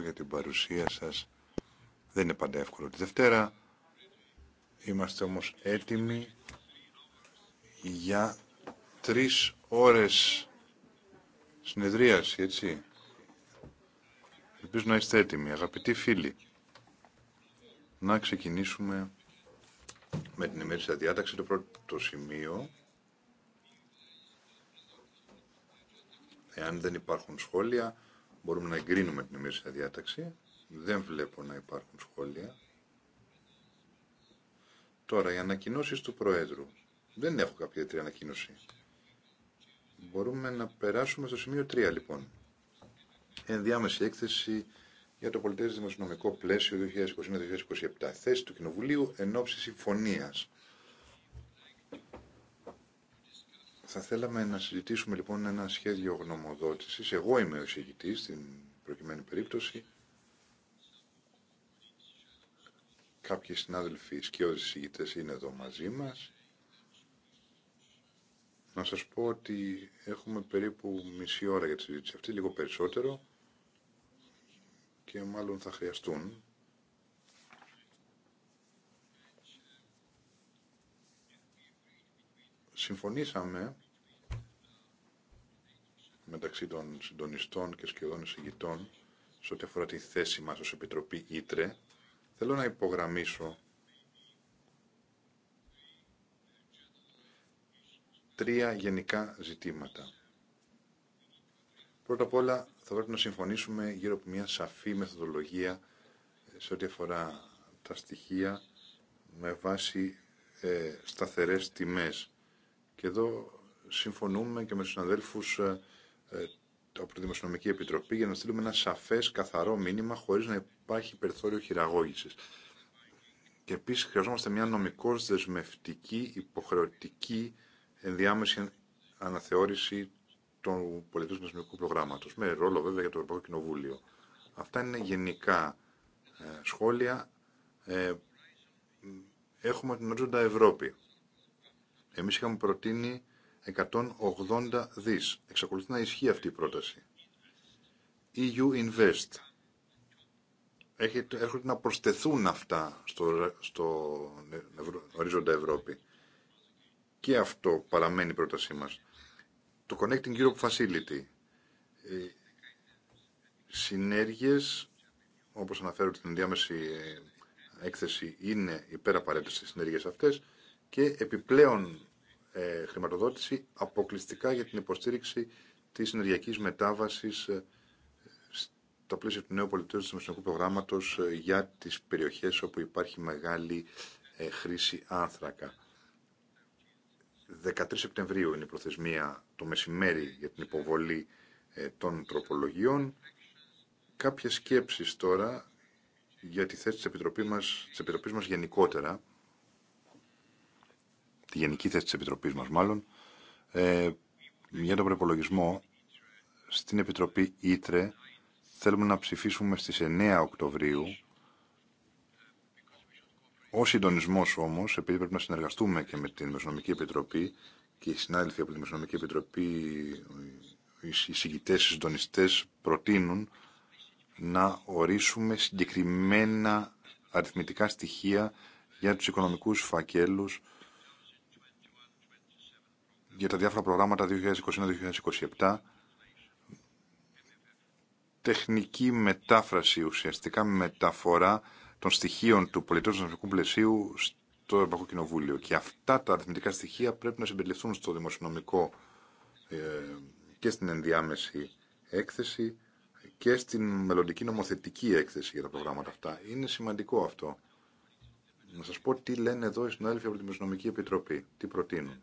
για την παρουσία σας. Δεν είναι πάντα εύκολο τη Δευτέρα. Είμαστε όμως έτοιμοι για τρεις ώρες συνεδρίαση, έτσι. Ελπίζω να είστε έτοιμοι, αγαπητοί φίλοι. Να ξεκινήσουμε με την ημέρηση διάταξη, το πρώτο σημείο. Εάν δεν υπάρχουν σχόλια, Μπορούμε να εγκρίνουμε την ημερήσια διάταξη. Δεν βλέπω να υπάρχουν σχόλια. Τώρα, οι ανακοινώσει του Προέδρου. Δεν έχω κάποια ιδιαίτερη ανακοίνωση. Μπορούμε να περάσουμε στο σημείο 3, λοιπόν. Ενδιάμεση έκθεση για το πολιτε δημοσιονομικο δημοσιονομικό πλαίσιο 2021-2027. Θέση του Κοινοβουλίου εν ώψη Θα θέλαμε να συζητήσουμε λοιπόν ένα σχέδιο γνωμοδότησης. Εγώ είμαι ο εισηγητής στην προκειμένη περίπτωση. Κάποιοι συνάδελφοι και είναι εδώ μαζί μας. Να σας πω ότι έχουμε περίπου μισή ώρα για τη συζήτηση αυτή, λίγο περισσότερο και μάλλον θα χρειαστούν. Συμφωνήσαμε μεταξύ των συντονιστών και σχεδόν εισηγητών σε ό,τι αφορά τη θέση μας ως Επιτροπή Ήτρε, θέλω να υπογραμμίσω τρία γενικά ζητήματα. Πρώτα απ' όλα θα πρέπει να συμφωνήσουμε γύρω από μια σαφή μεθοδολογία ε, σε ό,τι αφορά τα στοιχεία με βάση ε, σταθερές τιμές. Και εδώ συμφωνούμε και με τους συναδέλφους ε, ε, από τη Δημοσιονομική Επιτροπή για να στείλουμε ένα σαφές, καθαρό μήνυμα χωρίς να υπάρχει περιθώριο χειραγώγησης. Και επίση χρειαζόμαστε μια νομικώ δεσμευτική, υποχρεωτική ενδιάμεση αναθεώρηση του πολιτικού προγράμματο. προγράμματος, με ρόλο βέβαια για το Ευρωπαϊκό Κοινοβούλιο. Αυτά είναι γενικά ε, σχόλια. Ε, έχουμε την ορίζοντα Ευρώπη. Εμείς είχαμε προτείνει 180 δις. Εξακολουθεί να ισχύει αυτή η πρόταση. EU Invest. έρχονται να προσθεθούν αυτά στο, στο ορίζοντα Ευρώπη. Και αυτό παραμένει η πρότασή μας. Το Connecting Europe Facility. Ε, συνέργειες, όπως αναφέρω την διάμεση ε, έκθεση, είναι υπεραπαραίτητες απαραίτητες συνέργειες αυτές και επιπλέον ε, χρηματοδότηση αποκλειστικά για την υποστήριξη της ενεργειακής μετάβασης ε, στα πλαίσια του νέου πολιτικού του δημοσιονομικού προγράμματος ε, για τις περιοχές όπου υπάρχει μεγάλη χρήση άνθρακα. 13 Σεπτεμβρίου είναι η προθεσμία το μεσημέρι για την υποβολή των τροπολογιών. Κάποιες σκέψεις τώρα για τη θέση της Επιτροπής μας, της γενικότερα τη γενική θέση της Επιτροπής μας μάλλον, ε, για τον προπολογισμό στην Επιτροπή Ήτρε θέλουμε να ψηφίσουμε στις 9 Οκτωβρίου. Ο συντονισμό όμως, επειδή πρέπει να συνεργαστούμε και με την Μεσονομική Επιτροπή και οι συνάδελφοι από την Μεσονομική Επιτροπή, οι συγκητές, οι συντονιστέ, προτείνουν να ορίσουμε συγκεκριμένα αριθμητικά στοιχεία για τους οικονομικούς φακέλους για τα διάφορα προγράμματα 2021-2027 τεχνική μετάφραση, ουσιαστικά μεταφορά των στοιχείων του πολιτικού δημοσιονομικού πλαισίου στο Ευρωπαϊκό Κοινοβούλιο. Και αυτά τα αριθμητικά στοιχεία πρέπει να συμπεριληφθούν στο δημοσιονομικό ε, και στην ενδιάμεση έκθεση και στην μελλοντική νομοθετική έκθεση για τα προγράμματα αυτά. Είναι σημαντικό αυτό. Να σας πω τι λένε εδώ οι συνάδελφοι από τη Δημοσιονομική Επιτροπή, τι προτείνουν.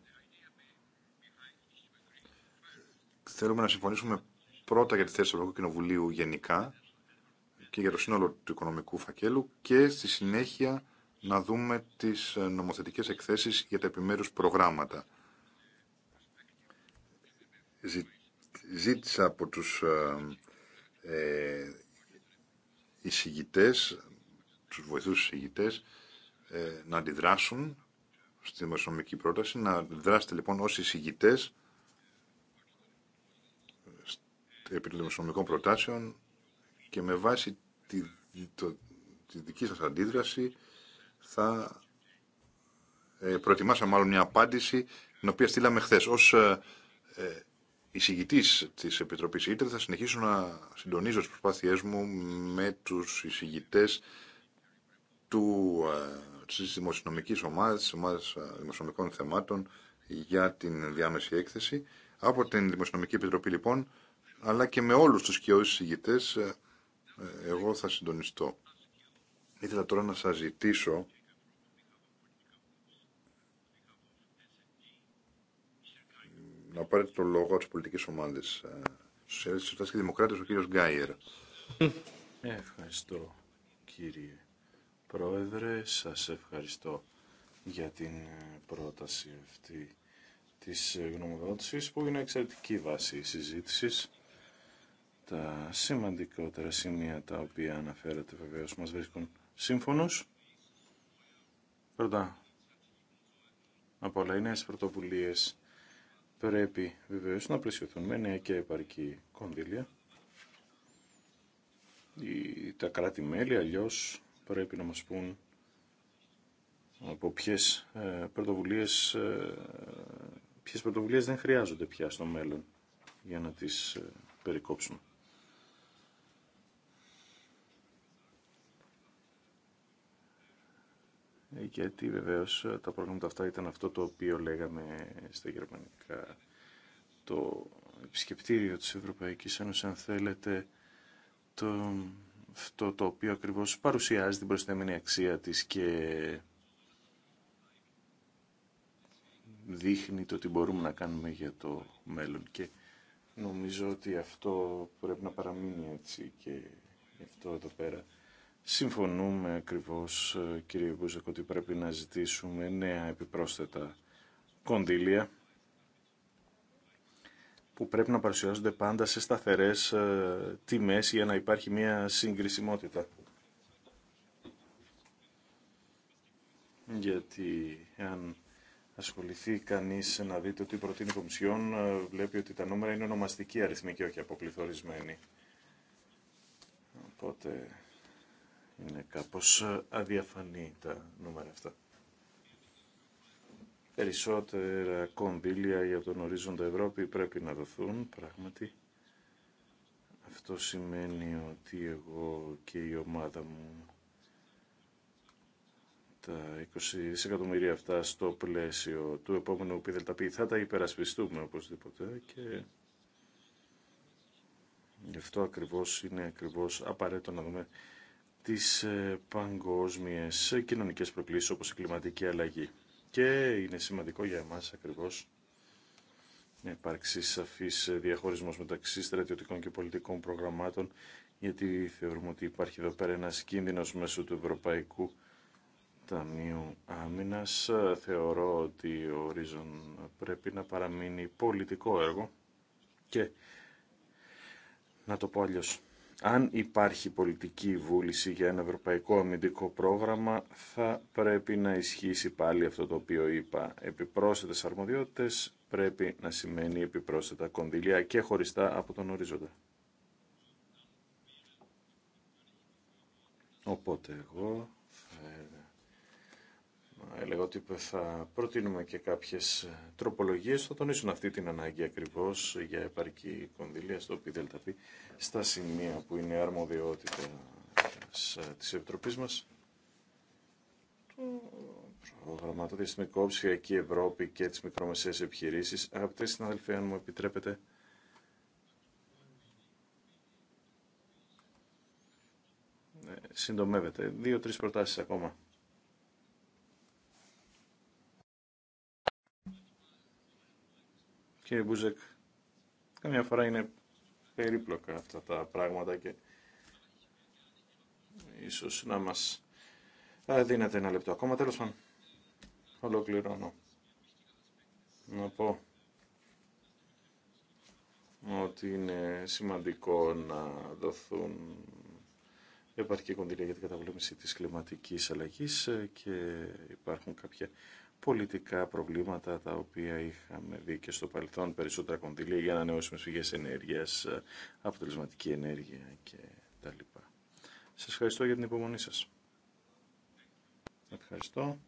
Θέλουμε να συμφωνήσουμε πρώτα για τη θέση του Ευρωπαϊκού Κοινοβουλίου γενικά και για το σύνολο του οικονομικού φακέλου και στη συνέχεια να δούμε τις ε, νομοθετικές εκθέσεις για τα επιμέρους προγράμματα. Ζήτησα από τους ε, ε, εισηγητές, τους βοηθούς εισηγητές, ε, να αντιδράσουν στη δημοσιονομική πρόταση, να δράσετε λοιπόν ως εισηγητές επί των δημοσιονομικών προτάσεων και με βάση τη, δική σας αντίδραση θα ε, μάλλον μια απάντηση την οποία στείλαμε χθες. Ως ε, ε, εισηγητής της Επιτροπής Ήτρε θα συνεχίσω να συντονίζω τις προσπάθειές μου με τους εισηγητές του, ε, της δημοσιονομικής ομάδας, της ομάδας ε, δημοσιονομικών θεμάτων για την διάμεση έκθεση. Από την Δημοσιονομική Επιτροπή λοιπόν αλλά και με όλους τους κοιόδους συγγητές ε, ε, εγώ θα συντονιστώ. Ήθελα τώρα να σας ζητήσω να πάρετε το λόγο από τις πολιτικές ομάδες. Ε, Σοσιαλιστές και Δημοκράτες, ο κύριος Γκάιερ. Ευχαριστώ κύριε Πρόεδρε, σας ευχαριστώ για την πρόταση αυτή της γνωμοδότησης που είναι εξαιρετική βάση συζήτησης τα σημαντικότερα σημεία τα οποία αναφέρατε βεβαίως μας βρίσκουν σύμφωνος. Πρώτα από όλα οι νέες πρωτοβουλίες πρέπει βεβαίως να πλαισιωθούν με νέα και επαρκή κονδύλια. η τα κράτη-μέλη αλλιώς πρέπει να μας πούν από ποιες πρωτοβουλίε, πρωτοβουλίες, ε, πρωτοβουλίες δεν χρειάζονται πια στο μέλλον για να τις ε, περικόψουμε. Ε, γιατί βεβαίω ε, τα προβλήματα αυτά ήταν αυτό το οποίο λέγαμε στα γερμανικά το επισκεπτήριο της Ευρωπαϊκής Ένωσης αν θέλετε το, αυτό το οποίο ακριβώς παρουσιάζει την προσθέμενη αξία της και δείχνει το τι μπορούμε να κάνουμε για το μέλλον και νομίζω ότι αυτό πρέπει να παραμείνει έτσι και αυτό εδώ πέρα Συμφωνούμε ακριβώς, ε, κύριε Βούζεκ ότι πρέπει να ζητήσουμε νέα επιπρόσθετα κονδύλια που πρέπει να παρουσιάζονται πάντα σε σταθερές ε, τιμές για να υπάρχει μια συγκρισιμότητα. Γιατί αν ασχοληθεί κανείς να δείτε τι προτείνει η Κομισιόν, ε, βλέπει ότι τα νούμερα είναι ονομαστική αριθμή και όχι αποπληθωρισμένη. Οπότε είναι κάπως ε, αδιαφανή τα νούμερα αυτά. Περισσότερα κονδύλια για τον ορίζοντα Ευρώπη πρέπει να δοθούν, πράγματι. Αυτό σημαίνει ότι εγώ και η ομάδα μου τα 20 δισεκατομμύρια αυτά στο πλαίσιο του επόμενου ΠΔΠ θα τα υπερασπιστούμε οπωσδήποτε και γι' αυτό ακριβώς είναι ακριβώς απαραίτητο να δούμε τις ε, παγκόσμιες κοινωνικές προκλήσεις όπως η κλιματική αλλαγή. Και είναι σημαντικό για εμάς ακριβώς να υπάρξει σαφής διαχωρισμός μεταξύ στρατιωτικών και πολιτικών προγραμμάτων γιατί θεωρούμε ότι υπάρχει εδώ πέρα ένας κίνδυνος μέσω του Ευρωπαϊκού Ταμείου Άμυνας. Θεωρώ ότι ο ορίζον πρέπει να παραμείνει πολιτικό έργο και να το πω αλλιώς αν υπάρχει πολιτική βούληση για ένα ευρωπαϊκό αμυντικό πρόγραμμα, θα πρέπει να ισχύσει πάλι αυτό το οποίο είπα. Επιπρόσθετες αρμοδιότητες πρέπει να σημαίνει επιπρόσθετα κονδυλία και χωριστά από τον ορίζοντα. Οπότε εγώ έλεγα ότι θα προτείνουμε και κάποιες τροπολογίες θα τονίσουν αυτή την ανάγκη ακριβώς για επαρκή κονδυλία στο πει, στα σημεία που είναι αρμοδιότητα της Επιτροπής μας πρόγραμμα το Διεθνικό ψηφιακή Ευρώπη και τις μικρομεσαίες επιχειρήσεις αγαπητέ συνάδελφοι αν μου επιτρέπετε ε, συντομεύεται δύο-τρεις προτάσεις ακόμα Κύριε Μπούζεκ, καμιά φορά είναι περίπλοκα αυτά τα πράγματα και ίσως να μας δίνετε ένα λεπτό ακόμα. Τέλος πάντων, ολοκληρώνω. Να πω ότι είναι σημαντικό να δοθούν επαρκή κονδύλια για την καταβολήμηση της κλιματικής αλλαγής ε, και υπάρχουν κάποια πολιτικά προβλήματα τα οποία είχαμε δει και στο παρελθόν περισσότερα κονδύλια για ανανεώσιμες πηγές ενέργειας, αποτελεσματική ενέργεια και τα λοιπά. Σας ευχαριστώ για την υπομονή σας. Ευχαριστώ.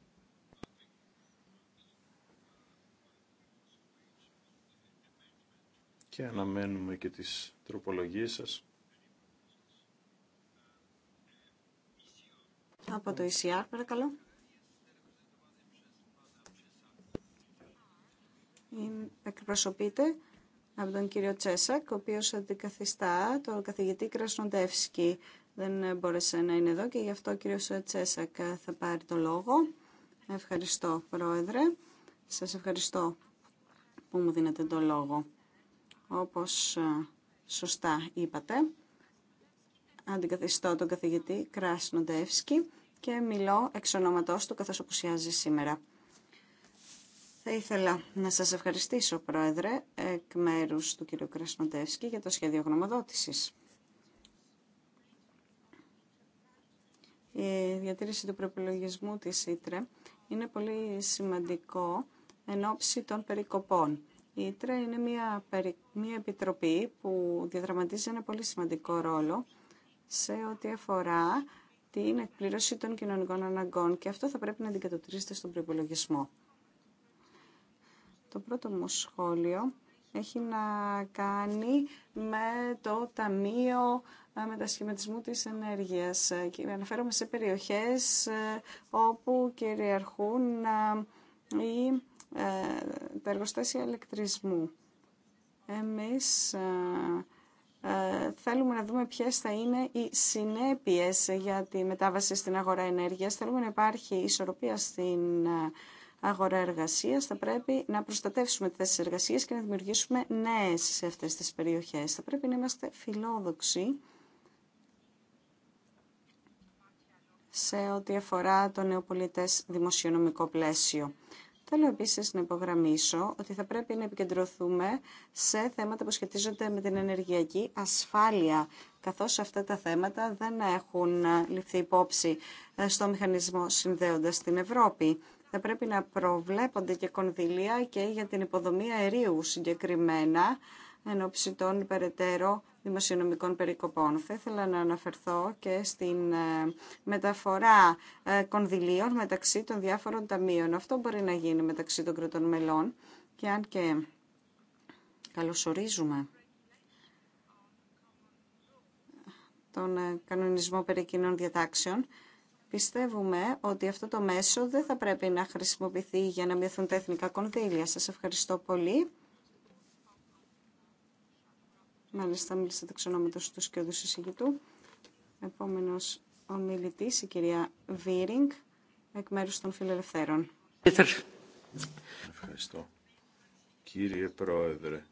Και αναμένουμε και τις τροπολογίες σας. Από το ECR, παρακαλώ. εκπροσωπείται από τον κύριο Τσέσακ, ο οποίος αντικαθιστά τον καθηγητή Κρασνοντεύσκη. Δεν μπόρεσε να είναι εδώ και γι' αυτό ο κύριος Τσέσακ θα πάρει το λόγο. Ευχαριστώ, Πρόεδρε. Σας ευχαριστώ που μου δίνετε το λόγο. Όπως ε, σωστά είπατε, αντικαθιστώ τον καθηγητή Κρασνοντεύσκη και μιλώ εξ ονόματός του καθώς σήμερα. Θα ήθελα να σας ευχαριστήσω, Πρόεδρε, εκ μέρους του κ. Κρασνοντεύσκη για το σχέδιο γνωμοδότησης. Η διατήρηση του προπολογισμού της ΙΤΡΕ είναι πολύ σημαντικό εν ώψη των περικοπών. Η ΙΤΡΕ είναι μια, μια επιτροπή που διαδραματίζει ένα πολύ σημαντικό ρόλο σε ό,τι αφορά την εκπλήρωση των κοινωνικών αναγκών και αυτό θα πρέπει να αντικατοπτρίζεται στον προπολογισμό. Το πρώτο μου σχόλιο έχει να κάνει με το Ταμείο ε, Μετασχηματισμού της Ενέργειας. Ε, και αναφέρομαι σε περιοχές ε, όπου κυριαρχούν οι, τα εργοστάσια ηλεκτρισμού. Εμείς θέλουμε να δούμε ποιες θα είναι οι συνέπειες για τη μετάβαση στην αγορά ενέργειας. Θέλουμε να υπάρχει ισορροπία στην αγορά εργασία. θα πρέπει να προστατεύσουμε τι θέσει εργασία και να δημιουργήσουμε νέε σε αυτέ τι περιοχές. Θα πρέπει να είμαστε φιλόδοξοι σε ό,τι αφορά το νεοπολιτές δημοσιονομικό πλαίσιο. Θέλω επίσης να υπογραμμίσω ότι θα πρέπει να επικεντρωθούμε σε θέματα που σχετίζονται με την ενεργειακή ασφάλεια, καθώς αυτά τα θέματα δεν έχουν ληφθεί υπόψη ε, στο μηχανισμό συνδέοντας την Ευρώπη θα πρέπει να προβλέπονται και κονδυλία και για την υποδομή αερίου συγκεκριμένα εν ώψη των περαιτέρω δημοσιονομικών περικοπών. Θα ήθελα να αναφερθώ και στην ε, μεταφορά ε, κονδυλίων μεταξύ των διάφορων ταμείων. Αυτό μπορεί να γίνει μεταξύ των κρατών μελών και αν και καλωσορίζουμε τον ε, κανονισμό περί κοινών διατάξεων, Πιστεύουμε ότι αυτό το μέσο δεν θα πρέπει να χρησιμοποιηθεί για να μειωθούν τα εθνικά κονδύλια. Σας ευχαριστώ πολύ. Μάλιστα, μίλησατε τους του και εισηγητού. Επόμενος ο μιλητής, η κυρία Βίρινγκ, εκ μέρους των Φιλελευθέρων. Ευχαριστώ. Κύριε Πρόεδρε,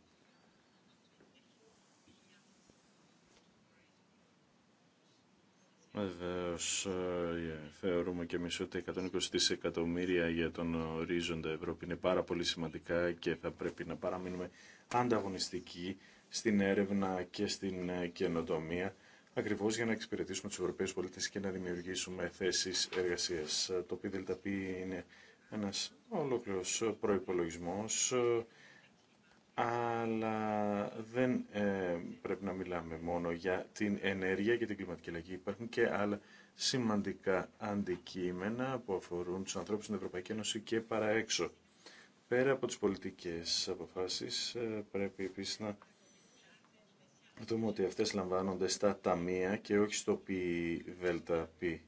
Βεβαίω ε, θεωρούμε και εμεί ότι 120 εκατομμύρια για τον ορίζοντα Ευρώπη είναι πάρα πολύ σημαντικά και θα πρέπει να παραμείνουμε ανταγωνιστικοί στην έρευνα και στην ε, καινοτομία ακριβώ για να εξυπηρετήσουμε του Ευρωπαίου πολίτε και να δημιουργήσουμε θέσει εργασία. Το ΠΔΠ είναι ένα ολόκληρος προπολογισμό. Ε, αλλά δεν ε, πρέπει να μιλάμε μόνο για την ενέργεια και την κλιματική αλλαγή. Υπάρχουν και άλλα σημαντικά αντικείμενα που αφορούν τους ανθρώπους στην Ευρωπαϊκή Ένωση και παραέξω. Πέρα από τις πολιτικές αποφάσεις ε, πρέπει επίσης να δούμε ότι αυτές λαμβάνονται στα ταμεία και όχι στο πι δελτα πι.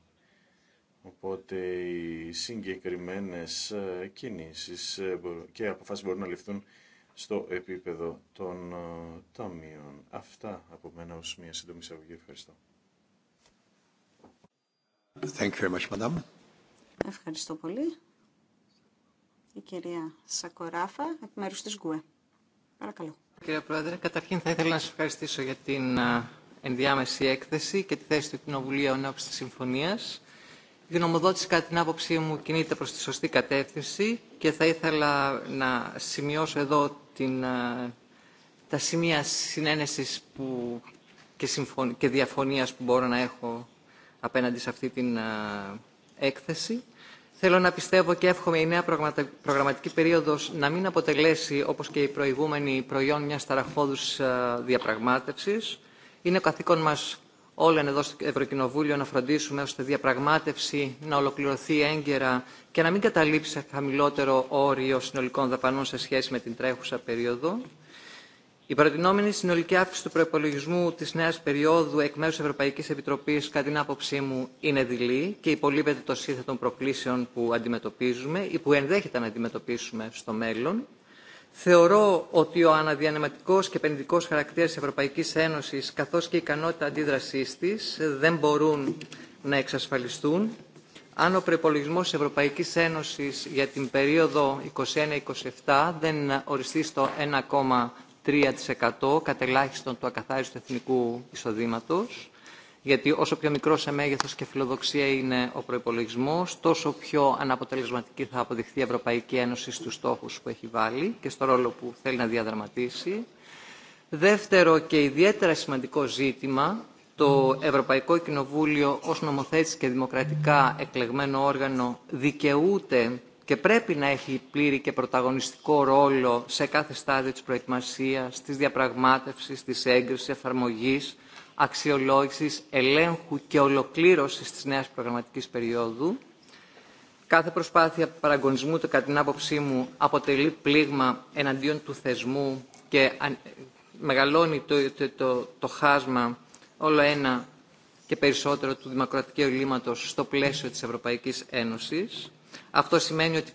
Οπότε οι συγκεκριμένες ε, κινήσεις και αποφάσεις μπορούν να ληφθούν στο επίπεδο των ε, ταμείων. Αυτά από μένα ως μια σύντομη εισαγωγή. Ευχαριστώ. Thank you very much, madam. Ευχαριστώ πολύ. Η κυρία Σακοράφα, εκ μέρους της ΓΚΟΕ. Παρακαλώ. Κύριε Πρόεδρε, καταρχήν θα ήθελα να σας ευχαριστήσω για την ε, ενδιάμεση έκθεση και τη θέση του Κοινοβουλίου ενώπιση της Συμφωνίας. Η γνωμοδότηση, κατά την άποψή μου, κινείται προς τη σωστή κατεύθυνση και θα ήθελα να σημειώσω εδώ την, τα σημεία συνένεσης που, και, διαφωνίας που μπορώ να έχω απέναντι σε αυτή την έκθεση. Θέλω να πιστεύω και εύχομαι η νέα προγραμματική περίοδος να μην αποτελέσει, όπως και η προηγούμενη, προϊόν μια ταραχώδους διαπραγμάτευσης. Είναι ο καθήκον μας όλων εδώ στο Ευρωκοινοβούλιο να φροντίσουμε ώστε η διαπραγμάτευση να ολοκληρωθεί έγκαιρα και να μην καταλήψει σε χαμηλότερο όριο συνολικών δαπανών σε σχέση με την τρέχουσα περίοδο. Η προτινόμενη συνολική αύξηση του προπολογισμού τη νέα περίοδου εκ μέρου Ευρωπαϊκή Επιτροπή, κατά την άποψή μου, είναι δειλή και υπολείπεται το σύνθετο των προκλήσεων που αντιμετωπίζουμε ή που ενδέχεται να αντιμετωπίσουμε στο μέλλον. Θεωρώ ότι ο αναδιανεματικός και επενδυτικός χαρακτήρας της Ευρωπαϊκής Ένωσης καθώς και η ικανότητα αντίδρασής της δεν μπορούν να εξασφαλιστούν αν ο προπολογισμό της Ευρωπαϊκής Ένωσης για την περίοδο 2021-2027 δεν οριστεί στο 1,3% ελάχιστον του ακαθάριστου εθνικού εισοδήματος γιατί όσο πιο μικρό σε μέγεθο και φιλοδοξία είναι ο προπολογισμό, τόσο πιο αναποτελεσματική θα αποδειχθεί η Ευρωπαϊκή Ένωση στου στόχου που έχει βάλει και στο ρόλο που θέλει να διαδραματίσει. Δεύτερο και ιδιαίτερα σημαντικό ζήτημα, το Ευρωπαϊκό Κοινοβούλιο ως νομοθέτης και δημοκρατικά εκλεγμένο όργανο δικαιούται και πρέπει να έχει πλήρη και πρωταγωνιστικό ρόλο σε κάθε στάδιο της προετοιμασίας, της διαπραγματεύση, τη έγκριση εφαρμογή αξιολόγησης, ελέγχου και ολοκλήρωσης της νέας προγραμματικής περίοδου. Κάθε προσπάθεια παραγωνισμού, το κατά την άποψή μου, αποτελεί πλήγμα εναντίον του θεσμού και μεγαλώνει το, το, χάσμα όλο ένα και περισσότερο του δημοκρατικού ελλείμματος στο πλαίσιο της Ευρωπαϊκής Ένωσης. Αυτό σημαίνει ότι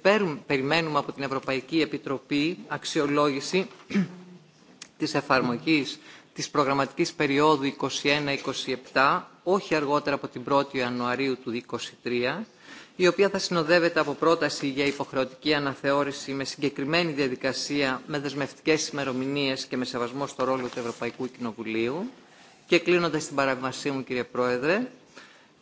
περιμένουμε από την Ευρωπαϊκή Επιτροπή αξιολόγηση της εφαρμογής της προγραμματικής περίοδου 21-27, όχι αργότερα από την 1η Ιανουαρίου του 2023, η οποία θα συνοδεύεται από πρόταση για υποχρεωτική αναθεώρηση με συγκεκριμένη διαδικασία, με δεσμευτικές ημερομηνίε και με σεβασμό στο ρόλο του Ευρωπαϊκού Κοινοβουλίου. Και κλείνοντας την παραβασή μου, κύριε Πρόεδρε,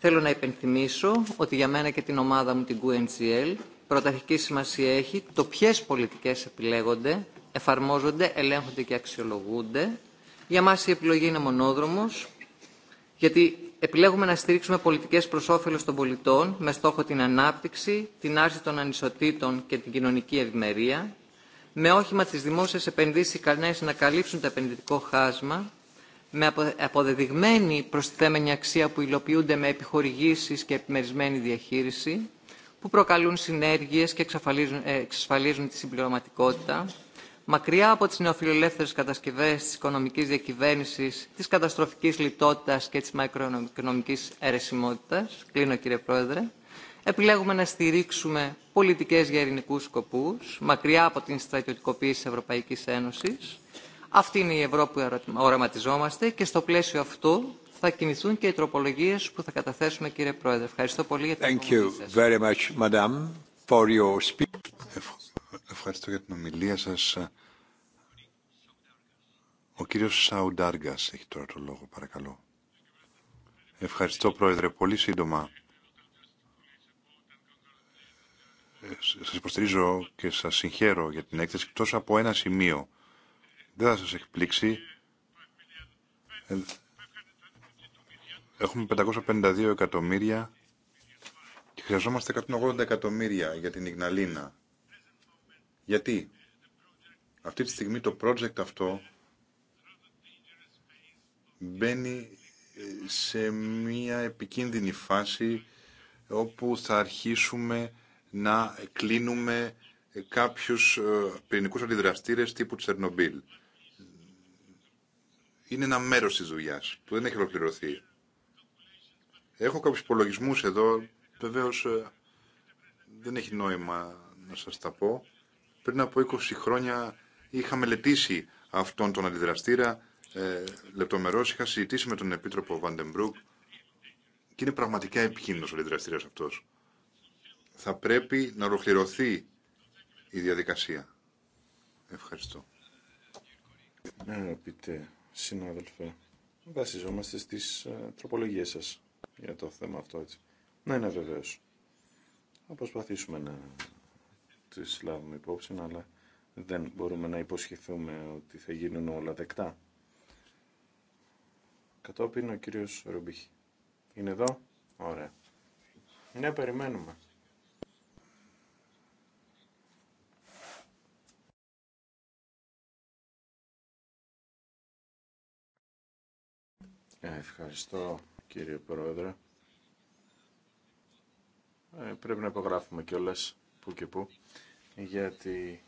θέλω να υπενθυμίσω ότι για μένα και την ομάδα μου, την QNGL, πρωταρχική σημασία έχει το ποιες πολιτικές επιλέγονται, εφαρμόζονται, ελέγχονται και αξιολογούνται για μας η επιλογή είναι μονόδρομος, γιατί επιλέγουμε να στηρίξουμε πολιτικές προς όφελος των πολιτών με στόχο την ανάπτυξη, την άρση των ανισοτήτων και την κοινωνική ευημερία, με όχημα τις δημόσιες επενδύσεις ικανές να καλύψουν το επενδυτικό χάσμα, με αποδεδειγμένη προστιθέμενη αξία που υλοποιούνται με επιχορηγήσεις και επιμερισμένη διαχείριση, που προκαλούν συνέργειες και ε, εξασφαλίζουν τη συμπληρωματικότητα, μακριά από τις νεοφιλελεύθερες κατασκευές της οικονομικής διακυβέρνησης, της καταστροφικής λιτότητας και της μακροοικονομικής αιρεσιμότητας, κλείνω κύριε Πρόεδρε, επιλέγουμε να στηρίξουμε πολιτικές για ειρηνικούς σκοπούς, μακριά από την στρατιωτικοποίηση της Ευρωπαϊκής Ένωσης. Αυτή είναι η Ευρώπη που οραματιζόμαστε και στο πλαίσιο αυτού θα κινηθούν και οι τροπολογίες που θα καταθέσουμε κύριε Πρόεδρε. Ευχαριστώ πολύ για την Thank you Ευχαριστώ για την ομιλία σας. Ο κύριος Σαουντάργας έχει τώρα το λόγο, παρακαλώ. Ευχαριστώ, Πρόεδρε. Πολύ σύντομα. Ε, σας υποστηρίζω και σας συγχαίρω για την έκθεση, εκτός από ένα σημείο. Δεν θα σας εκπλήξει. Ε, έχουμε 552 εκατομμύρια και χρειαζόμαστε 180 εκατομμύρια για την Ιγναλίνα. Γιατί αυτή τη στιγμή το project αυτό μπαίνει ε, σε μια επικίνδυνη φάση όπου θα αρχίσουμε να κλείνουμε ε, κάποιους ε, πυρηνικούς αντιδραστήρες τύπου Τσερνομπίλ. Είναι ένα μέρος της δουλειά που δεν έχει ολοκληρωθεί. Έχω κάποιους υπολογισμού εδώ, βεβαίω δεν έχει νόημα να σας τα πω. Πριν από 20 χρόνια είχα μελετήσει αυτόν τον αντιδραστήρα ε, λεπτομερώς. Είχα συζητήσει με τον Επίτροπο Βαντεμπρούκ και είναι πραγματικά επικίνδυνος ο αντιδραστήρας αυτός. Θα πρέπει να ολοκληρωθεί η διαδικασία. Ευχαριστώ. Αγαπητέ συνάδελφε, βασιζόμαστε στις ε, τροπολογίες σας για το θέμα αυτό έτσι. Ναι, ναι, βεβαίως. Θα προσπαθήσουμε να τις λάβουμε υπόψη, αλλά δεν μπορούμε να υποσχεθούμε ότι θα γίνουν όλα δεκτά. Κατόπιν ο κύριος Ρουμπίχη. Είναι εδώ? Ωραία. Ναι, περιμένουμε. Ε, ευχαριστώ κύριε Πρόεδρε. Ε, πρέπει να υπογράφουμε κιόλας που και που γιατί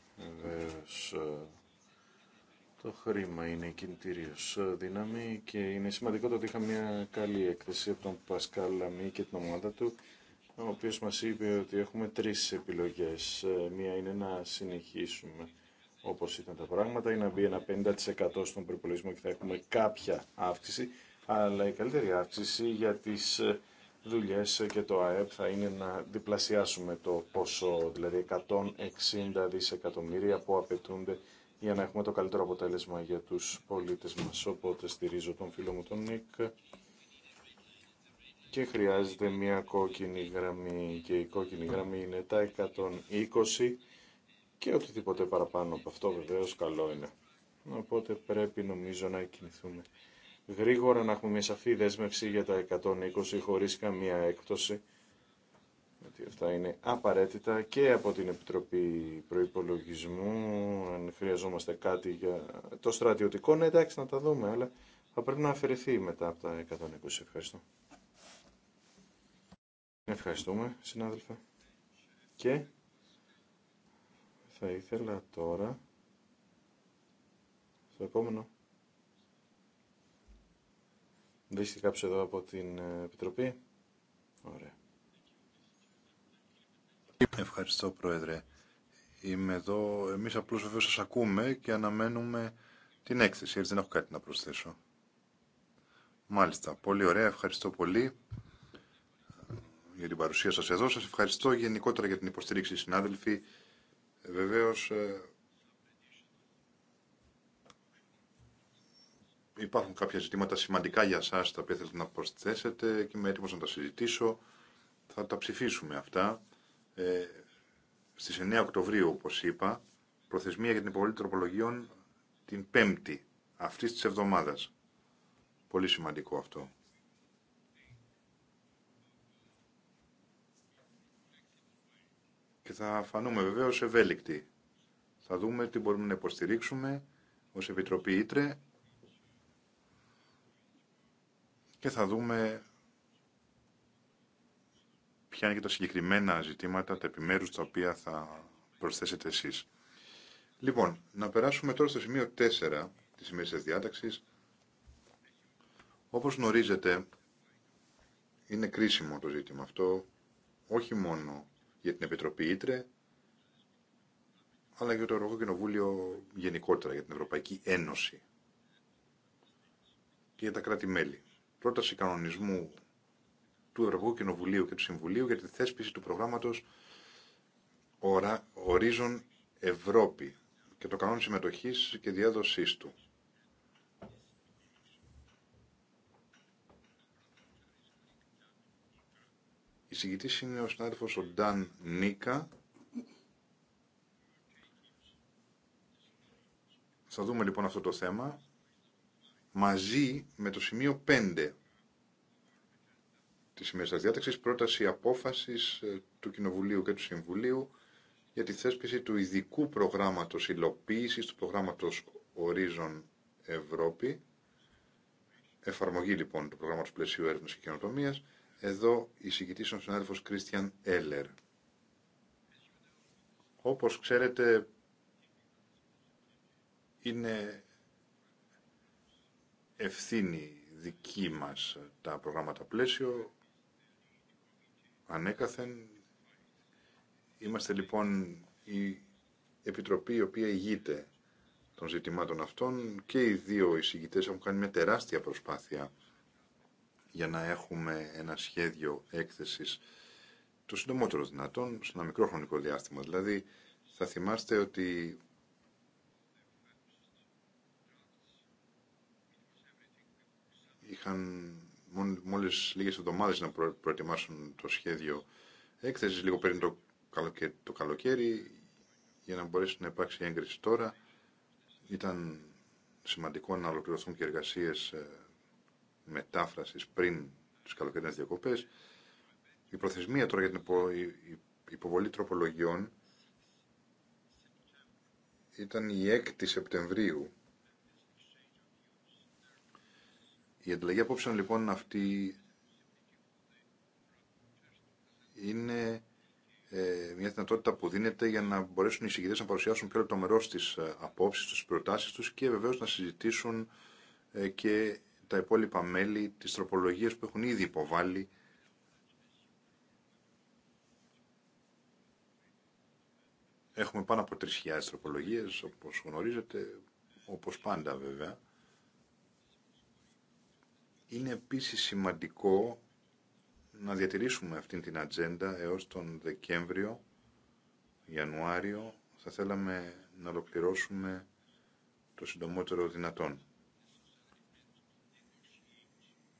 βεβαίως ε, το χρήμα είναι κινητήριος ε, δύναμη και είναι σημαντικό το ότι είχα μια καλή έκθεση από τον Πασκάλ Λαμή και την ομάδα του ο οποίος μας είπε ότι έχουμε τρεις επιλογές. Ε, μία είναι να συνεχίσουμε όπως ήταν τα πράγματα ή να μπει ένα 50% στον προπολογισμό και θα έχουμε κάποια αύξηση αλλά η καλύτερη αύξηση για τις Δουλειέ και το ΑΕΠ θα είναι να διπλασιάσουμε το ποσό, δηλαδή 160 δισεκατομμύρια που απαιτούνται για να έχουμε το καλύτερο αποτέλεσμα για τους πολίτες μας. Οπότε στηρίζω τον φίλο μου τον Νίκ και χρειάζεται μια κόκκινη γραμμή και η κόκκινη γραμμή είναι τα 120 και οτιδήποτε παραπάνω από αυτό βεβαίως καλό είναι. Οπότε πρέπει νομίζω να κινηθούμε γρήγορα να έχουμε μια σαφή δέσμευση για τα 120 χωρίς καμία έκπτωση γιατί αυτά είναι απαραίτητα και από την Επιτροπή Προϋπολογισμού αν χρειαζόμαστε κάτι για το στρατιωτικό, ναι εντάξει να τα δούμε αλλά θα πρέπει να αφαιρεθεί μετά από τα 120. Ευχαριστώ. Ευχαριστούμε συνάδελφε. Και θα ήθελα τώρα στο επόμενο Βρίσκεται κάποιος εδώ από την ε, Επιτροπή. Ωραία. Ευχαριστώ Πρόεδρε. Είμαι εδώ. Εμείς απλώς βεβαίως σας ακούμε και αναμένουμε την έκθεση. Έτσι δεν έχω κάτι να προσθέσω. Μάλιστα. Πολύ ωραία. Ευχαριστώ πολύ ε, για την παρουσία σας εδώ. Σας ευχαριστώ γενικότερα για την υποστήριξη συνάδελφοι. Ε, βεβαίως υπάρχουν κάποια ζητήματα σημαντικά για εσά τα οποία θέλετε να προσθέσετε και είμαι έτοιμο να τα συζητήσω. Θα τα ψηφίσουμε αυτά. Ε, στις 9 Οκτωβρίου, όπως είπα, προθεσμία για την υποβολή τροπολογιών την 5η αυτής της εβδομάδας. Πολύ σημαντικό αυτό. Και θα φανούμε βεβαίω ευέλικτοι. Θα δούμε τι μπορούμε να υποστηρίξουμε ως Επιτροπή Ήτρε και θα δούμε ποια είναι και τα συγκεκριμένα ζητήματα, τα επιμέρους τα οποία θα προσθέσετε εσείς. Λοιπόν, να περάσουμε τώρα στο σημείο 4 της σημερινής διάταξης. Όπως γνωρίζετε, είναι κρίσιμο το ζήτημα αυτό, όχι μόνο για την Επιτροπή Ήτρε, αλλά και για το Ευρωπαϊκό Κοινοβούλιο γενικότερα, για την Ευρωπαϊκή Ένωση και για τα κράτη-μέλη πρόταση κανονισμού του Ευρωπαϊκού Κοινοβουλίου και του Συμβουλίου για τη θέσπιση του προγράμματος Ορίζον Ευρώπη και το κανόνα συμμετοχής και διάδοσής του. Η συγκητής είναι ο συνάδελφος ο Νταν Νίκα. Θα δούμε λοιπόν αυτό το θέμα μαζί με το σημείο 5 της σημερινής διάταξης, πρόταση απόφασης ε, του Κοινοβουλίου και του Συμβουλίου για τη θέσπιση του ειδικού προγράμματος υλοποίησης του προγράμματος Horizon Ευρώπη, εφαρμογή λοιπόν του προγράμματος πλαισίου έρευνας και καινοτομίας, εδώ η συγκητής ο συνάδελφος Κρίστιαν Έλερ. Όπως ξέρετε, είναι ευθύνη δική μας τα προγράμματα πλαίσιο. Ανέκαθεν, είμαστε λοιπόν η Επιτροπή η οποία ηγείται των ζητημάτων αυτών και οι δύο εισηγητές έχουν κάνει μια τεράστια προσπάθεια για να έχουμε ένα σχέδιο έκθεσης το συντομότερο δυνατόν, σε ένα μικρό χρονικό διάστημα. Δηλαδή, θα θυμάστε ότι είχαν μόλις λίγες εβδομάδες να προετοιμάσουν το σχέδιο έκθεση λίγο πριν το καλοκαίρι, το καλοκαίρι για να μπορέσει να υπάρξει έγκριση τώρα. Ήταν σημαντικό να ολοκληρωθούν και εργασίε μετάφραση πριν τις καλοκαιρινές διακοπές. Η προθεσμία τώρα για την υποβολή τροπολογιών ήταν η 6η Σεπτεμβρίου Η ανταλλαγή απόψεων λοιπόν αυτή είναι ε, μια δυνατότητα που δίνεται για να μπορέσουν οι συγκεκριτές να παρουσιάσουν πιο λεπτομερώς τις ε, απόψεις τους, τις προτάσεις τους και βεβαίως να συζητήσουν ε, και τα υπόλοιπα μέλη, της τροπολογίας που έχουν ήδη υποβάλει Έχουμε πάνω από 3.000 τροπολογίες, όπως γνωρίζετε, όπως πάντα βέβαια. Είναι επίσης σημαντικό να διατηρήσουμε αυτή την ατζέντα έως τον Δεκέμβριο, Ιανουάριο. Θα θέλαμε να ολοκληρώσουμε το συντομότερο δυνατόν.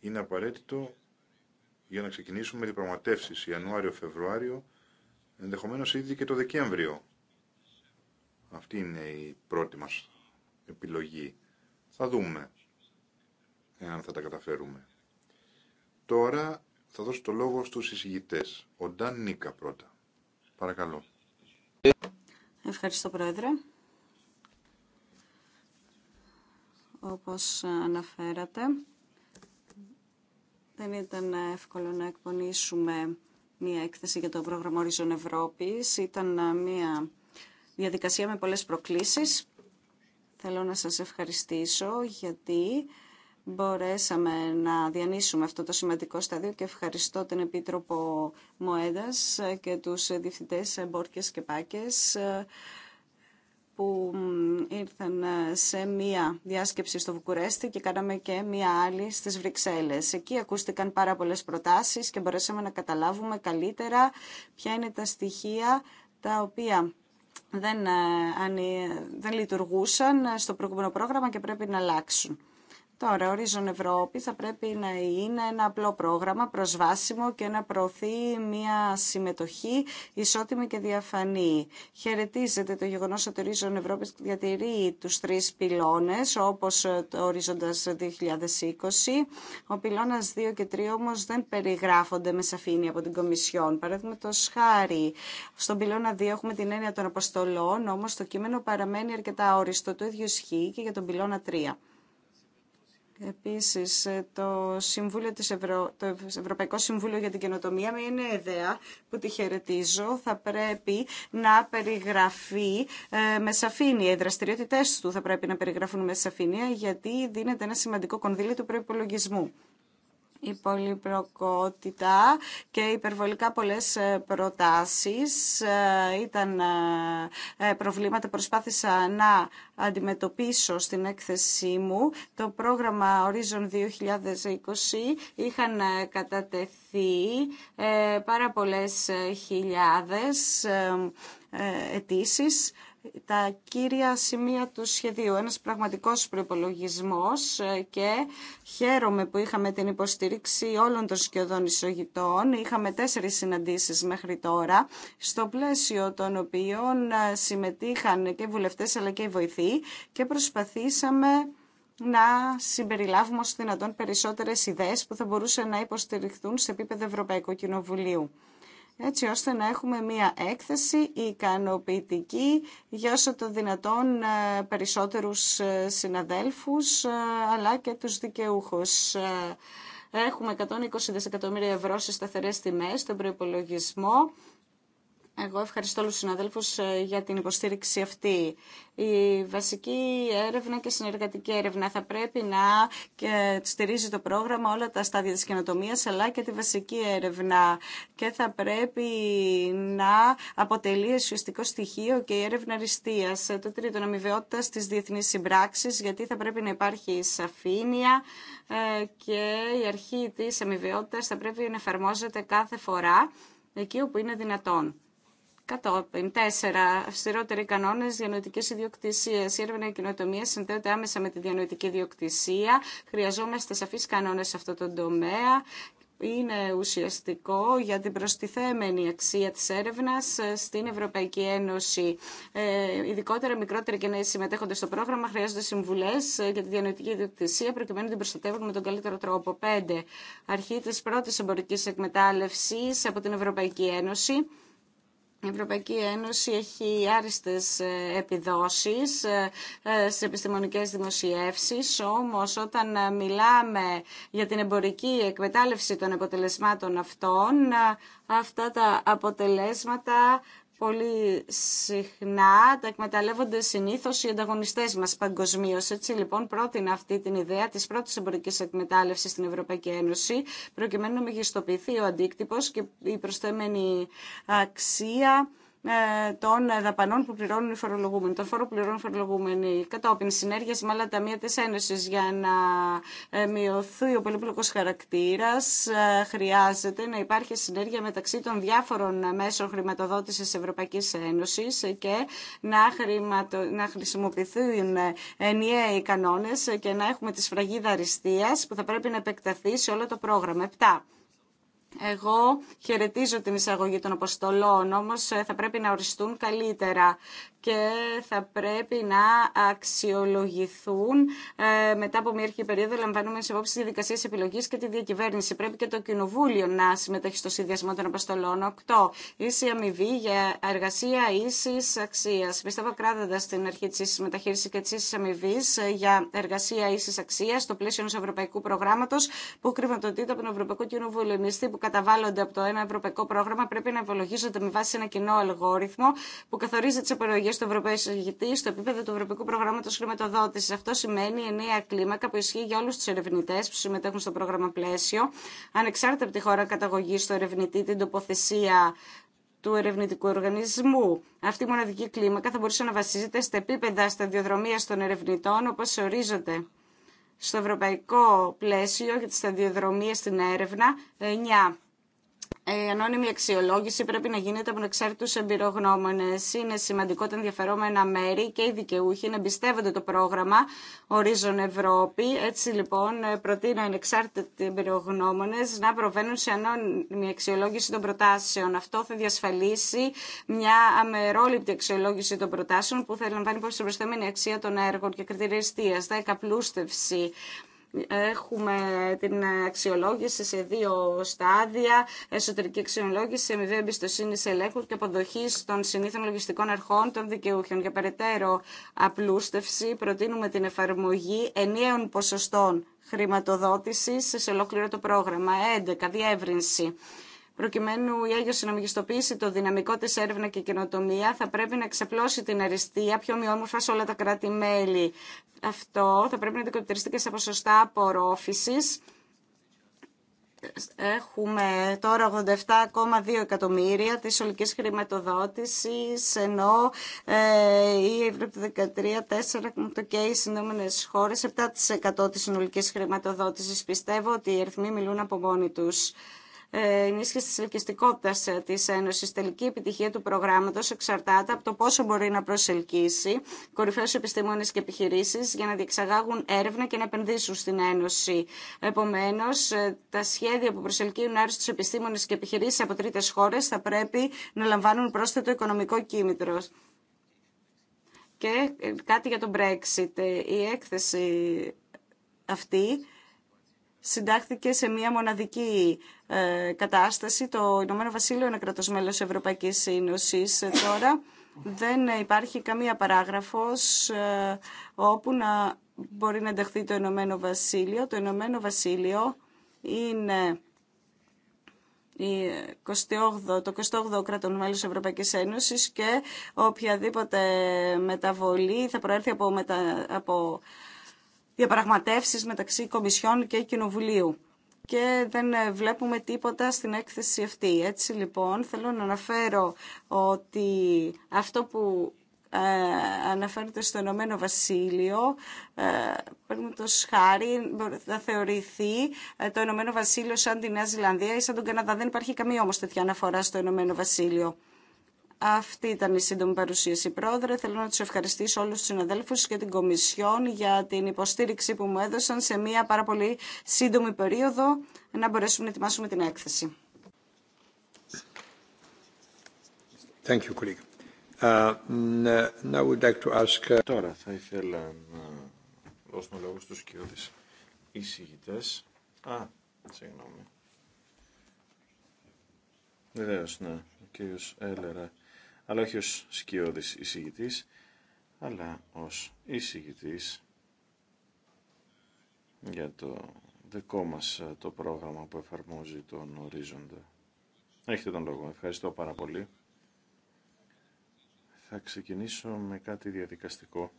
Είναι απαραίτητο για να ξεκινησουμε πραγματευσεις διαπραγματεύσεις Ιανουάριο-Φεβρουάριο, ενδεχομένως ήδη και το Δεκέμβριο. Αυτή είναι η πρώτη μας επιλογή. Θα δούμε εάν θα τα καταφέρουμε. Τώρα θα δώσω το λόγο στους εισηγητές. Ο Ντάν Νίκα πρώτα. Παρακαλώ. Ευχαριστώ Πρόεδρε. Όπως αναφέρατε, δεν ήταν εύκολο να εκπονήσουμε μία έκθεση για το πρόγραμμα Horizon Ευρώπης. Ήταν ε, μία διαδικασία με πολλές προκλήσεις. Θέλω να σας ευχαριστήσω γιατί μπορέσαμε να διανύσουμε αυτό το σημαντικό στάδιο και ευχαριστώ τον Επίτροπο Μοέδας και τους διευθυντές Μπόρκες και Πάκες που ήρθαν σε μία διάσκεψη στο Βουκουρέστι και κάναμε και μία άλλη στις Βρυξέλλες. Εκεί ακούστηκαν πάρα πολλές προτάσεις και μπορέσαμε να καταλάβουμε καλύτερα ποια είναι τα στοιχεία τα οποία δεν, ε, δεν λειτουργούσαν στο προηγούμενο πρόγραμμα και πρέπει να αλλάξουν. Τώρα, Horizon Ευρώπη θα πρέπει να είναι ένα απλό πρόγραμμα προσβάσιμο και να προωθεί μια συμμετοχή ισότιμη και διαφανή. Χαιρετίζεται το γεγονός ότι ο Horizon Ευρώπη διατηρεί τους τρεις πυλώνες, όπως το ορίζοντας 2020. Ο πυλώνας 2 και 3 όμως δεν περιγράφονται με σαφήνεια από την Κομισιόν. Παραδείγματο χάρη, στον πυλώνα 2 έχουμε την έννοια των αποστολών, όμως το κείμενο παραμένει αρκετά όριστο. Το ίδιο ισχύει και για τον πυλώνα 3. Επίσης, το, Συμβούλιο της Ευρω... το Ευρωπαϊκό Συμβούλιο για την Καινοτομία με είναι ιδέα που τη χαιρετίζω. Θα πρέπει να περιγραφεί ε, με σαφήνεια. Οι δραστηριότητε του θα πρέπει να περιγραφούν με σαφήνεια γιατί δίνεται ένα σημαντικό κονδύλι του προπολογισμού η πολυπροκότητα και υπερβολικά πολλές ε, προτάσεις ε, ήταν ε, προβλήματα προσπάθησα να αντιμετωπίσω στην έκθεσή μου. Το πρόγραμμα Horizon 2020 είχαν κατατεθεί πάρα πολλές χιλιάδες αιτήσει τα κύρια σημεία του σχεδίου. Ένας πραγματικός προϋπολογισμός ε, και χαίρομαι που είχαμε την υποστήριξη όλων των σχεδόν εισογητών. Είχαμε τέσσερις συναντήσεις μέχρι τώρα, στο πλαίσιο των οποίων ε, συμμετείχαν και οι βουλευτές αλλά και οι βοηθοί και προσπαθήσαμε να συμπεριλάβουμε ως δυνατόν περισσότερες ιδέες που θα μπορούσαν να υποστηριχθούν σε επίπεδο Ευρωπαϊκού Κοινοβουλίου έτσι ώστε να έχουμε μία έκθεση ικανοποιητική για όσο το δυνατόν ε, περισσότερους ε, συναδέλφους ε, αλλά και τους δικαιούχους. Έχουμε 120 δισεκατομμύρια ευρώ σε σταθερές τιμές στον προϋπολογισμό εγώ ευχαριστώ όλους τους συναδέλφους ε, για την υποστήριξη αυτή. Η βασική έρευνα και συνεργατική έρευνα θα πρέπει να και στηρίζει το πρόγραμμα όλα τα στάδια της καινοτομίας αλλά και τη βασική έρευνα και θα πρέπει να αποτελεί ουσιαστικό στοιχείο και η έρευνα αριστείας. Το τρίτο, αμοιβαιότητα στις διεθνείς συμπράξεις γιατί θα πρέπει να υπάρχει σαφήνεια ε, και η αρχή της αμοιβαιότητας θα πρέπει να εφαρμόζεται κάθε φορά εκεί όπου είναι δυνατόν. Κατόπιν, τέσσερα, αυστηρότεροι κανόνε διανοητική ιδιοκτησία. Η έρευνα κοινοτομία συνδέονται άμεσα με τη διανοητική ιδιοκτησία. Χρειαζόμαστε σαφεί κανόνε σε αυτό το τομέα είναι ουσιαστικό για την προστιθέμενη αξία της έρευνας ε, στην Ευρωπαϊκή Ένωση. Ε, ειδικότερα μικρότεροι και νέοι συμμετέχονται στο πρόγραμμα χρειάζονται συμβουλές ε, για τη διανοητική ιδιοκτησία προκειμένου να την προστατεύουν με τον καλύτερο τρόπο. 5. Αρχή τη πρώτης εμπορικής εκμετάλλευσης από την Ευρωπαϊκή Ένωση η Ευρωπαϊκή Ένωση έχει άριστες ε, επιδόσεις σε ε, επιστημονικές δημοσιεύσεις, όμως όταν ε, μιλάμε για την εμπορική εκμετάλλευση των αποτελεσμάτων αυτών, αυτά τα αποτελέσματα πολύ συχνά τα εκμεταλλεύονται συνήθω οι ανταγωνιστέ μα παγκοσμίω. Έτσι λοιπόν πρότεινα αυτή την ιδέα τη πρώτη εμπορική εκμετάλλευση στην Ευρωπαϊκή Ένωση, προκειμένου να μεγιστοποιηθεί ο αντίκτυπο και η προσθέμενη αξία ε, των δαπανών που πληρώνουν οι φορολογούμενοι, των φόρων που πληρώνουν οι φορολογούμενοι, κατόπιν συνέργεια με άλλα ταμεία τη Ένωση για να ε, μειωθεί ο πολύπλοκο χαρακτήρα, ε, χρειάζεται να υπάρχει συνέργεια μεταξύ των διάφορων μέσων χρηματοδότηση Ευρωπαϊκή Ένωση και να, χρηματο... να χρησιμοποιηθούν ενιαίοι κανόνε και να έχουμε τη σφραγίδα αριστεία που θα πρέπει να επεκταθεί σε όλο το πρόγραμμα. 7. Εγώ χαιρετίζω την εισαγωγή των αποστολών, όμως ε, θα πρέπει να οριστούν καλύτερα και θα πρέπει να αξιολογηθούν ε, μετά από μια αρχή περίοδο, λαμβάνουμε σε υπόψη τη δικασία επιλογή και τη διακυβέρνηση. Πρέπει και το Κοινοβούλιο να συμμετέχει στο σχεδιασμό των αποστολών. 8. Ίση αμοιβή για εργασία ίση αξία. Πιστεύω κράτοντα την αρχή τη ίση μεταχείριση και τη ίση αμοιβή ε, για εργασία ίση αξία στο πλαίσιο ενό ευρωπαϊκού προγράμματο που χρηματοδοτείται από τον Ευρωπαϊκό Κοινοβούλιο καταβάλλονται από το ένα ευρωπαϊκό πρόγραμμα πρέπει να υπολογίζονται με βάση ένα κοινό αλγόριθμο που καθορίζει τι επιλογέ του Ευρωπαϊκού Συγητή στο επίπεδο του Ευρωπαϊκού Προγράμματο Χρηματοδότηση. Αυτό σημαίνει ενιαία κλίμακα που ισχύει για όλου του ερευνητέ που συμμετέχουν στο πρόγραμμα πλαίσιο, ανεξάρτητα από τη χώρα καταγωγή του ερευνητή, την τοποθεσία του ερευνητικού οργανισμού. Αυτή η μοναδική κλίμακα θα μπορούσε να βασίζεται στα επίπεδα σταδιοδρομία των ερευνητών, όπω ορίζονται στο ευρωπαϊκό πλαίσιο για τις σταδιοδρομίες στην έρευνα 9 ε, η ανώνυμη αξιολόγηση πρέπει να γίνεται από εξάρτητου εμπειρογνώμονε. Είναι σημαντικό τα ενδιαφερόμενα μέρη και οι δικαιούχοι να εμπιστεύονται το πρόγραμμα Ορίζον Ευρώπη. Έτσι λοιπόν προτείνω ανεξάρτητοι εμπειρογνώμονε να προβαίνουν σε ανώνυμη αξιολόγηση των προτάσεων. Αυτό θα διασφαλίσει μια αμερόληπτη αξιολόγηση των προτάσεων που θα λαμβάνει υπόψη την προστέμενη αξία των έργων και κριτηριστία. Θα εκαπλούστευση Έχουμε την αξιολόγηση σε δύο στάδια, εσωτερική αξιολόγηση, αμοιβή εμπιστοσύνη ελέγχου και αποδοχή των συνήθων λογιστικών αρχών των δικαιούχων. Για περαιτέρω απλούστευση, προτείνουμε την εφαρμογή ενιαίων ποσοστών χρηματοδότησης σε ολόκληρο το πρόγραμμα. 11. Διεύρυνση προκειμένου η να μεγιστοποιήσει το δυναμικό τη έρευνα και καινοτομία θα πρέπει να ξεπλώσει την αριστεία πιο ομοιόμορφα σε όλα τα κράτη-μέλη. Αυτό θα πρέπει να αντικοπτεριστεί και σε ποσοστά απορρόφηση. Έχουμε τώρα 87,2 εκατομμύρια της ολικής χρηματοδότησης, ενώ ε, η Ευρώπη 13, 4 και οι συνόμενες χώρες, 7% της συνολική χρηματοδότησης. Πιστεύω ότι οι αριθμοί μιλούν από μόνοι τους. Ε, ενίσχυση της ελκυστικότητας ε, της Ένωσης. Τελική επιτυχία του προγράμματος εξαρτάται από το πόσο μπορεί να προσελκύσει κορυφαίους επιστήμονε και επιχειρήσει για να διεξαγάγουν έρευνα και να επενδύσουν στην Ένωση. Επομένως, ε, τα σχέδια που προσελκύουν άριστου επιστήμονε και επιχειρήσει από τρίτες χώρε θα πρέπει να λαμβάνουν πρόσθετο οικονομικό κίνητρο. Και κάτι για το Brexit. Η έκθεση αυτή συντάχθηκε σε μία μοναδική ε, κατάσταση. Το Ηνωμένο Βασίλειο είναι κρατός μέλος Ευρωπαϊκής Ένωσης ε, τώρα. Δεν υπάρχει καμία παράγραφος ε, όπου να μπορεί να ενταχθεί το Ηνωμένο Βασίλειο. Το Ηνωμένο Βασίλειο είναι η 28, το 28ο κρατών μέλος Ευρωπαϊκής Ένωσης και οποιαδήποτε μεταβολή θα προέρθει από, από διαπραγματεύσεις μεταξύ Κομισιών και Κοινοβουλίου και δεν βλέπουμε τίποτα στην έκθεση αυτή. Έτσι λοιπόν θέλω να αναφέρω ότι αυτό που ε, αναφέρεται στο Ηνωμένο Βασίλειο, ε, παίρνουμε το σχάρι, θα θεωρηθεί ε, το Ηνωμένο Βασίλειο σαν τη Νέα Ζηλανδία ή σαν τον Καναδά. Δεν υπάρχει καμία όμως τέτοια αναφορά στο Ηνωμένο Βασίλειο. Αυτή ήταν η σύντομη παρουσίαση, Πρόεδρε. Θέλω να του ευχαριστήσω όλου του συναδέλφου και την Κομισιόν για την υποστήριξη που μου έδωσαν σε μια πάρα πολύ σύντομη περίοδο να μπορέσουμε να ετοιμάσουμε την έκθεση. Uh, uh, Τώρα θα ήθελα να δώσουμε λόγο στους κύριους εισηγητές. Α, συγγνώμη. Βεβαίως, ναι. Ο κύριος Έλερα αλλά όχι ως σκιώδης εισηγητής, αλλά ως εισηγητής για το δικό μας ε, το πρόγραμμα που εφαρμόζει τον ορίζοντα. Έχετε τον λόγο. Ευχαριστώ πάρα πολύ. Θα ξεκινήσω με κάτι διαδικαστικό.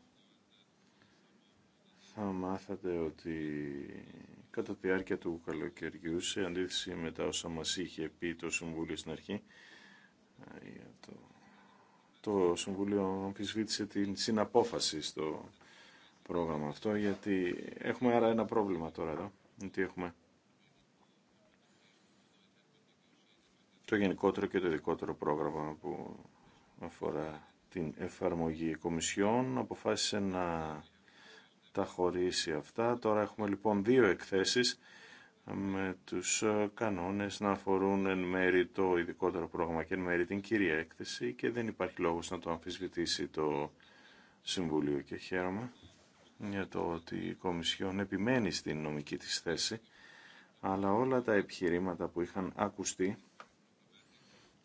Θα μάθατε ότι κατά τη διάρκεια του καλοκαιριού, σε αντίθεση με τα όσα μας είχε πει το Συμβούλιο στην αρχή, ε, για το το Συμβούλιο αμφισβήτησε την συναπόφαση στο πρόγραμμα αυτό, γιατί έχουμε άρα ένα πρόβλημα τώρα εδώ, Τι έχουμε το γενικότερο και το ειδικότερο πρόγραμμα που αφορά την εφαρμογή κομισιών, αποφάσισε να τα χωρίσει αυτά. Τώρα έχουμε λοιπόν δύο εκθέσεις με τους ε, κανόνες να αφορούν εν μέρη το ειδικότερο πρόγραμμα και εν μέρη την κυρία έκθεση και δεν υπάρχει λόγος να το αμφισβητήσει το Συμβουλίο και χαίρομαι για το ότι η Κομισιόν επιμένει στην νομική της θέση αλλά όλα τα επιχειρήματα που είχαν ακουστεί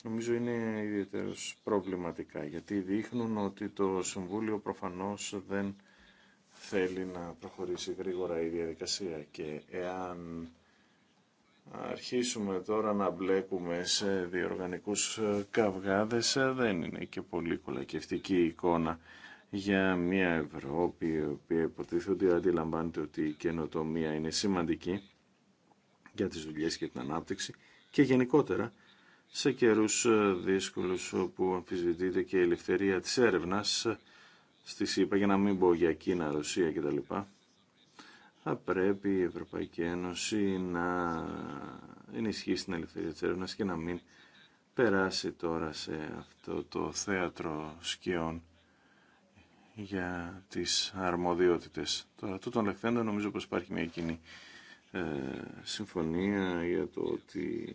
νομίζω είναι ιδιαίτερως προβληματικά γιατί δείχνουν ότι το Συμβούλιο προφανώς δεν θέλει να προχωρήσει γρήγορα η διαδικασία και εάν αρχίσουμε τώρα να μπλέκουμε σε διοργανικούς ε, καυγάδες ε, δεν είναι και πολύ κολακευτική εικόνα για μια Ευρώπη η οποία υποτίθεται ότι αντιλαμβάνεται ότι η καινοτομία είναι σημαντική για τις δουλειές και την ανάπτυξη και γενικότερα σε καιρούς ε, δύσκολους όπου αμφισβητείται και η ελευθερία της έρευνας στη ΣΥΠΑ για να μην πω για Κίνα, Ρωσία κτλ θα πρέπει η Ευρωπαϊκή Ένωση να ενισχύσει την ελευθερία της έρευνας και να μην περάσει τώρα σε αυτό το θέατρο σκιών για τις αρμοδιότητες. Τώρα, το τον λεχθέντο νομίζω πως υπάρχει μια κοινή ε, συμφωνία για το ότι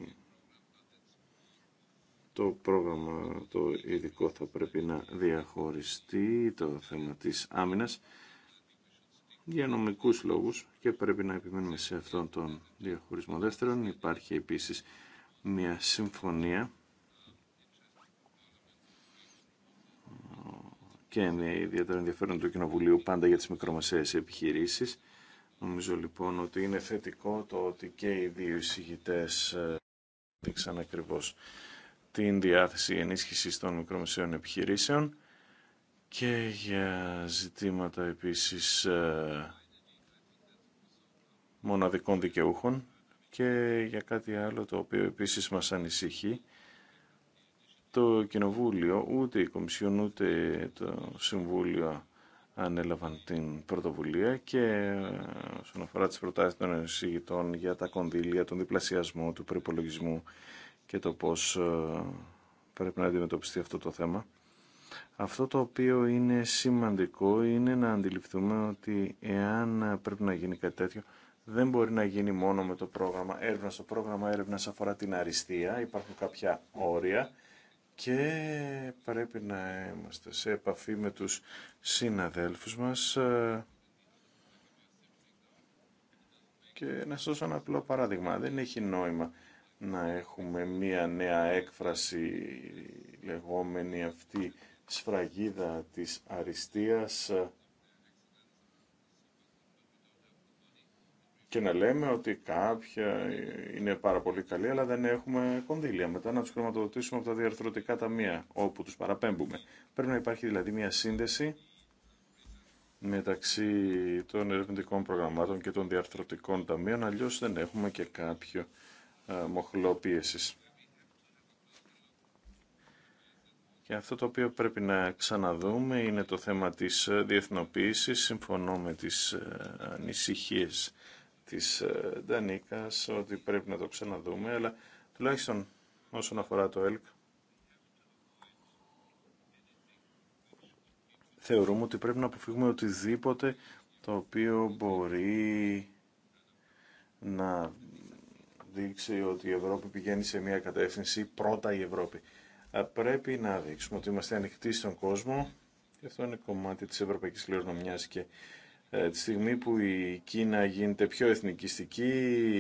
το πρόγραμμα το ειδικό θα πρέπει να διαχωριστεί το θέμα της άμυνας για νομικούς λόγους και πρέπει να επιμένουμε σε αυτόν τον διαχωρισμό. Δεύτερον, υπάρχει επίσης μια συμφωνία και είναι ιδιαίτερα ενδιαφέρον του Κοινοβουλίου πάντα για τις μικρομεσαίες επιχειρήσεις. Νομίζω λοιπόν ότι είναι θετικό το ότι και οι δύο εισηγητέ ε, δείξαν ακριβώς την διάθεση ενίσχυσης των μικρομεσαίων επιχειρήσεων και για ζητήματα επίσης ε, μοναδικών δικαιούχων και για κάτι άλλο το οποίο επίσης μας ανησυχεί. Το Κοινοβούλιο, ούτε η Κομισιόν, ούτε το Συμβούλιο ανέλαβαν την πρωτοβουλία και ε, όσον αφορά τις προτάσεις των εισηγητών για τα κονδύλια, τον διπλασιασμό του προπολογισμού και το πώς ε, πρέπει να αντιμετωπιστεί αυτό το θέμα. Αυτό το οποίο είναι σημαντικό είναι να αντιληφθούμε ότι εάν πρέπει να γίνει κάτι τέτοιο, δεν μπορεί να γίνει μόνο με το πρόγραμμα έρευνα. Το πρόγραμμα έρευνα αφορά την αριστεία, υπάρχουν κάποια όρια και πρέπει να είμαστε σε επαφή με τους συναδέλφους μας ε, και να σας δώσω ένα απλό παράδειγμα. Δεν έχει νόημα να έχουμε μία νέα έκφραση λεγόμενη αυτή σφραγίδα της αριστείας ε, και να λέμε ότι κάποια είναι πάρα πολύ καλή αλλά δεν έχουμε κονδύλια. Μετά να τους χρηματοδοτήσουμε από τα διαρθρωτικά ταμεία όπου τους παραπέμπουμε. Πρέπει να υπάρχει δηλαδή μια σύνδεση μεταξύ των ερευνητικών προγραμμάτων και των διαρθρωτικών ταμείων, αλλιώς δεν έχουμε και κάποιο ε, μοχλό πίεσης. Και αυτό το οποίο πρέπει να ξαναδούμε είναι το θέμα της ε, διεθνοποίησης. Συμφωνώ με τις ε, ανησυχίες της ε, Ντανίκας ότι πρέπει να το ξαναδούμε, αλλά τουλάχιστον όσον αφορά το ΕΛΚ θεωρούμε ότι πρέπει να αποφύγουμε οτιδήποτε το οποίο μπορεί να δείξει ότι η Ευρώπη πηγαίνει σε μια κατεύθυνση πρώτα η Ευρώπη πρέπει να δείξουμε ότι είμαστε ανοιχτοί στον κόσμο και αυτό είναι κομμάτι της ευρωπαϊκής κληρονομιάς και ε, τη στιγμή που η Κίνα γίνεται πιο εθνικιστική,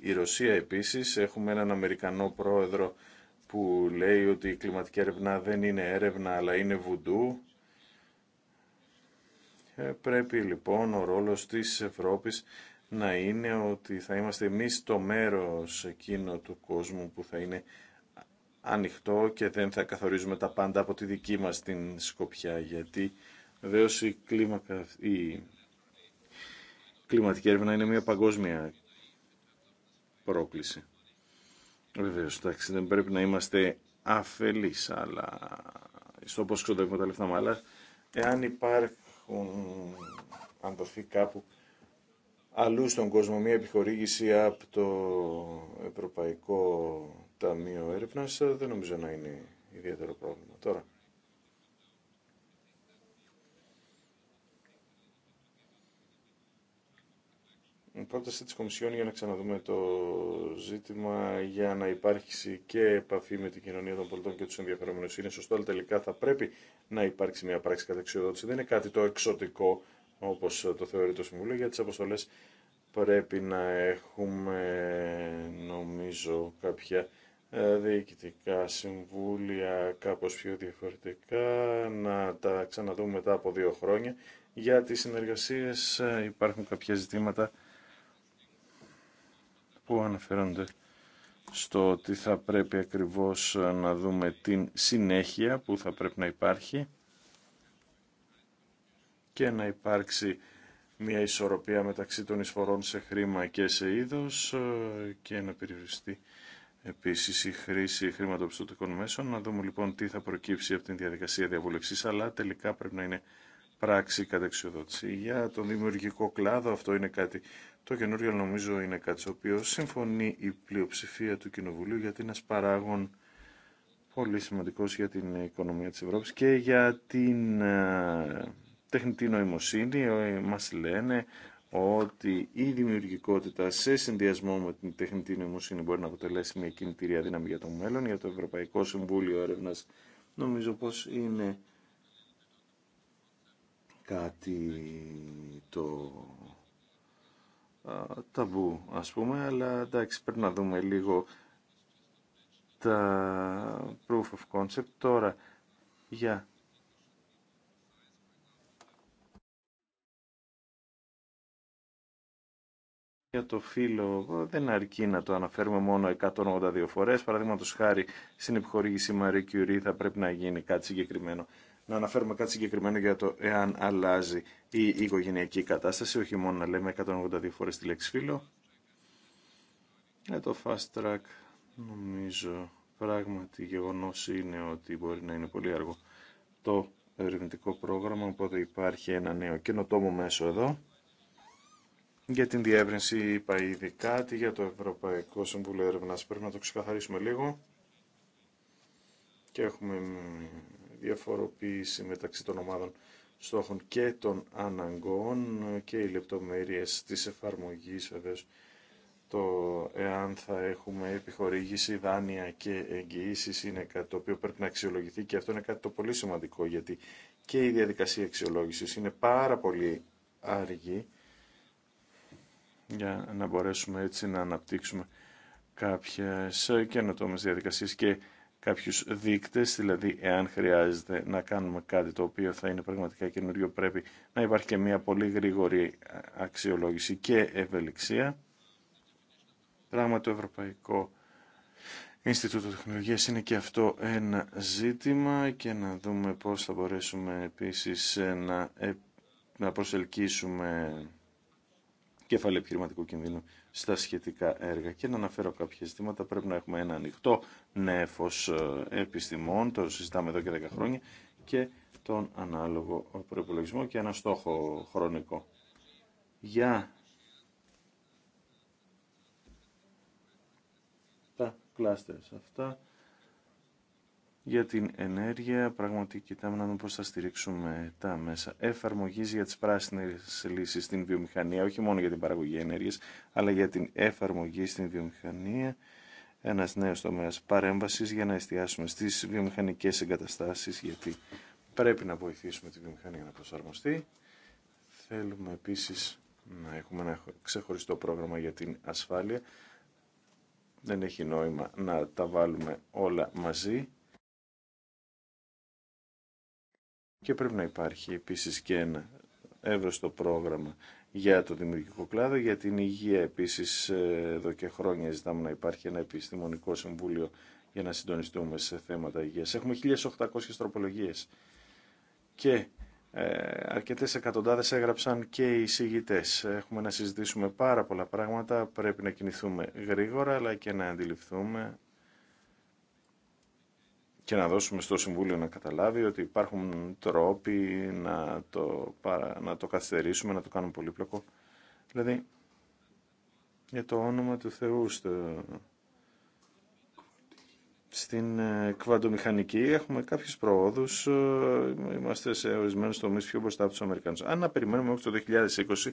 η Ρωσία επίσης, έχουμε έναν Αμερικανό πρόεδρο που λέει ότι η κλιματική έρευνα δεν είναι έρευνα αλλά είναι βουντού. Ε, πρέπει λοιπόν ο ρόλος της Ευρώπης να είναι ότι θα είμαστε εμείς το μέρος εκείνο του κόσμου που θα είναι ανοιχτό και δεν θα καθορίζουμε τα πάντα από τη δική μας την σκοπιά, γιατί βεβαίω η, κλιματική έρευνα είναι μια παγκόσμια πρόκληση. Βεβαίως, εντάξει, δεν πρέπει να είμαστε αφελείς, αλλά στο πώς ξοδεύουμε τα λεφτά Αλλά εάν υπάρχουν, αν δοθεί κάπου αλλού στον κόσμο μια επιχορήγηση από το Ευρωπαϊκό Ταμείο έρευνα. Ε, δεν νομίζω να είναι ιδιαίτερο πρόβλημα. Τώρα, η πρόταση της Κομισιόν για να ξαναδούμε το ζήτημα για να υπάρξει και επαφή με την κοινωνία των πολιτών και τους ενδιαφερόμενους είναι σωστό, αλλά τελικά θα πρέπει να υπάρξει μια πράξη καταξιοδότηση. Δεν είναι κάτι το εξωτικό, όπως το θεωρεί το Συμβούλιο, για τις αποστολές πρέπει να έχουμε νομίζω κάποια ε, διοικητικά συμβούλια κάπως πιο διαφορετικά, να τα ξαναδούμε μετά από δύο χρόνια. Για τις συνεργασίες ε, υπάρχουν κάποια ζητήματα που αναφέρονται στο ότι θα πρέπει ακριβώς ε, να δούμε την συνέχεια που θα πρέπει να υπάρχει και να υπάρξει μια ισορροπία μεταξύ των εισφορών σε χρήμα και σε είδος και να περιοριστεί επίσης η χρήση χρηματοπιστωτικών μέσων. Να δούμε λοιπόν τι θα προκύψει από την διαδικασία διαβούλευσης, αλλά τελικά πρέπει να είναι πράξη κατεξοδότηση. Για τον δημιουργικό κλάδο αυτό είναι κάτι το καινούριο, νομίζω είναι κάτι στο οποίο συμφωνεί η πλειοψηφία του Κοινοβουλίου γιατί είναι ένας παράγων πολύ σημαντικός για την οικονομία της Ευρώπης και για την ε, τεχνητή νοημοσύνη. Ε, μας λένε ότι η δημιουργικότητα σε συνδυασμό με την τεχνητή νοημοσύνη μπορεί να αποτελέσει μια κινητήρια δύναμη για το μέλλον. Για το Ευρωπαϊκό Συμβούλιο Έρευνα νομίζω πω είναι κάτι το ταμπού ας πούμε, αλλά εντάξει πρέπει να δούμε λίγο τα proof of concept τώρα για για το φύλλο δεν αρκεί να το αναφέρουμε μόνο 182 φορές. Παραδείγματο χάρη στην επιχορήγηση Marie Curie θα πρέπει να γίνει κάτι συγκεκριμένο. Να αναφέρουμε κάτι συγκεκριμένο για το εάν αλλάζει η οικογενειακή κατάσταση, όχι μόνο να λέμε 182 φορές τη λέξη φύλλο. Για ε, το fast track νομίζω πράγματι γεγονό είναι ότι μπορεί να είναι πολύ αργό το ερευνητικό πρόγραμμα, οπότε υπάρχει ένα νέο καινοτόμο μέσο εδώ για την διεύρυνση είπα ήδη κάτι για το Ευρωπαϊκό Συμβούλιο Έρευνα. Πρέπει να το ξεκαθαρίσουμε λίγο. Και έχουμε διαφοροποίηση μεταξύ των ομάδων στόχων και των αναγκών και οι λεπτομέρειες της εφαρμογής βεβαίως το εάν θα έχουμε επιχορήγηση, δάνεια και εγγυήσει είναι κάτι το οποίο πρέπει να αξιολογηθεί και αυτό είναι κάτι το πολύ σημαντικό γιατί και η διαδικασία αξιολόγησης είναι πάρα πολύ άργη για να μπορέσουμε έτσι να αναπτύξουμε κάποιες καινοτόμες διαδικασίες και κάποιους δείκτες, δηλαδή εάν χρειάζεται να κάνουμε κάτι το οποίο θα είναι πραγματικά καινούριο πρέπει να υπάρχει και μια πολύ γρήγορη αξιολόγηση και ευελιξία. Πράγμα το Ευρωπαϊκό Ινστιτούτο Τεχνολογίας είναι και αυτό ένα ζήτημα και να δούμε πώς θα μπορέσουμε επίσης να προσελκύσουμε κεφάλαιο επιχειρηματικού κινδύνου στα σχετικά έργα. Και να αναφέρω κάποια ζητήματα. Πρέπει να έχουμε ένα ανοιχτό νέφος ε, επιστημών, το συζητάμε εδώ και 10 χρόνια, και τον ανάλογο προπολογισμό και ένα στόχο χρονικό. Για τα κλάστερ. αυτά για την ενέργεια. Πραγματικά κοιτάμε να δούμε πώ θα στηρίξουμε τα μέσα εφαρμογή για τι πράσινε λύσει στην βιομηχανία, όχι μόνο για την παραγωγή ενέργεια, αλλά για την εφαρμογή στην βιομηχανία. Ένα νέο τομέα παρέμβαση για να εστιάσουμε στις βιομηχανικέ εγκαταστάσει γιατί πρέπει να βοηθήσουμε τη βιομηχανία να προσαρμοστεί. Θέλουμε επίση να έχουμε ένα ξεχωριστό πρόγραμμα για την ασφάλεια. Δεν έχει νόημα να τα βάλουμε όλα μαζί Και πρέπει να υπάρχει επίσης και ένα εύρωστο πρόγραμμα για το δημιουργικό κλάδο, για την υγεία επίσης ε, εδώ και χρόνια ζητάμε να υπάρχει ένα επιστημονικό συμβούλιο για να συντονιστούμε σε θέματα υγείας. Έχουμε 1.800 τροπολογίες και ε, αρκετές εκατοντάδες έγραψαν και οι συγητές. Έχουμε να συζητήσουμε πάρα πολλά πράγματα, πρέπει να κινηθούμε γρήγορα αλλά και να αντιληφθούμε και να δώσουμε στο Συμβούλιο να καταλάβει ότι υπάρχουν τρόποι να το, να το καθυστερήσουμε, να το κάνουμε πολύπλοκο. Δηλαδή, για το όνομα του Θεού στο... στην ε, κβαντομηχανική έχουμε κάποιες προόδους, ε, είμαστε σε ορισμένους τομείς πιο μπροστά από τους Αμερικανούς. Αν να περιμένουμε μέχρι το 2020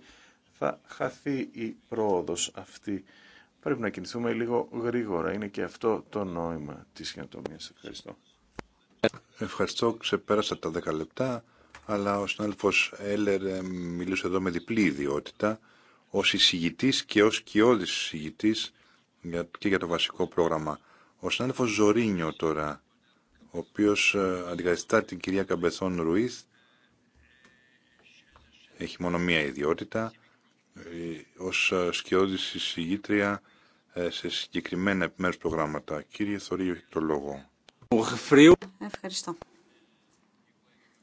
θα χαθεί η πρόοδος αυτή Πρέπει να κινηθούμε λίγο γρήγορα. Είναι και αυτό το νόημα της χειροτομίας. Ευχαριστώ. Ευχαριστώ. Ξεπέρασα τα 10 λεπτά, αλλά ο συνάδελφο Έλερ ε, μιλούσε εδώ με διπλή ιδιότητα ως εισηγητής και ως κοιόδης εισηγητής και για το βασικό πρόγραμμα. Ο συνάδελφο Ζωρίνιο τώρα, ο οποίο ε, αντικαθιστά την κυρία Καμπεθόν Ρουίθ, έχει μόνο μία ιδιότητα, ε, ως σκιώδης εισηγήτρια ε, σε συγκεκριμένα επιμέρους προγράμματα. Κύριε Θωρίου, έχει το λόγο. Ευχαριστώ.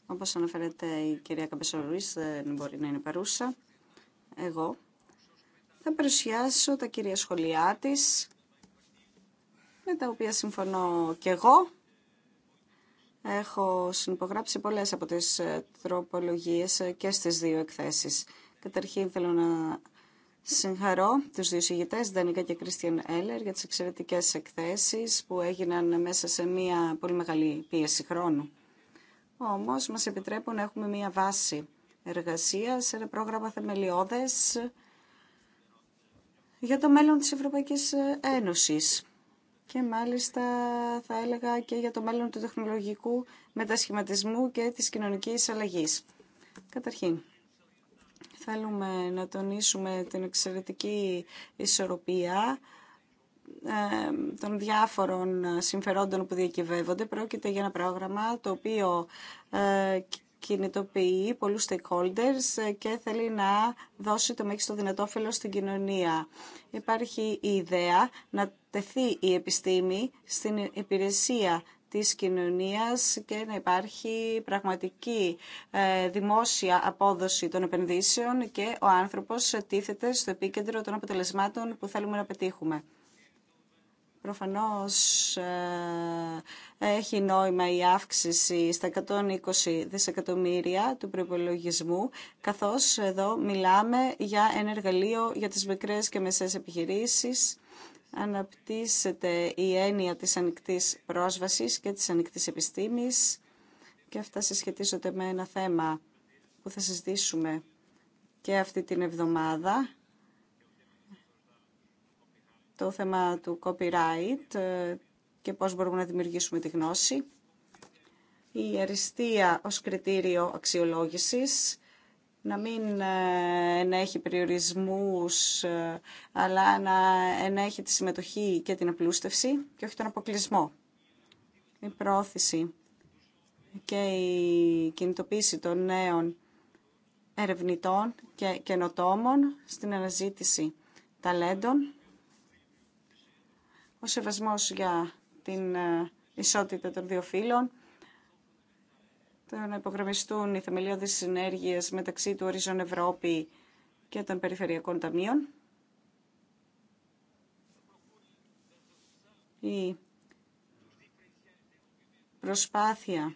Όπως αναφέρεται η κυρία Καμπεσορουής, δεν μπορεί να είναι παρούσα. Εγώ θα παρουσιάσω τα κυρία σχολιά της, με τα οποία συμφωνώ και εγώ. Έχω συνυπογράψει πολλές από τις τροπολογίες και στις δύο εκθέσεις. Καταρχήν θέλω να Συγχαρώ τους δύο συγγητές, Δανικά και Κρίστιαν Έλερ, για τις εξαιρετικές εκθέσεις που έγιναν μέσα σε μια πολύ μεγάλη πίεση χρόνου. Όμως μας επιτρέπουν να έχουμε μια βάση εργασίας, ένα πρόγραμμα θεμελιώδες για το μέλλον της Ευρωπαϊκής Ένωσης και μάλιστα θα έλεγα και για το μέλλον του τεχνολογικού μετασχηματισμού και της κοινωνικής αλλαγής. Καταρχήν, Θέλουμε να τονίσουμε την εξαιρετική ισορροπία ε, των διάφορων συμφερόντων που διακυβεύονται. Πρόκειται για ένα πρόγραμμα το οποίο ε, κινητοποιεί πολλούς stakeholders ε, και θέλει να δώσει το μέγιστο δυνατό όφελος στην κοινωνία. Υπάρχει η ιδέα να τεθεί η επιστήμη στην υπηρεσία της κοινωνίας και να υπάρχει πραγματική ε, δημόσια απόδοση των επενδύσεων και ο άνθρωπος τίθεται στο επίκεντρο των αποτελεσμάτων που θέλουμε να πετύχουμε. Προφανώς ε, έχει νόημα η αύξηση στα 120 δισεκατομμύρια του προϋπολογισμού, καθώς εδώ μιλάμε για ένα εργαλείο για τις μικρές και μεσές επιχειρήσεις αναπτύσσεται η έννοια της ανοιχτή πρόσβασης και της ανοιχτή επιστήμης και αυτά συσχετίζονται με ένα θέμα που θα συζητήσουμε και αυτή την εβδομάδα το θέμα του copyright ε, και πώς μπορούμε να δημιουργήσουμε τη γνώση η αριστεία ως κριτήριο αξιολόγησης να μην ε, έχει περιορισμούς, ε, αλλά να έχει τη συμμετοχή και την απλούστευση και όχι τον αποκλεισμό. Η πρόθεση και η κινητοποίηση των νέων ερευνητών και καινοτόμων στην αναζήτηση ταλέντων, ο σεβασμός για την ε, ισότητα των δύο φύλων, Θέλω να υπογραμμιστούν οι θεμελιώδεις συνέργειες μεταξύ του Ορίζον Ευρώπη και των περιφερειακών ταμείων. Η προσπάθεια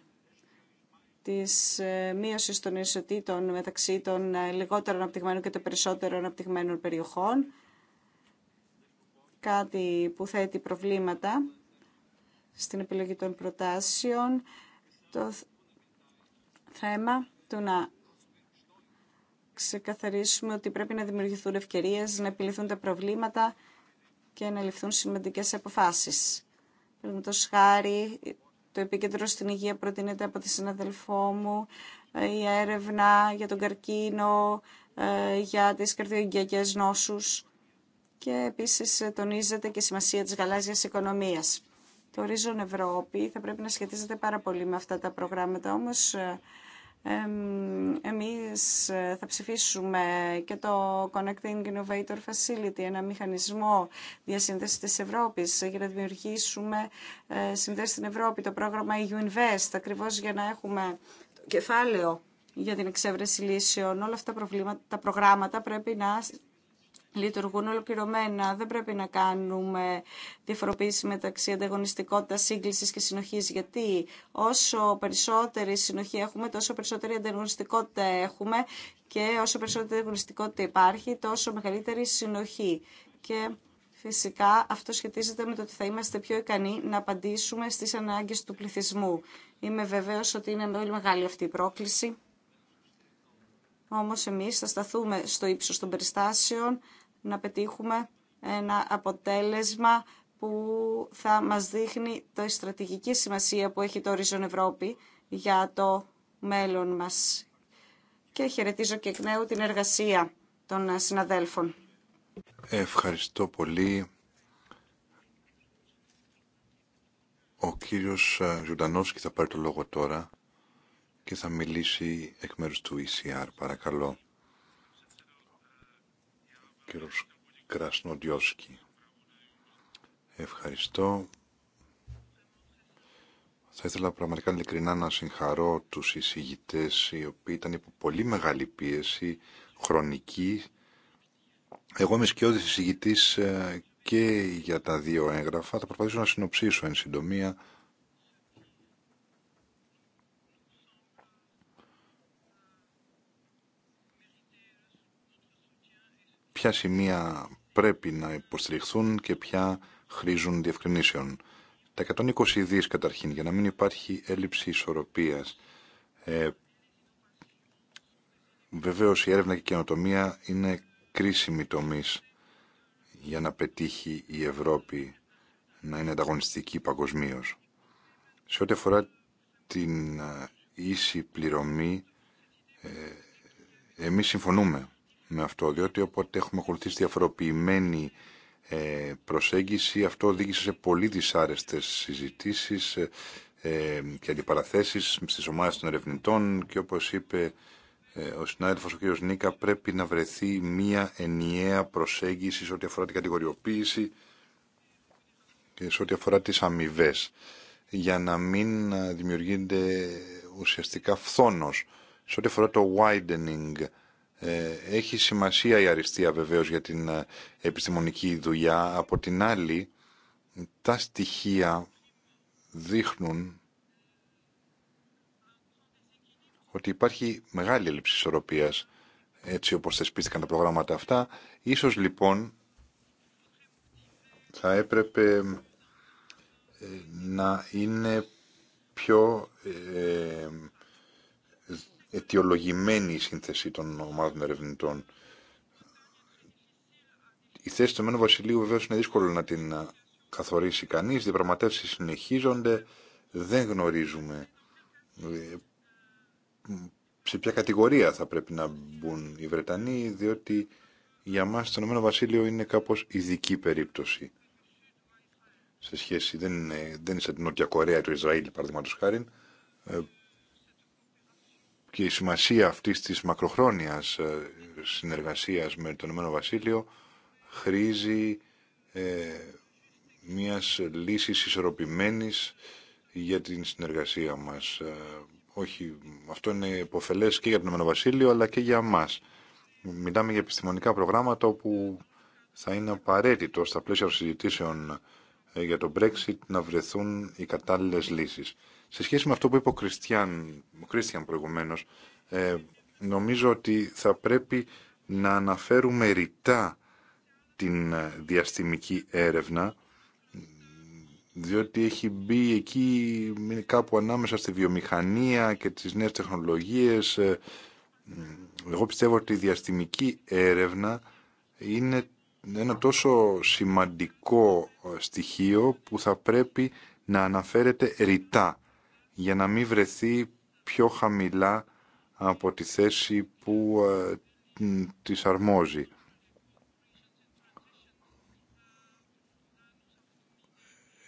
της ε, μείωσης των ισοτήτων μεταξύ των ε, λιγότερων αναπτυγμένων και των περισσότερων αναπτυγμένων περιοχών, κάτι που θέτει προβλήματα στην επιλογή των προτάσεων, το θέμα του να ξεκαθαρίσουμε ότι πρέπει να δημιουργηθούν ευκαιρίες, να επιληθούν τα προβλήματα και να ληφθούν σημαντικές αποφάσεις. Το χάρη, το επίκεντρο στην υγεία προτείνεται από τη συναδελφό μου, ε, η έρευνα για τον καρκίνο, ε, για τις καρδιογκιακές νόσους και επίσης ε, τονίζεται και η σημασία της γαλάζιας οικονομίας. Το ορίζον Ευρώπη θα πρέπει να σχετίζεται πάρα πολύ με αυτά τα προγράμματα, όμως εμείς ε, θα ψηφίσουμε και το Connecting Innovator Facility, ένα μηχανισμό διασύνδεσης της Ευρώπης ε, για να δημιουργήσουμε ε, συνδέσεις στην Ευρώπη, το πρόγραμμα EU Invest, ακριβώς για να έχουμε κεφάλαιο για την εξέβρεση λύσεων. Όλα αυτά τα προβλήματα, τα προγράμματα πρέπει να λειτουργούν ολοκληρωμένα. Δεν πρέπει να κάνουμε διαφοροποίηση μεταξύ ανταγωνιστικότητα σύγκληση και συνοχή, γιατί όσο περισσότερη συνοχή έχουμε, τόσο περισσότερη ανταγωνιστικότητα έχουμε και όσο περισσότερη ανταγωνιστικότητα υπάρχει, τόσο μεγαλύτερη συνοχή. Και Φυσικά αυτό σχετίζεται με το ότι θα είμαστε πιο ικανοί να απαντήσουμε στις ανάγκε του πληθυσμού. Είμαι βεβαίω ότι είναι πολύ μεγάλη αυτή η πρόκληση. Όμως εμείς θα σταθούμε στο ύψος των περιστάσεων, να πετύχουμε ένα αποτέλεσμα που θα μας δείχνει τη στρατηγική σημασία που έχει το Horizon Ευρώπη για το μέλλον μας. Και χαιρετίζω και εκ νέου την εργασία των συναδέλφων. Ευχαριστώ πολύ. Ο κύριος ε, Ζουντανόφσκι θα πάρει το λόγο τώρα και θα μιλήσει εκ μέρους του ECR. Παρακαλώ κύριος Κρασνοντιώσκη. Ευχαριστώ. Θα ήθελα πραγματικά ειλικρινά να συγχαρώ τους εισηγητές οι οποίοι ήταν υπό πολύ μεγάλη πίεση, χρονική. Εγώ είμαι σκιώδης εισηγητής ε, και για τα δύο έγγραφα. Θα προσπαθήσω να συνοψίσω εν συντομία ποια σημεία πρέπει να υποστηριχθούν και ποια χρήζουν διευκρινήσεων. Τα 120 δις καταρχήν, για να μην υπάρχει έλλειψη ισορροπίας. Ε, βεβαίως η έρευνα και η καινοτομία είναι κρίσιμη τομής για να πετύχει η Ευρώπη να είναι ανταγωνιστική παγκοσμίω. Σε ό,τι αφορά την ε, ίση πληρωμή, ε, εμείς συμφωνούμε με αυτό, διότι όποτε έχουμε ακολουθήσει διαφοροποιημένη ε, προσέγγιση, αυτό οδήγησε σε πολύ δυσάρεστες συζητήσεις ε, ε, και αντιπαραθέσει στις ομάδες των ερευνητών και όπως είπε ο συνάδελφος ο κ. Νίκα πρέπει να βρεθεί μία ενιαία προσέγγιση σε ό,τι αφορά την κατηγοριοποίηση και σε ό,τι αφορά τι αμοιβέ για να μην δημιουργείται ουσιαστικά φθόνος σε ό,τι αφορά το widening ε, έχει σημασία η αριστεία βεβαίως για την ε, επιστημονική δουλειά. Από την άλλη, τα στοιχεία δείχνουν ότι υπάρχει μεγάλη έλλειψη ισορροπίας έτσι όπως θεσπίστηκαν τα προγράμματα αυτά. Ίσως λοιπόν θα έπρεπε ε, να είναι πιο ε, αιτιολογημένη η σύνθεση των ομάδων ερευνητών. Η θέση του Βασιλείου βεβαίω είναι δύσκολο να την καθορίσει κανείς. Διαπραγματεύσει συνεχίζονται. Δεν γνωρίζουμε ε, σε ποια κατηγορία θα πρέπει να μπουν οι Βρετανοί, διότι για μας το Ηνωμένο Βασίλειο είναι κάπως ειδική περίπτωση. Σε σχέση, δεν είναι, δεν είναι την Νότια Κορέα, το Ισραήλ, παραδείγματος χάρη, ε, και η σημασία αυτής της μακροχρόνιας ε, συνεργασίας με τον Ηνωμένο Βασίλειο χρήζει ε, μιας λύσης ισορροπημένης για την συνεργασία μας. Ε, όχι, αυτό είναι υποφελές και για τον Ηνωμένο Βασίλειο αλλά και για μας. Μιλάμε για επιστημονικά προγράμματα όπου θα είναι απαραίτητο στα πλαίσια των συζητήσεων ε, για το Brexit να βρεθούν οι κατάλληλες λύσεις. Σε σχέση με αυτό που είπε ο Κριστιαν, ο προηγουμένως, ε, νομίζω ότι θα πρέπει να αναφέρουμε ρητά την ε, διαστημική έρευνα, διότι έχει μπει εκεί κάπου ανάμεσα στη βιομηχανία και τις νέες τεχνολογίες. Ε, εγώ πιστεύω ότι η διαστημική έρευνα είναι ένα τόσο σημαντικό στοιχείο που θα πρέπει να αναφέρεται ρητά για να μην βρεθεί πιο χαμηλά από τη θέση που ε, της αρμόζει.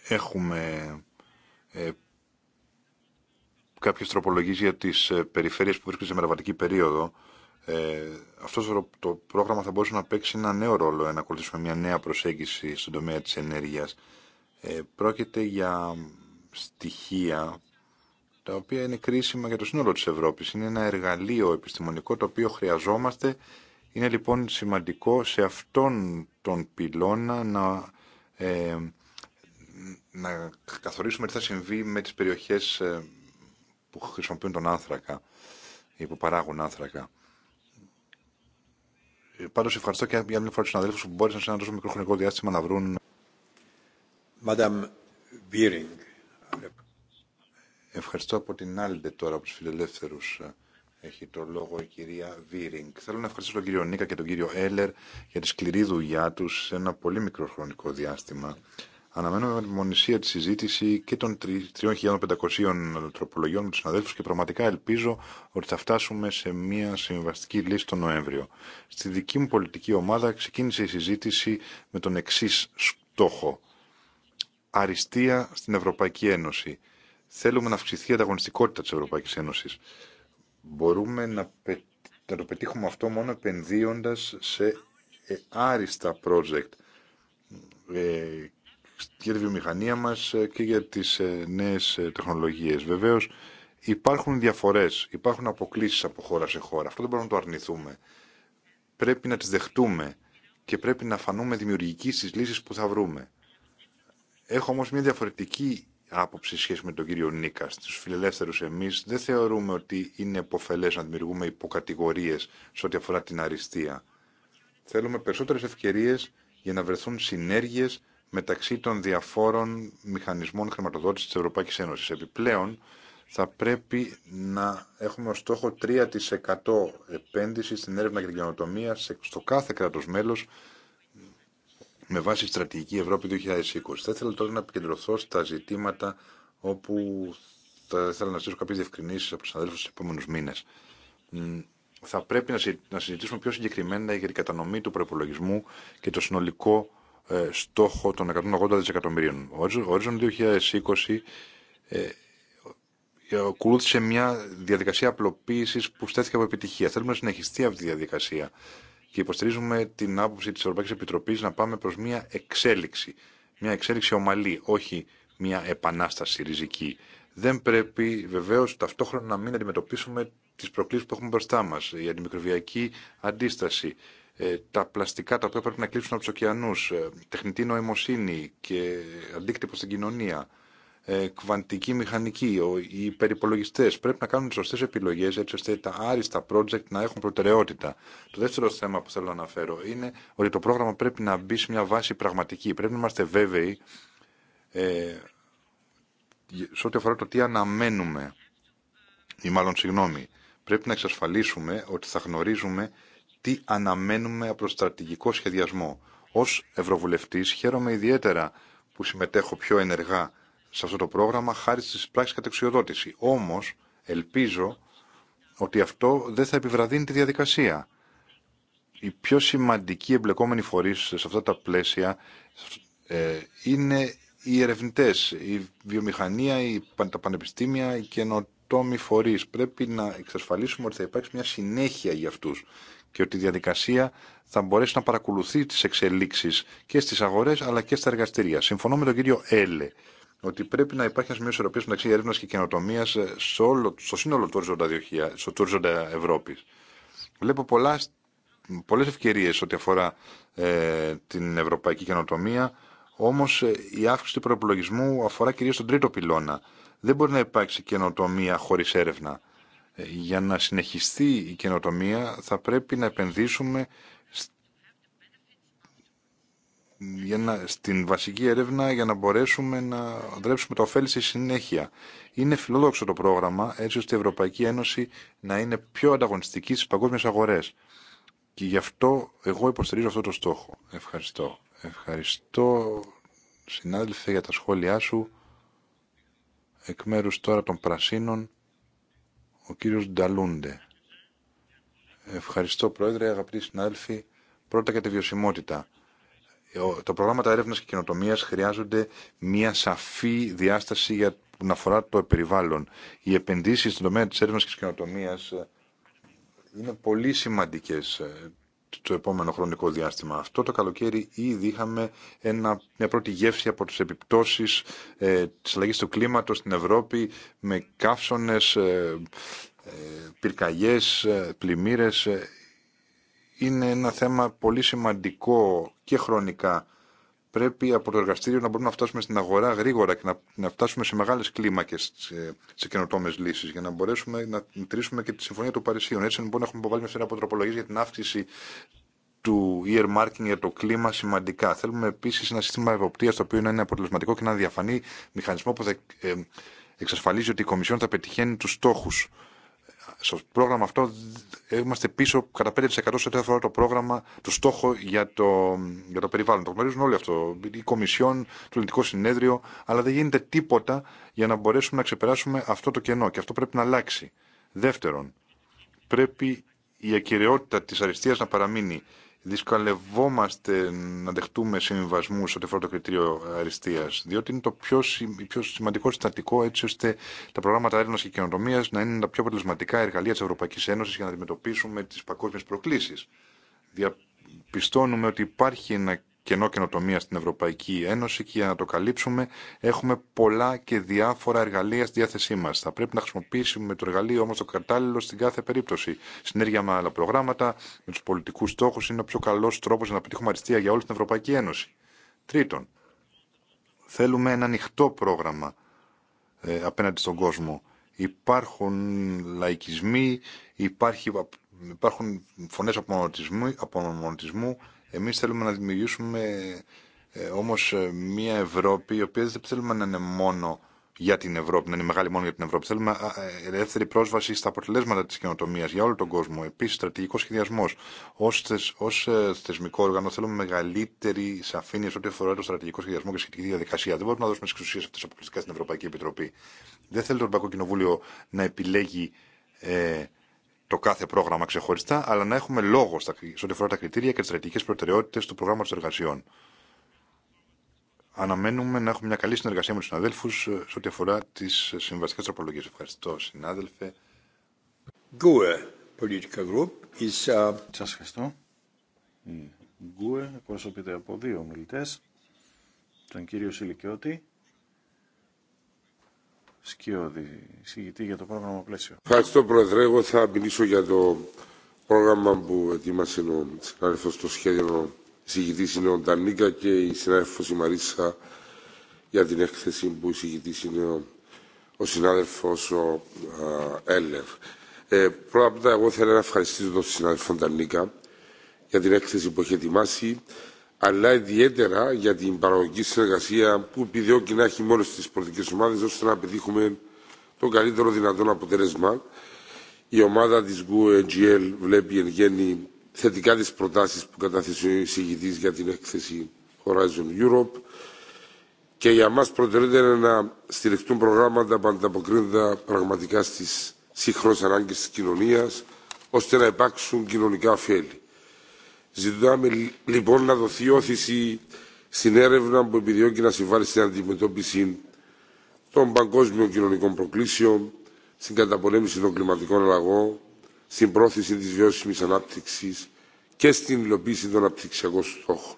Έχουμε ε, κάποιες τροπολογίες για τις ε, περιφέρειες που βρίσκονται σε μεταβατική περίοδο. Ε, αυτό το πρόγραμμα θα μπορούσε να παίξει ένα νέο ρόλο, να ακολουθήσουμε μια νέα προσέγγιση στον τομέα της ενέργειας. πρόκειται για στοιχεία τα οποία είναι κρίσιμα για το σύνολο της Ευρώπης. Είναι ένα εργαλείο επιστημονικό το οποίο χρειαζόμαστε. Είναι λοιπόν σημαντικό σε αυτόν τον πυλώνα να, ε, να καθορίσουμε τι θα συμβεί με τις περιοχές ε, που χρησιμοποιούν τον άνθρακα ή που παράγουν άνθρακα. Ε, πάντως ευχαριστώ και για μια φορά τους συναδέλφους που μπόρεσαν σε ένα τόσο μικρό χρονικό διάστημα να βρουν... Madame Biering. Ευχαριστώ από την Άλντε τώρα από του φιλελεύθερου ε, Έχει το λόγο η κυρία Βίρινγκ. Θέλω να ευχαριστήσω τον κύριο Νίκα και τον κύριο Έλερ για τη σκληρή δουλειά του σε ένα πολύ μικρό χρονικό διάστημα. Αναμένω με μονησία τη συζήτηση και των 3.500 τροπολογιών με του συναδέλφου και πραγματικά ελπίζω ότι θα φτάσουμε σε μια συμβαστική λύση τον Νοέμβριο. Στη δική μου πολιτική ομάδα ξεκίνησε η συζήτηση με τον εξή στόχο. Αριστεία στην Ευρωπαϊκή Ένωση θέλουμε να αυξηθεί η ανταγωνιστικότητα της Ευρωπαϊκής Ένωσης. Μπορούμε να, το πετύχουμε αυτό μόνο επενδύοντα σε ε, άριστα project ε, για τη βιομηχανία μας ε, και για τις ε, νέες τεχνολογίες. Βεβαίως υπάρχουν διαφορές, υπάρχουν αποκλήσεις από χώρα σε χώρα. Αυτό δεν μπορούμε να το αρνηθούμε. Πρέπει να τις δεχτούμε και πρέπει να φανούμε δημιουργικοί στις λύσεις που θα βρούμε. Έχω όμως μια διαφορετική άποψη σχέση με τον κύριο Νίκα. Στου φιλελεύθερους εμείς δεν θεωρούμε ότι είναι υποφελέ να δημιουργούμε υποκατηγορίες σε ό,τι αφορά την αριστεία. Θέλουμε περισσότερες ευκαιρίες για να βρεθούν συνέργειε μεταξύ των διαφόρων μηχανισμών χρηματοδότησης της Ευρωπαϊκής Ένωσης. Επιπλέον, θα πρέπει να έχουμε ως στόχο 3% επένδυση στην έρευνα και την καινοτομία στο κάθε κράτος μέλος με βάση στρατηγική Ευρώπη 2020. Θα ήθελα τώρα να επικεντρωθώ στα ζητήματα όπου θα ήθελα να ζητήσω κάποιε διευκρινήσει από του συναδέλφου στου επόμενου μήνε. Θα πρέπει να συζητήσουμε πιο συγκεκριμένα για την κατανομή του προπολογισμού και το συνολικό ε, στόχο των 180 δισεκατομμυρίων. Ο Horizon 2020 ε, ε, ακολούθησε μια διαδικασία απλοποίησης που στέθηκε από επιτυχία. Θέλουμε να συνεχιστεί αυτή η διαδικασία και υποστηρίζουμε την άποψη της Ευρωπαϊκής Επιτροπής να πάμε προς μια εξέλιξη. Μια εξέλιξη ομαλή, όχι μια επανάσταση ριζική. Δεν πρέπει βεβαίως ταυτόχρονα να μην αντιμετωπίσουμε τις προκλήσεις που έχουμε μπροστά μας. Η αντιμικροβιακή αντίσταση, ε, τα πλαστικά τα οποία πρέπει να κλείσουν από τους ωκεανούς, ε, τεχνητή νοημοσύνη και αντίκτυπο στην κοινωνία ε, κβαντική μηχανική, οι υπερυπολογιστέ. Πρέπει να κάνουν τι σωστέ επιλογέ έτσι ώστε τα άριστα project να έχουν προτεραιότητα. Το δεύτερο θέμα που θέλω να αναφέρω είναι ότι το πρόγραμμα πρέπει να μπει σε μια βάση πραγματική. Πρέπει να είμαστε βέβαιοι ε, σε ό,τι αφορά το τι αναμένουμε. Ή μάλλον, συγγνώμη, πρέπει να εξασφαλίσουμε ότι θα γνωρίζουμε τι αναμένουμε από το στρατηγικό σχεδιασμό. Ως Ευρωβουλευτής χαίρομαι ιδιαίτερα που συμμετέχω πιο ενεργά σε αυτό το πρόγραμμα χάρη στις πράξεις κατεξιοδότηση. Όμως, ελπίζω ότι αυτό δεν θα επιβραδύνει τη διαδικασία. Οι πιο σημαντικοί εμπλεκόμενοι φορείς σε αυτά τα πλαίσια ε, είναι οι ερευνητές, η βιομηχανία, η, τα πανεπιστήμια, οι καινοτόμοι φορείς. Πρέπει να εξασφαλίσουμε ότι θα υπάρξει μια συνέχεια για αυτούς και ότι η διαδικασία θα μπορέσει να παρακολουθεί τις εξελίξεις και στις αγορές αλλά και στα εργαστήρια. Συμφωνώ με τον κύριο Έλε ότι πρέπει να υπάρχει ένα σημείο ισορροπία μεταξύ έρευνα και καινοτομία ε, στο σύνολο του οριζόντα, στο οριζόντα Ευρώπη. Βλέπω πολλέ πολλές ευκαιρίες ό,τι αφορά ε, την ευρωπαϊκή καινοτομία, όμως ε, η αύξηση του προπολογισμού αφορά κυρίως τον τρίτο πυλώνα. Δεν μπορεί να υπάρξει καινοτομία χωρίς έρευνα. για να συνεχιστεί η καινοτομία θα πρέπει να επενδύσουμε για στην βασική έρευνα για να μπορέσουμε να δρέψουμε το ωφέλη στη συνέχεια. Είναι φιλόδοξο το πρόγραμμα έτσι ώστε η Ευρωπαϊκή Ένωση να είναι πιο ανταγωνιστική στις παγκόσμιες αγορές. Και γι' αυτό εγώ υποστηρίζω αυτό το στόχο. Ευχαριστώ. Ευχαριστώ συνάδελφε για τα σχόλιά σου. Εκ μέρους τώρα των Πρασίνων, ο κύριος Νταλούντε. Ευχαριστώ Πρόεδρε, αγαπητοί συνάδελφοι. Πρώτα για τη βιωσιμότητα. Ε, τα προγράμματα έρευνα και καινοτομία χρειάζονται μια σαφή διάσταση για να αφορά το περιβάλλον. Οι επενδύσει στην τομέα τη έρευνα και τη καινοτομία ε, είναι πολύ σημαντικέ ε, το επόμενο χρονικό διάστημα. Αυτό το καλοκαίρι ήδη είχαμε μια πρώτη γεύση από τις επιπτώσεις ε, της αλλαγής του κλίματος στην Ευρώπη με καύσονες, ε, ε, πυρκαγιές, πλημμύρες είναι ένα θέμα πολύ σημαντικό και χρονικά. Πρέπει από το εργαστήριο να μπορούμε να φτάσουμε στην αγορά γρήγορα και να, να φτάσουμε σε μεγάλε κλίμακε σε, σε καινοτόμε λύσει για να μπορέσουμε να τηρήσουμε και τη Συμφωνία του Παρισίου. Έτσι, λοιπόν, έχουμε υποβάλει μια σειρά από τροπολογίε για την αύξηση του earmarking για το κλίμα σημαντικά. Θέλουμε επίση ένα σύστημα ευοπτεία το οποίο να είναι αποτελεσματικό και να διαφανεί μηχανισμό που θα ε, εξασφαλίζει ότι η Κομισιόν θα πετυχαίνει του στόχου στο πρόγραμμα αυτό είμαστε πίσω κατά 5% σε ό,τι αφορά το πρόγραμμα, το στόχο για το, για το περιβάλλον. Το γνωρίζουν όλοι αυτό. Η Κομισιόν, το Ελληνικό Συνέδριο, αλλά δεν γίνεται τίποτα για να μπορέσουμε να ξεπεράσουμε αυτό το κενό. Και αυτό πρέπει να αλλάξει. Δεύτερον, πρέπει η ακυρεότητα τη αριστείας να παραμείνει δυσκολευόμαστε να δεχτούμε συμβιβασμού ό,τι αφορά το κριτήριο αριστεία. Διότι είναι το πιο, πιο σημαντικό συστατικό έτσι ώστε τα προγράμματα έρευνα και καινοτομία να είναι τα πιο αποτελεσματικά εργαλεία τη Ευρωπαϊκή Ένωση για να αντιμετωπίσουμε τι παγκόσμιε προκλήσει. Διαπιστώνουμε ότι υπάρχει ένα κενό καινοτομία στην Ευρωπαϊκή Ένωση και για να το καλύψουμε έχουμε πολλά και διάφορα εργαλεία στη διάθεσή μα. Θα πρέπει να χρησιμοποιήσουμε το εργαλείο όμω το κατάλληλο στην κάθε περίπτωση. Συνέργεια με άλλα προγράμματα, με του πολιτικού στόχου είναι ο πιο καλό τρόπο να πετύχουμε αριστεία για όλη την Ευρωπαϊκή Ένωση. Τρίτον, θέλουμε ένα ανοιχτό πρόγραμμα ε, απέναντι στον κόσμο. Υπάρχουν λαϊκισμοί, υπάρχει, υπάρχουν φωνές απομονωτισμού, απομονωτισμού εμείς θέλουμε να δημιουργήσουμε ε, όμως ε, μια Ευρώπη η οποία δεν θέλουμε να είναι μόνο για την Ευρώπη, να είναι μεγάλη μόνο για την Ευρώπη. Θέλουμε ε, ελεύθερη πρόσβαση στα αποτελέσματα τη καινοτομία για όλο τον κόσμο. Επίση, στρατηγικό σχεδιασμό. Ω θεσμικό όργανο, θέλουμε μεγαλύτερη σαφήνεια σε ό,τι αφορά το στρατηγικό σχεδιασμό και σχετική διαδικασία. Δεν μπορούμε να δώσουμε τι εξουσίε αυτέ αποκλειστικά στην Ευρωπαϊκή Επιτροπή. Δεν θέλει το Ευρωπαϊκό Κοινοβούλιο να επιλέγει ε, το κάθε πρόγραμμα ξεχωριστά, αλλά να έχουμε λόγο σε ό,τι αφορά τα κριτήρια και τι στρατηγικέ προτεραιότητε του προγράμματο εργασιών. Αναμένουμε να έχουμε μια καλή συνεργασία με του συναδέλφου ε, σε ό,τι αφορά τι ε, συμβαστικέ τροπολογίε. Ευχαριστώ, συνάδελφε. Ε, Σα ευχαριστώ. Η Γκουε εκπροσωπείται από δύο μιλητέ, τον κύριο Σιλικιώτη σκιώδη συγητή για το πρόγραμμα πλαίσιο. Ευχαριστώ Πρόεδρε. Εγώ θα μιλήσω για το πρόγραμμα που ετοίμασε ο συνάδελφο στο σχέδιο συγητής είναι ο Ντανίκα και η συνάδελφος η Μαρίσα για την έκθεση που η είναι ο, ο συνάδελφος ο Ε, πρώτα απ' όλα εγώ θέλω να ευχαριστήσω τον συνάδελφο Ντανίκα για την έκθεση που έχει ετοιμάσει αλλά ιδιαίτερα για την παραγωγική συνεργασία που επιδιώκει να έχει μόνο στις πολιτικέ ομάδες ώστε να πετύχουμε το καλύτερο δυνατόν αποτέλεσμα. Η ομάδα της gue ε βλέπει εν γέννη θετικά τις προτάσεις που κατάθεσε ο εισηγητή για την έκθεση Horizon Europe και για μας προτεραιότητα να στηριχτούν προγράμματα που ανταποκρίνονται πραγματικά στι σύγχρονες ανάγκες τη κοινωνία ώστε να υπάρξουν κοινωνικά ωφέλη. Ζητάμε λοιπόν να δοθεί όθηση στην έρευνα που επιδιώκει να συμβάλλει στην αντιμετώπιση των παγκόσμιων κοινωνικών προκλήσεων, στην καταπολέμηση των κλιματικών αλλαγών, στην πρόθεση της βιώσιμης ανάπτυξης και στην υλοποίηση των αναπτυξιακών στόχων.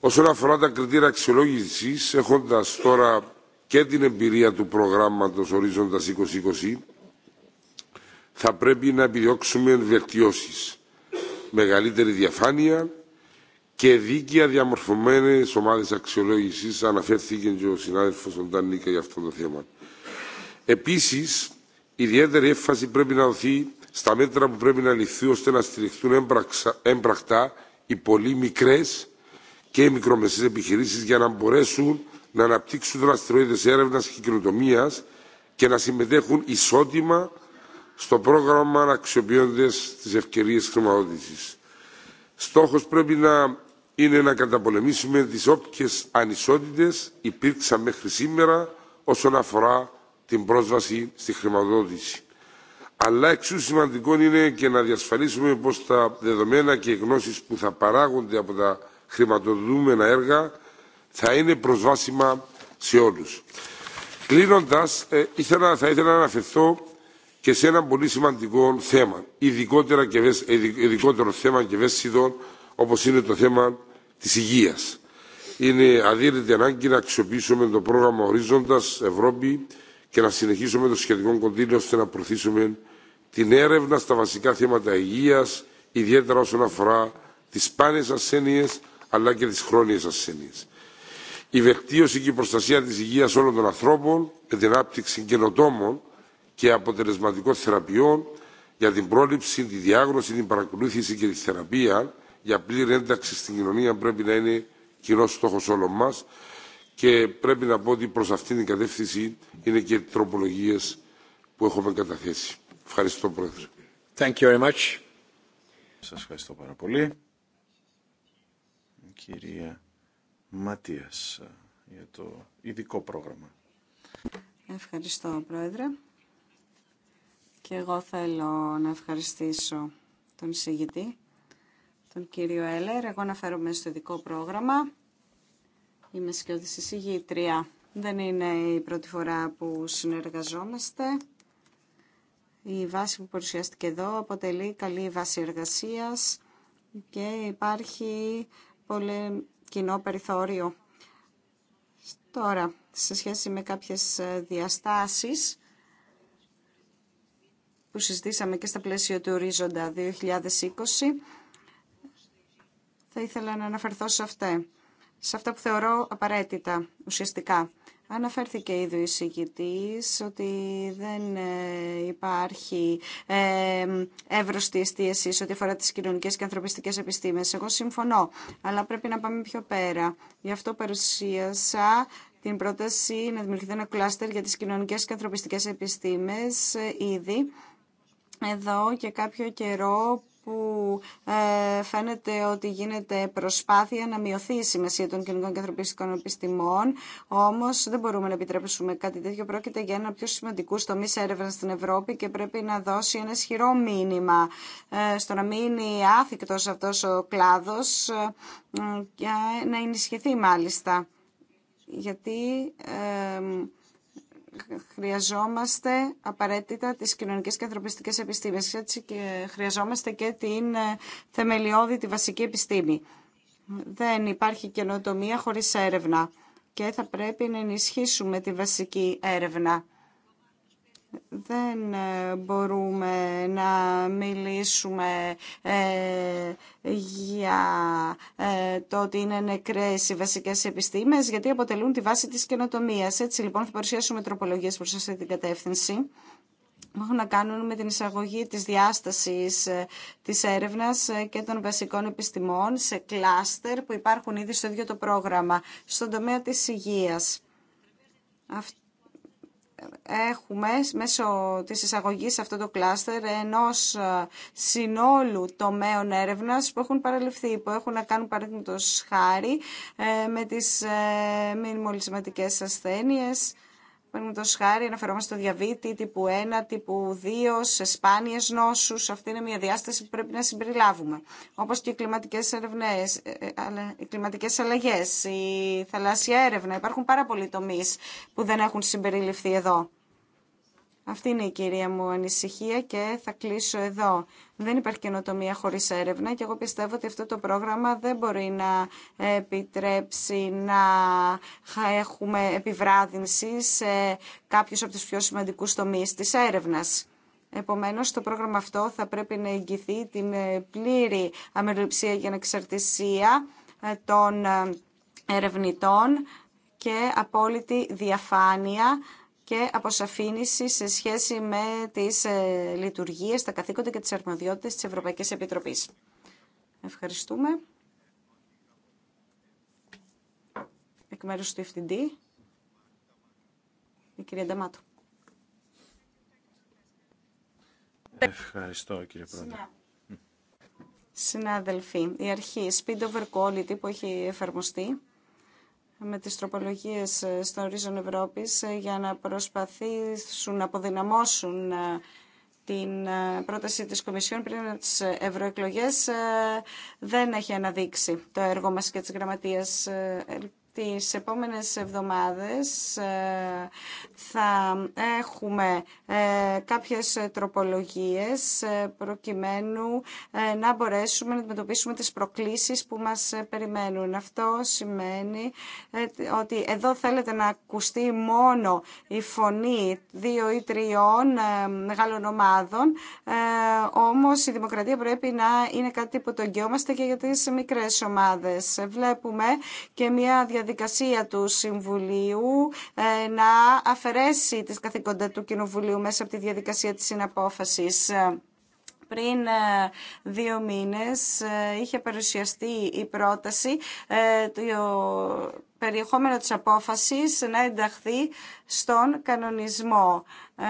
Όσον αφορά τα κριτήρια αξιολόγηση, έχοντα τώρα και την εμπειρία του προγράμματο Ορίζοντα 2020, θα πρέπει να επιδιώξουμε βελτιώσει μεγαλύτερη διαφάνεια και δίκαια διαμορφωμένε ομάδε αξιολόγηση. Αναφέρθηκε και ο συνάδελφο Οντάν Νίκα για αυτό το θέμα. Επίση, ιδιαίτερη έμφαση πρέπει να δοθεί στα μέτρα που πρέπει να ληφθεί ώστε να στηριχθούν έμπρακτα οι πολύ μικρέ και οι μικρομεσαίε επιχειρήσει για να μπορέσουν να αναπτύξουν δραστηριότητε έρευνα και κοινοτομία και να συμμετέχουν ισότιμα στο πρόγραμμα αξιοποιώντα τι ευκαιρίε χρηματοδότηση. Στόχο πρέπει να είναι να καταπολεμήσουμε τι όποιε ανισότητε υπήρξαν μέχρι σήμερα όσον αφορά την πρόσβαση στη χρηματοδότηση. Αλλά εξού σημαντικό είναι και να διασφαλίσουμε πως τα δεδομένα και οι γνώσεις που θα παράγονται από τα χρηματοδοτούμενα έργα θα είναι προσβάσιμα σε όλους. Κλείνοντας, ε, θα ήθελα να αναφερθώ και σε ένα πολύ σημαντικό θέμα, ειδικότερα και ειδικότερο θέμα και ευαίσθητο όπω είναι το θέμα τη υγεία. Είναι αδύρυτη ανάγκη να αξιοποιήσουμε το πρόγραμμα Ορίζοντα Ευρώπη και να συνεχίσουμε το σχετικό κονδύλιο ώστε να προωθήσουμε την έρευνα στα βασικά θέματα υγεία, ιδιαίτερα όσον αφορά τι σπάνιε ασθένειε, αλλά και τι χρόνιες ασθένειε. Η βελτίωση και η προστασία τη υγεία όλων των ανθρώπων με την άπτυξη καινοτόμων και αποτελεσματικών θεραπείων για την πρόληψη, τη διάγνωση, την παρακολούθηση και τη θεραπεία για πλήρη ένταξη στην κοινωνία πρέπει να είναι κοινό στόχο όλων μα. Και πρέπει να πω ότι προ αυτήν την κατεύθυνση είναι και οι τροπολογίε που έχουμε καταθέσει. Ευχαριστώ, Πρόεδρε. Thank ευχαριστώ πάρα πολύ. Κυρία Ματίας ε, για το ειδικό πρόγραμμα. Ευχαριστώ, Πρόεδρε. Και εγώ θέλω να ευχαριστήσω τον εισηγητή, τον κύριο Έλερ. Εγώ αναφέρομαι στο ειδικό πρόγραμμα. Είμαι σκιώδης εισηγήτρια. Δεν είναι η πρώτη φορά που συνεργαζόμαστε. Η βάση που παρουσιάστηκε εδώ αποτελεί καλή βάση εργασίας και υπάρχει πολύ κοινό περιθώριο. Τώρα, σε σχέση με κάποιες διαστάσεις που συζητήσαμε και στα πλαίσια του ορίζοντα 2020, θα ήθελα να αναφερθώ σε αυτά. Σε αυτά που θεωρώ απαραίτητα, ουσιαστικά. Αναφέρθηκε ήδη ο εισηγητής ότι δεν ε, υπάρχει ε, εύρωστη εστίαση σε ό,τι αφορά τις κοινωνικές και ανθρωπιστικές επιστήμες. Εγώ συμφωνώ, αλλά πρέπει να πάμε πιο πέρα. Γι' αυτό παρουσίασα την πρόταση να δημιουργηθεί ένα κλάστερ για τις κοινωνικές και ανθρωπιστικές επιστήμες ε, ήδη εδώ και κάποιο καιρό που ε, φαίνεται ότι γίνεται προσπάθεια να μειωθεί η σημασία των κοινωνικών και ανθρωπιστικών επιστημών. Όμω δεν μπορούμε να επιτρέψουμε κάτι τέτοιο. Πρόκειται για ένα πιο σημαντικό τομεί έρευνα στην Ευρώπη και πρέπει να δώσει ένα ισχυρό μήνυμα ε, στο να μείνει άθικτο αυτό ο κλάδο ε, και να ενισχυθεί μάλιστα. Γιατί. Ε, χρειαζόμαστε απαραίτητα τις κοινωνικές και ανθρωπιστικές επιστήμες έτσι και χρειαζόμαστε και την ε, θεμελιώδη, τη βασική επιστήμη. Δεν υπάρχει καινοτομία χωρίς έρευνα και θα πρέπει να ενισχύσουμε τη βασική έρευνα δεν ε, μπορούμε να μιλήσουμε ε, για ε, το ότι είναι νεκρές οι βασικές επιστήμες, γιατί αποτελούν τη βάση της καινοτομίας. Έτσι λοιπόν θα παρουσιάσουμε τροπολογίες προς αυτή την κατεύθυνση που έχουν να κάνουν με την εισαγωγή της διάστασης της έρευνας και των βασικών επιστημών σε κλάστερ που υπάρχουν ήδη στο ίδιο το πρόγραμμα, στον τομέα της υγείας. Αυτό έχουμε μέσω της εισαγωγής σε αυτό το κλάστερ ενός ε, συνόλου τομέων έρευνας που έχουν παραλυφθεί, που έχουν να κάνουν παραδείγματος χάρη ε, με τις ε, μη μολυσματικές ασθένειες, Παραδείγματο χάρη, αναφερόμαστε στο διαβήτη τύπου 1, τύπου 2, σε σπάνιε νόσου. Αυτή είναι μια διάσταση που πρέπει να συμπεριλάβουμε. Όπω και οι κλιματικέ ε, ε, οι κλιματικέ αλλαγέ, η θαλάσσια έρευνα. Υπάρχουν πάρα πολλοί τομεί που δεν έχουν συμπεριληφθεί εδώ. Αυτή είναι η κυρία μου ανησυχία και θα κλείσω εδώ. Δεν υπάρχει καινοτομία χωρίς έρευνα και εγώ πιστεύω ότι αυτό το πρόγραμμα δεν μπορεί να επιτρέψει να έχουμε επιβράδυνση σε κάποιου από του πιο σημαντικού τομεί της έρευνας. Επομένως, το πρόγραμμα αυτό θα πρέπει να εγγυθεί την ε, πλήρη αμεροληψία για ανεξαρτησία ε, των ε, ερευνητών και απόλυτη διαφάνεια και αποσαφήνιση σε σχέση με τις ε, λειτουργίες, τα καθήκοντα και τις αρμοδιότητες της Ευρωπαϊκής Επιτροπής. Ευχαριστούμε. Εκ μέρους του FTD, η κυρία Νταμάτου. Ευχαριστώ κύριε Πρόεδρε. Συνάδελφοι, η αρχή speed over quality που έχει εφαρμοστεί με τις τροπολογίες ε, στον ορίζον Ευρώπης ε, για να προσπαθήσουν να αποδυναμώσουν ε, την πρόταση της Κομισιόν πριν από τις ευρωεκλογές, δεν έχει αναδείξει το έργο μας και της Γραμματείας τις επόμενες εβδομάδες ε, θα έχουμε ε, κάποιες τροπολογίες ε, προκειμένου να μπορέσουμε να αντιμετωπίσουμε τις προκλήσεις που μας περιμένουν. Αυτό σημαίνει ότι εδώ θέλετε να ακουστεί μόνο η φωνή δύο ή τριών μεγάλων ομάδων, όμως η δημοκρατία πρέπει να είναι κάτι που το και για τις μικρές ομάδες. Βλέπουμε και μια διαδικασία διαδικασία του Συμβουλίου ε, να αφαιρέσει τις καθήκοντα του Κοινοβουλίου μέσα από τη διαδικασία της συναπόφασης πριν ε, δύο μήνες ε, είχε παρουσιαστεί η πρόταση του περιεχόμενο της απόφασης να ενταχθεί στον κανονισμό. Ε,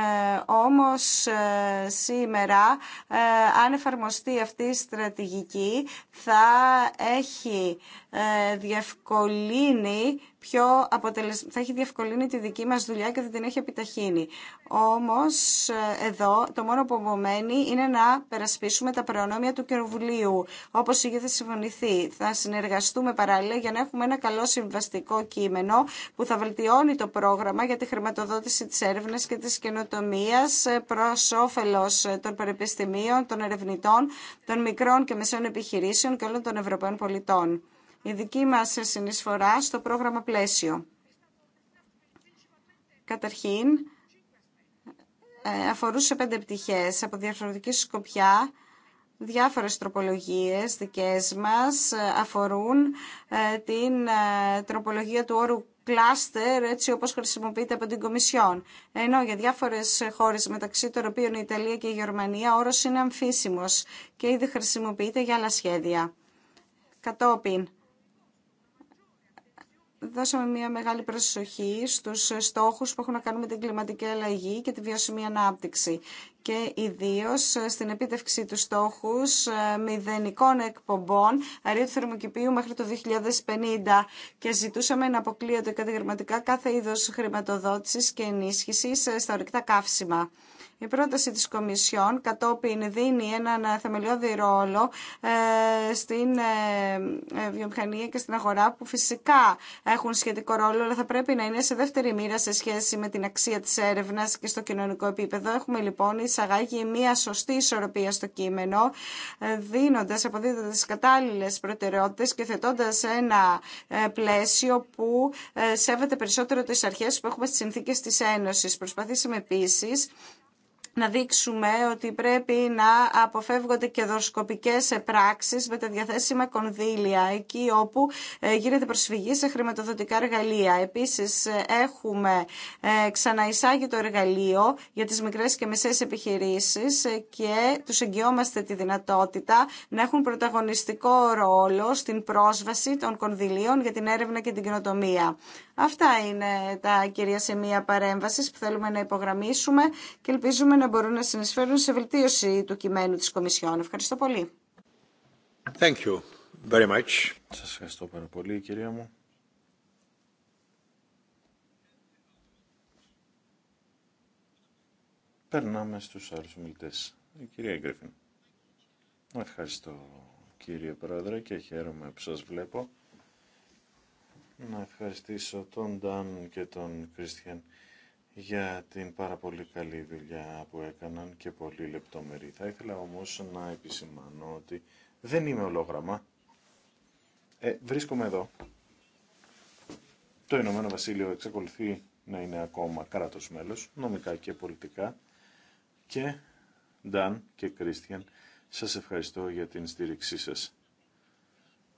όμως ε, σήμερα, ε, αν εφαρμοστεί αυτή η στρατηγική, θα έχει ε, διευκολύνει πιο αποτελεσ... θα έχει διευκολύνει τη δική μας δουλειά και θα την έχει επιταχύνει. Όμως εδώ το μόνο που απομένει είναι να περασπίσουμε τα προνόμια του Κοινοβουλίου, όπως είχε συμφωνηθεί. Θα συνεργαστούμε παράλληλα για να έχουμε ένα καλό συμβαστικό που θα βελτιώνει το πρόγραμμα για τη χρηματοδότηση της έρευνα και της καινοτομίας προς όφελο των πανεπιστημίων, των ερευνητών, των μικρών και μεσαίων επιχειρήσεων και όλων των Ευρωπαίων πολιτών. Η δική μας συνεισφορά στο πρόγραμμα πλαίσιο. Καταρχήν, ε, αφορούσε πέντε πτυχέ από διαφορετική σκοπιά διάφορες τροπολογίες δικές μας ε, αφορούν ε, την ε, τροπολογία του όρου κλάστερ έτσι όπως χρησιμοποιείται από την Κομισιόν. Ενώ για διάφορες χώρες μεταξύ των οποίων η Ιταλία και η Γερμανία ο όρος είναι αμφίσιμος και ήδη χρησιμοποιείται για άλλα σχέδια. Κατόπιν, δώσαμε μια μεγάλη προσοχή στους στόχους που έχουν να κάνουν με την κλιματική αλλαγή και τη βιώσιμη ανάπτυξη και ιδίως ε, στην επίτευξη του στόχους ε, μηδενικών εκπομπών αερίου του θερμοκηπίου μέχρι το 2050 και ζητούσαμε να αποκλείονται κατηγραμματικά κάθε είδος χρηματοδότησης και ενίσχυσης ε, στα ορυκτά καύσιμα. Η πρόταση της Κομισιόν κατόπιν δίνει έναν θεμελιώδη ρόλο ε, στην ε, ε, βιομηχανία και στην αγορά που φυσικά έχουν σχετικό ρόλο αλλά θα πρέπει να είναι σε δεύτερη μοίρα σε σχέση με την αξία της έρευνας και στο κοινωνικό επίπεδο. Έχουμε λοιπόν εισαγάγει μια σωστή ισορροπία στο κείμενο δίνοντας, αποδίδοντας κατάλληλες προτεραιότητες και θετώντας ένα πλαίσιο που σέβεται περισσότερο τις αρχές που έχουμε στις συνθήκες της Ένωσης. Προσπαθήσαμε επίσης να δείξουμε ότι πρέπει να αποφεύγονται και δορσκοπικές πράξεις με τα διαθέσιμα κονδύλια, εκεί όπου ε, γίνεται προσφυγή σε χρηματοδοτικά εργαλεία. Επίσης, ε, έχουμε ε, ξαναεισάγει το εργαλείο για τις μικρές και μεσαίες επιχειρήσεις και τους εγγυόμαστε τη δυνατότητα να έχουν πρωταγωνιστικό ρόλο στην πρόσβαση των κονδυλίων για την έρευνα και την κοινοτομία. Αυτά είναι τα κυρία σημεία παρέμβαση που θέλουμε να υπογραμμίσουμε και ελπίζουμε να μπορούν να συνεισφέρουν σε βελτίωση του κειμένου της Κομισιόν. Ευχαριστώ πολύ. Thank you very much. Σας ευχαριστώ πάρα πολύ κυρία μου. Περνάμε στους άλλους μιλητές. Η κυρία Γκρίφιν. Ευχαριστώ κύριε Πρόεδρε και χαίρομαι που σας βλέπω. Να ευχαριστήσω τον Ντάν και τον Κρίστιαν για την πάρα πολύ καλή δουλειά που έκαναν και πολύ λεπτομερή. Θα ήθελα όμως να επισημανώ ότι δεν είμαι ολόγραμμα. Ε, βρίσκομαι εδώ. Το Ηνωμένο Βασίλειο εξακολουθεί να είναι ακόμα κράτος μέλος, νομικά και πολιτικά. Και Ντάν και Κρίστιαν, σας ευχαριστώ για την στήριξή σας.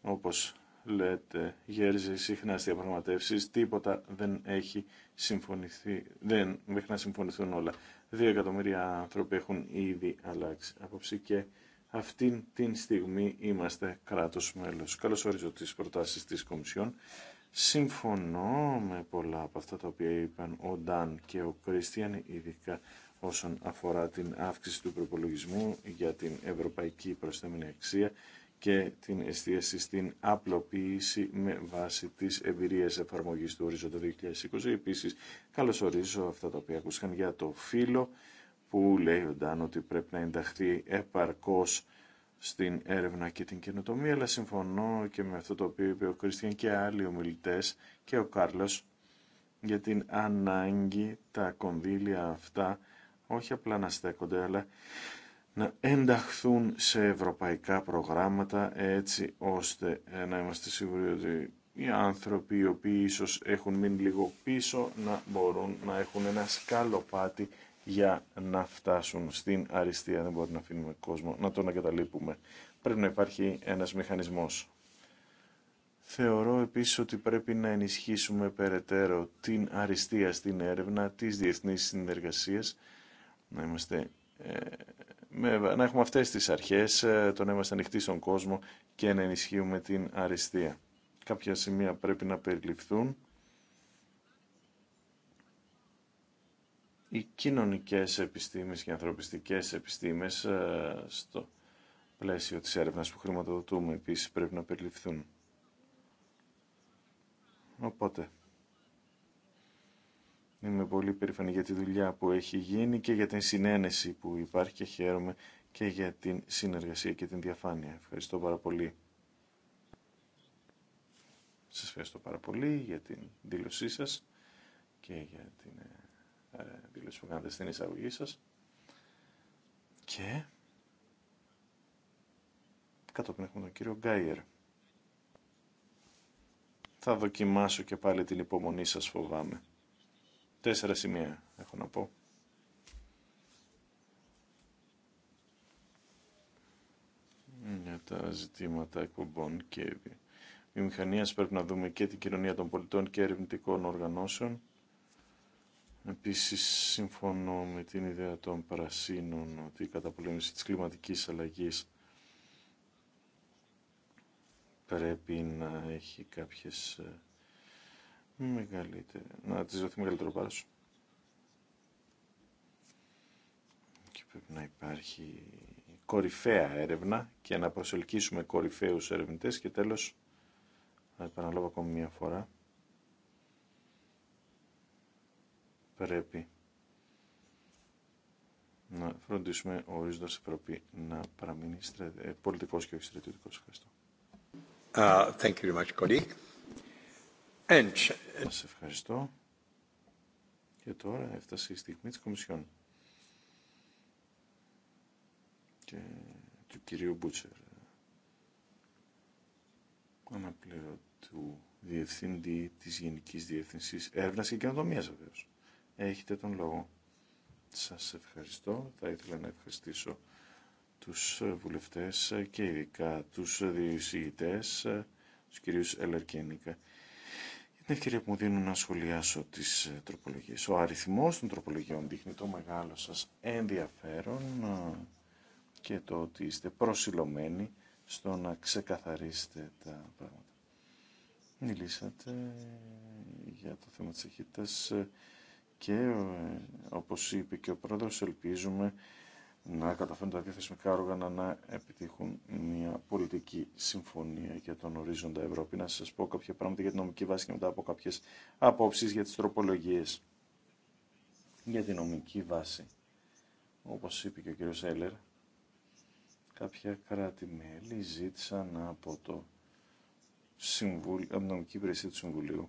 Όπως λέτε Γέρζη συχνά στις διαπραγματεύσεις, τίποτα δεν έχει συμφωνηθεί, δεν, μέχρι να συμφωνηθούν όλα. Δύο εκατομμύρια άνθρωποι έχουν ήδη αλλάξει άποψη και αυτήν την στιγμή είμαστε κράτος μέλος. Καλώς ορίζω τις προτάσεις της Κομισιόν. Συμφωνώ με πολλά από αυτά τα οποία είπαν ο Νταν και ο Κριστιαν, ειδικά όσον αφορά την αύξηση του προπολογισμού για την ευρωπαϊκή προσθέμενη αξία και την εστίαση στην απλοποίηση με βάση τις εμπειρίες εφαρμογής του ορίζοντα 2020. Επίσης, καλωσορίζω αυτά τα οποία ακούστηκαν για το φύλλο που λέει ο Ντάν ότι πρέπει να ενταχθεί επαρκώς στην έρευνα και την καινοτομία, αλλά συμφωνώ και με αυτό το οποίο είπε ο Κριστιαν και άλλοι ομιλητές και ο Κάρλος για την ανάγκη τα κονδύλια αυτά όχι απλά να στέκονται, αλλά να ενταχθούν σε ευρωπαϊκά προγράμματα έτσι ώστε ε, να είμαστε σίγουροι ότι οι άνθρωποι οι οποίοι ίσως έχουν μείνει λίγο πίσω να μπορούν να έχουν ένα σκαλοπάτι για να φτάσουν στην αριστεία. Δεν μπορεί να αφήνουμε κόσμο να τον εγκαταλείπουμε. Πρέπει να υπάρχει ένας μηχανισμός. Θεωρώ επίσης ότι πρέπει να ενισχύσουμε περαιτέρω την αριστεία στην έρευνα, της διεθνής συνεργασίας, να είμαστε ε, να έχουμε αυτές τις αρχές, ε, το να είμαστε ανοιχτοί στον κόσμο και να ενισχύουμε την αριστεία. Κάποια σημεία πρέπει να περιληφθούν. Οι κοινωνικές επιστήμες και οι ανθρωπιστικές επιστήμες ε, στο πλαίσιο της έρευνας που χρηματοδοτούμε επίσης πρέπει να περιληφθούν. Οπότε, Είμαι πολύ περήφανη για τη δουλειά που έχει γίνει και για την συνένεση που υπάρχει και χαίρομαι και για την συνεργασία και την διαφάνεια. Ευχαριστώ πάρα πολύ. Σας ευχαριστώ πάρα πολύ για την δήλωσή σας και για την ε, δήλωση που κάνετε στην εισαγωγή σας. Και κατόπιν έχουμε τον κύριο Γκάιερ. Θα δοκιμάσω και πάλι την υπομονή σας φοβάμαι. Τέσσερα σημεία έχω να πω. Για τα ζητήματα εκπομπών και βιομηχανίας πρέπει να δούμε και την κοινωνία των πολιτών και ερευνητικών οργανώσεων. Επίσης, συμφωνώ με την ιδέα των πρασίνων ότι η καταπολέμηση της κλιματικής αλλαγής πρέπει να έχει κάποιες ε, μεγαλύτερη, να τη δοθεί μεγαλύτερο βάρος. Και πρέπει να υπάρχει κορυφαία έρευνα και να προσελκύσουμε κορυφαίους ερευνητές και τέλος, να επαναλάβω ακόμη μία φορά, πρέπει να φροντίσουμε ο ορίζοντας Ευρώπη να παραμείνει ε, πολιτικός και όχι στρατιωτικός. Ευχαριστώ. Uh, thank you very much, σας ευχαριστώ. Και τώρα έφτασε η στιγμή της Κομισιόν. Και του κυρίου Μπούτσερ. Αναπλέον του Διευθύντη της Γενικής Διεύθυνσης Έρευνας και Καινοτομίας βέβαιως. Έχετε τον λόγο. Σας ευχαριστώ. Θα ήθελα να ευχαριστήσω τους βουλευτές και ειδικά τους διευθυντές, τους κυρίους Ελερκένικα είναι την ευκαιρία που μου δίνουν να σχολιάσω τις ε, τροπολογίες. Ο αριθμός των τροπολογιών δείχνει το μεγάλο σας ενδιαφέρον ε, και το ότι είστε προσιλωμένοι στο να ξεκαθαρίσετε τα πράγματα. Μιλήσατε ε, για το θέμα της αρχήτητας και όπως είπε και ο πρόεδρος ελπίζουμε να καταφέρουν τα διαθεσμικά όργανα να επιτύχουν μια πολιτική συμφωνία για τον ορίζοντα Ευρώπη. Να σας πω κάποια πράγματα για την νομική βάση και μετά από κάποιες απόψεις για τις τροπολογίες για την νομική βάση. Όπως είπε και ο κύριος Έλερ, κάποια κράτη-μέλη ζήτησαν από το συμβούλ την νομική υπηρεσία του Συμβουλίου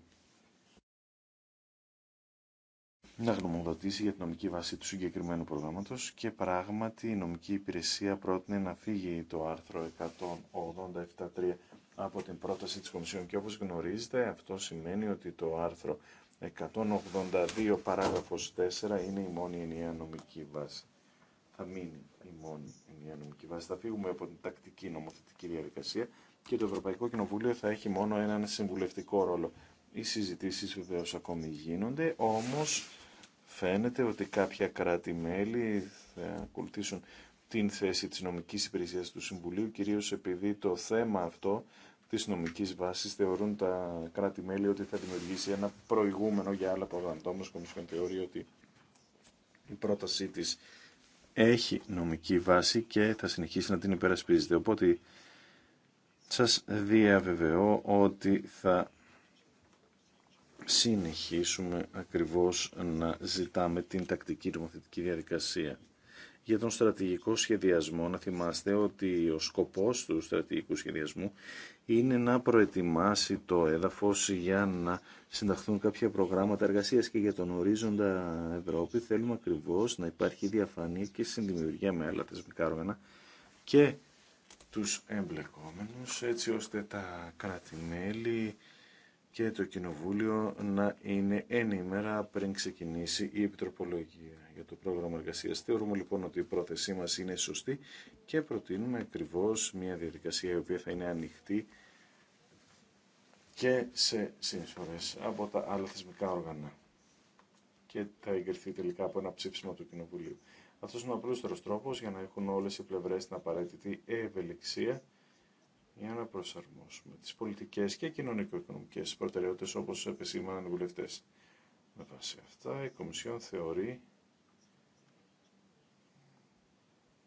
να γνωμοδοτήσει για την νομική βάση του συγκεκριμένου προγράμματο και πράγματι η νομική υπηρεσία πρότεινε να φύγει το άρθρο 187.3 από την πρόταση τη Κομισιόν και όπω γνωρίζετε αυτό σημαίνει ότι το άρθρο 182 παράγραφο 4 είναι η μόνη ενιαία νομική βάση. Θα μείνει η μόνη ενιαία νομική βάση. Θα φύγουμε από την τακτική νομοθετική διαδικασία και το Ευρωπαϊκό Κοινοβούλιο θα έχει μόνο έναν συμβουλευτικό ρόλο. Οι συζητήσεις βεβαίως ακόμη γίνονται, όμως φαίνεται ότι κάποια κράτη-μέλη θα ακολουθήσουν την θέση της νομικής υπηρεσίας του Συμβουλίου, κυρίως επειδή το θέμα αυτό της νομικής βάσης θεωρούν τα κράτη-μέλη ότι θα δημιουργήσει ένα προηγούμενο για άλλα προγράμματα. Όμως, Κομισιόν θεωρεί ότι η πρότασή της έχει νομική βάση και θα συνεχίσει να την υπερασπίζεται. Οπότε σας διαβεβαιώ ότι θα συνεχίσουμε ακριβώς να ζητάμε την τακτική νομοθετική διαδικασία. Για τον στρατηγικό σχεδιασμό, να θυμάστε ότι ο σκοπός του στρατηγικού σχεδιασμού είναι να προετοιμάσει το έδαφος για να συνταχθούν κάποια προγράμματα εργασίας και για τον ορίζοντα Ευρώπη θέλουμε ακριβώς να υπάρχει διαφανή και συνδημιουργία με άλλα θεσμικά όργανα και τους εμπλεκόμενους έτσι ώστε τα κράτη-μέλη και το Κοινοβούλιο να είναι ενήμερα πριν ξεκινήσει η Επιτροπολογία για το πρόγραμμα εργασίας. Θεωρούμε λοιπόν ότι η πρόθεσή μας είναι σωστή και προτείνουμε ακριβώ μια διαδικασία η οποία θα είναι ανοιχτή και σε συνεισφορές από τα άλλα θεσμικά όργανα και θα εγκριθεί τελικά από ένα ψήφισμα του Κοινοβουλίου. Αυτό είναι ο απλούστερο τρόπο για να έχουν όλε οι πλευρέ την απαραίτητη ευελιξία για να προσαρμόσουμε τις πολιτικές και κοινωνικο-οικονομικές προτεραιότητες όπως επεσήμαναν οι βουλευτές. Με βάση αυτά, η Κομισιόν θεωρεί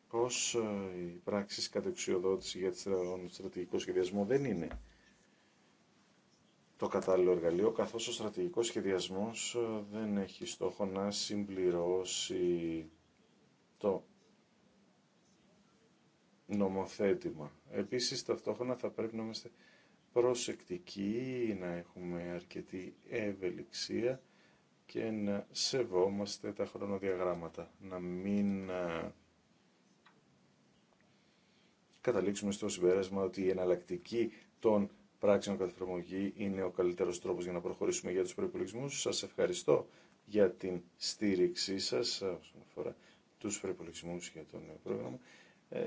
πως ε, οι πράξεις κατεξιοδότηση για τον στρατηγικό σχεδιασμό δεν είναι το κατάλληλο εργαλείο, καθώς ο στρατηγικός σχεδιασμός ε, δεν έχει στόχο να συμπληρώσει το νομοθέτημα. Επίσης, ταυτόχρονα θα πρέπει να είμαστε προσεκτικοί, να έχουμε αρκετή ευελιξία και να σεβόμαστε τα χρονοδιαγράμματα. Να μην ε, καταλήξουμε στο συμπέρασμα ότι η εναλλακτική των πράξεων κατεφρομογή είναι ο καλύτερος τρόπος για να προχωρήσουμε για τους προϋπολογισμούς. Σας ευχαριστώ για την στήριξή σας ε, όσον αφορά τους προϋπολογισμούς για το νέο πρόγραμμα ε,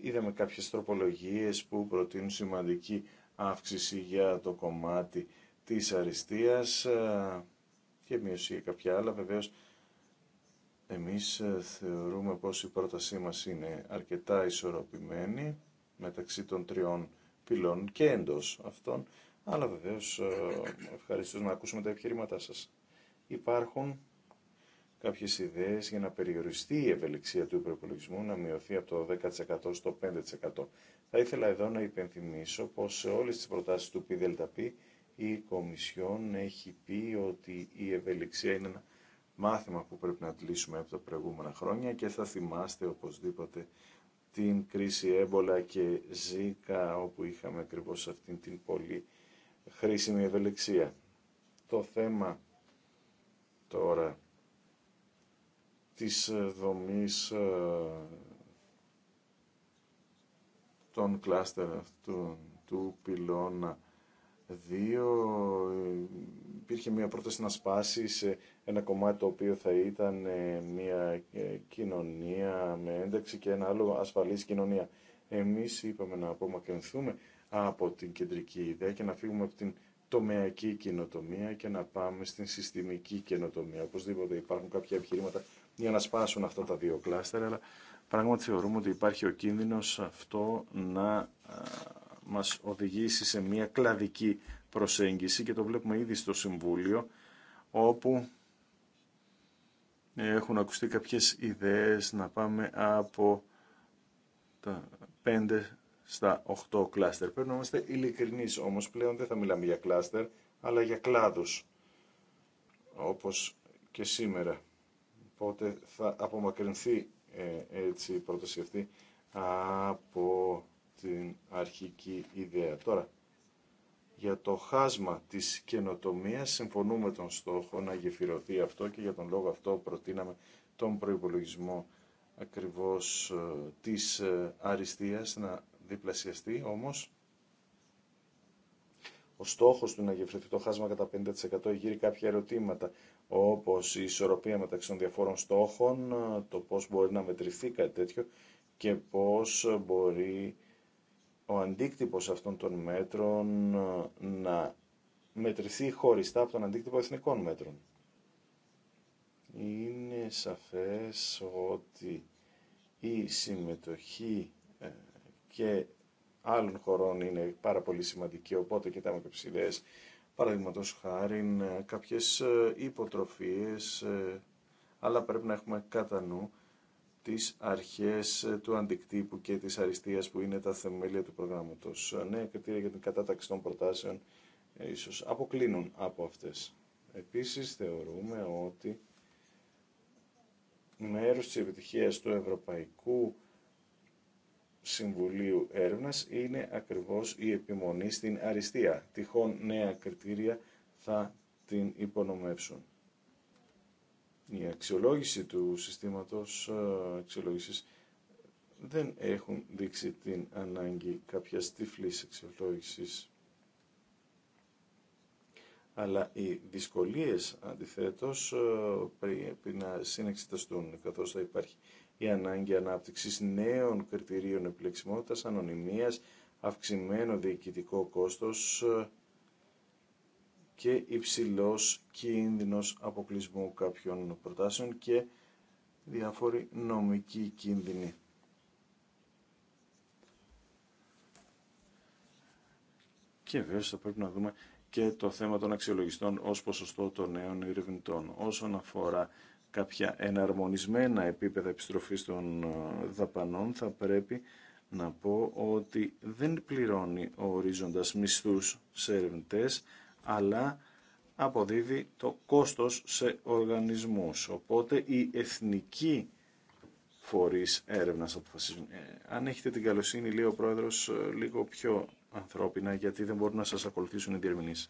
είδαμε κάποιες τροπολογίες που προτείνουν σημαντική αύξηση για το κομμάτι της αριστείας ε, και μείωση για κάποια άλλα. Βεβαίως, εμείς ε, θεωρούμε πως η πρότασή μας είναι αρκετά ισορροπημένη μεταξύ των τριών πυλών και εντός αυτών, αλλά βεβαίως ευχαριστώ να ακούσουμε τα επιχειρήματά σας. Υπάρχουν κάποιες ιδέες για να περιοριστεί η ευελιξία του υπερπολογισμού να μειωθεί από το 10% στο 5%. Θα ήθελα εδώ να υπενθυμίσω πως σε όλες τις προτάσεις του ΠΔΠ η Κομισιόν έχει πει ότι η ευελιξία είναι ένα μάθημα που πρέπει να αντλήσουμε από τα προηγούμενα χρόνια και θα θυμάστε οπωσδήποτε την κρίση έμπολα και ζήκα όπου είχαμε ακριβώ αυτήν την πολύ χρήσιμη ευελιξία. Το θέμα τώρα της ε, δομής ε, των κλάστερ αυτού του πυλώνα 2 ε, υπήρχε μια πρόταση να σπάσει σε ένα κομμάτι το οποίο θα ήταν μια κοινωνία με ένταξη και ένα άλλο ασφαλής κοινωνία. Εμείς είπαμε να απομακρυνθούμε από την κεντρική ιδέα και να φύγουμε από την τομεακή καινοτομία και να πάμε στην συστημική καινοτομία. Οπωσδήποτε υπάρχουν κάποια επιχειρήματα για να σπάσουν αυτά τα δύο κλάστερ, αλλά πράγματι θεωρούμε ότι υπάρχει ο κίνδυνος αυτό να μας οδηγήσει σε μια κλαδική προσέγγιση και το βλέπουμε ήδη στο Συμβούλιο, όπου έχουν ακουστεί κάποιες ιδέες να πάμε από τα πέντε στα 8 κλάστερ. Πρέπει να είμαστε ειλικρινείς όμως πλέον δεν θα μιλάμε για κλάστερ αλλά για κλάδους όπως και σήμερα. Οπότε θα απομακρυνθεί ε, έτσι η πρόταση αυτή από την αρχική ιδέα. Τώρα, για το χάσμα της καινοτομία συμφωνούμε τον στόχο να γεφυρωθεί αυτό και για τον λόγο αυτό προτείναμε τον προϋπολογισμό ακριβώς ε, της ε, αριστείας να διπλασιαστεί όμως ο στόχος του να γεφυρωθεί το χάσμα κατά 50% γύρει κάποια ερωτήματα όπως η ισορροπία μεταξύ των διαφόρων στόχων, το πώς μπορεί να μετρηθεί κάτι τέτοιο και πώς μπορεί ο αντίκτυπος αυτών των μέτρων ε, να μετρηθεί χωριστά από τον αντίκτυπο εθνικών μέτρων. Είναι σαφές ότι η συμμετοχή ε, και άλλων χωρών είναι πάρα πολύ σημαντική, οπότε κοιτάμε και ψηλές Παραδείγματο χάρη ε, κάποιες ε, υποτροφίες, ε, αλλά πρέπει να έχουμε κατά νου τις αρχές του αντικτύπου και της αριστείας που είναι τα θεμέλια του προγράμματος. Νέα κριτήρια για την κατάταξη των προτάσεων ίσως αποκλίνουν από αυτές. Επίσης θεωρούμε ότι μέρος της επιτυχίας του ευρωπαϊκού Συμβουλίου Έρευνας είναι ακριβώς η επιμονή στην αριστεία. Τυχόν νέα κριτήρια θα την υπονομεύσουν. Η αξιολόγηση του συστήματος ε, αξιολόγησης δεν έχουν δείξει την ανάγκη κάποια τυφλής αξιολόγησης. Αλλά οι δυσκολίες αντιθέτως ε, πρέπει να συνεξεταστούν καθώς θα υπάρχει η ανάγκη ανάπτυξης νέων κριτηρίων επιλεξιμότητας, ανωνυμίας, αυξημένο διοικητικό κόστος και υψηλός κίνδυνος αποκλεισμού κάποιων προτάσεων και διάφοροι νομικοί κίνδυνοι. Και βέβαια θα πρέπει να δούμε και το θέμα των αξιολογιστών ως ποσοστό των νέων ερευνητών. Όσον αφορά κάποια εναρμονισμένα επίπεδα επιστροφής των ε, δαπανών θα πρέπει να πω ότι δεν πληρώνει ο ορίζοντας μισθούς σε ερευνητέ, αλλά αποδίδει το κόστος σε οργανισμούς. Οπότε η Εθνική φορείς έρευνας αποφασίζουν. Ε, αν έχετε την καλοσύνη, λέει ο Πρόεδρος, ε, λίγο πιο ανθρώπινα, γιατί δεν μπορούν να σας ακολουθήσουν οι διερμηνείς.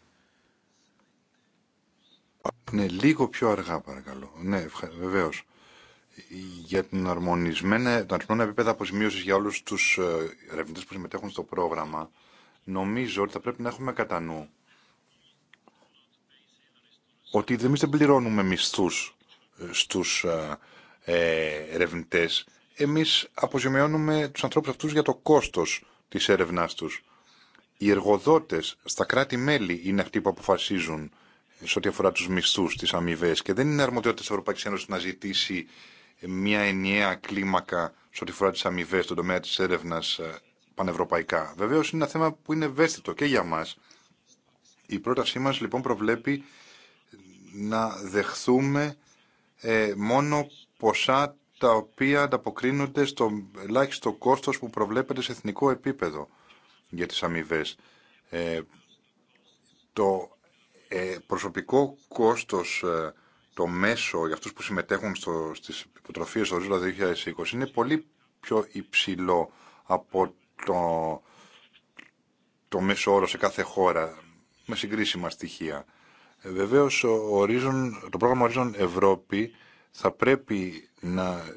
Ναι, λίγο πιο αργά παρακαλώ. Ναι, βεβαίω. Για την αρμονισμένη, τα αρμονισμένα επίπεδα αποζημίωση για όλου του ε, ερευνητέ που συμμετέχουν στο πρόγραμμα, νομίζω ότι θα πρέπει να έχουμε κατά νου ότι εμεί δεν πληρώνουμε μισθού στου ε, ε, ε ερευνητέ. Εμεί αποζημιώνουμε του ανθρώπου αυτού για το κόστο τη έρευνά του. Οι εργοδότε στα κράτη-μέλη είναι αυτοί που αποφασίζουν σε ό,τι αφορά του μισθού, τι αμοιβέ. Και δεν είναι αρμοδιότητα τη Ευρωπαϊκή Ένωση να ζητήσει ε, μια ενιαία κλίμακα σε ό,τι αφορά τι αμοιβέ στον τομέα τη έρευνα ε, πανευρωπαϊκά. Βεβαίω είναι ένα θέμα που είναι ευαίσθητο και για μα. Η πρότασή μα λοιπόν προβλέπει να δεχθούμε ε, μόνο ποσά τα οποία ανταποκρίνονται στο ελάχιστο κόστο που προβλέπεται σε εθνικό επίπεδο για τι αμοιβέ. Ε, το ε, προσωπικό κόστος ε, το μέσο για αυτούς που συμμετέχουν στο, στις υποτροφίες ορίζοντα 2020 είναι πολύ πιο υψηλό από το, το μέσο όρο σε κάθε χώρα με συγκρίσιμα στοιχεία. Ε, βεβαίως το πρόγραμμα Ορίζον Ευρώπη θα πρέπει να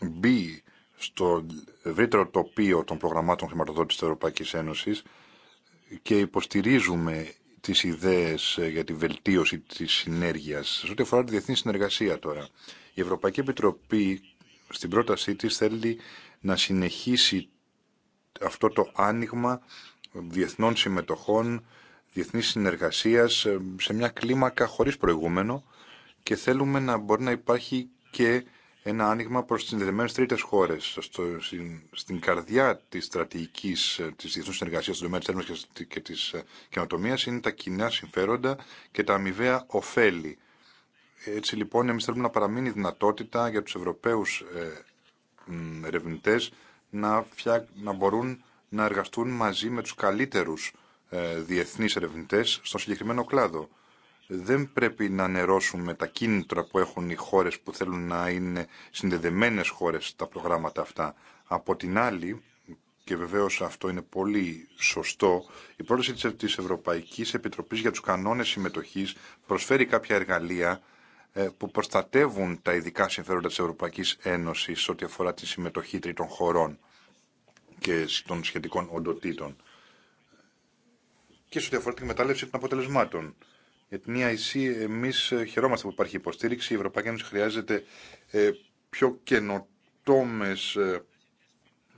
μπει στο ευρύτερο τοπίο των προγραμμάτων χρηματοδότησης της Ευρωπαϊκής Ένωσης και υποστηρίζουμε τις ιδέες ε, για τη βελτίωση της συνέργειας. Σε ό,τι αφορά τη διεθνή συνεργασία τώρα, η Ευρωπαϊκή Επιτροπή στην πρότασή της θέλει να συνεχίσει αυτό το άνοιγμα διεθνών συμμετοχών, διεθνής συνεργασίας ε, σε μια κλίμακα χωρίς προηγούμενο και θέλουμε να μπορεί να υπάρχει και ένα άνοιγμα προς τις συνδεδεμένες τρίτες χώρες, στο, στην, στην, καρδιά της στρατηγικής ε, της διεθνούς συνεργασίας στον τομέα της έρευνας και της ε, καινοτομίας είναι τα κοινά συμφέροντα και τα αμοιβαία ωφέλη. Έτσι λοιπόν εμείς θέλουμε να παραμείνει δυνατότητα για τους Ευρωπαίους ε, ερευνητέ να, να μπορούν να εργαστούν μαζί με τους καλύτερους ε, διεθνείς ερευνητές στον συγκεκριμένο κλάδο δεν πρέπει να νερώσουμε τα κίνητρα που έχουν οι χώρες που θέλουν να είναι συνδεδεμένες χώρες στα προγράμματα αυτά. Από την άλλη, και βεβαίως αυτό είναι πολύ σωστό, η πρόταση της Ευρωπαϊκής Επιτροπής για τους κανόνες συμμετοχής προσφέρει κάποια εργαλεία ε, που προστατεύουν τα ειδικά συμφέροντα της Ευρωπαϊκής Ένωσης ό,τι αφορά τη συμμετοχή τρίτων χωρών και των σχετικών οντοτήτων και σε ό,τι αφορά την μετάλλευση των αποτελεσμάτων. Για την EIC εμείς ε, χαιρόμαστε που υπάρχει υποστήριξη. Η Ευρωπαϊκή Ένωση χρειάζεται ε, πιο καινοτόμες ε,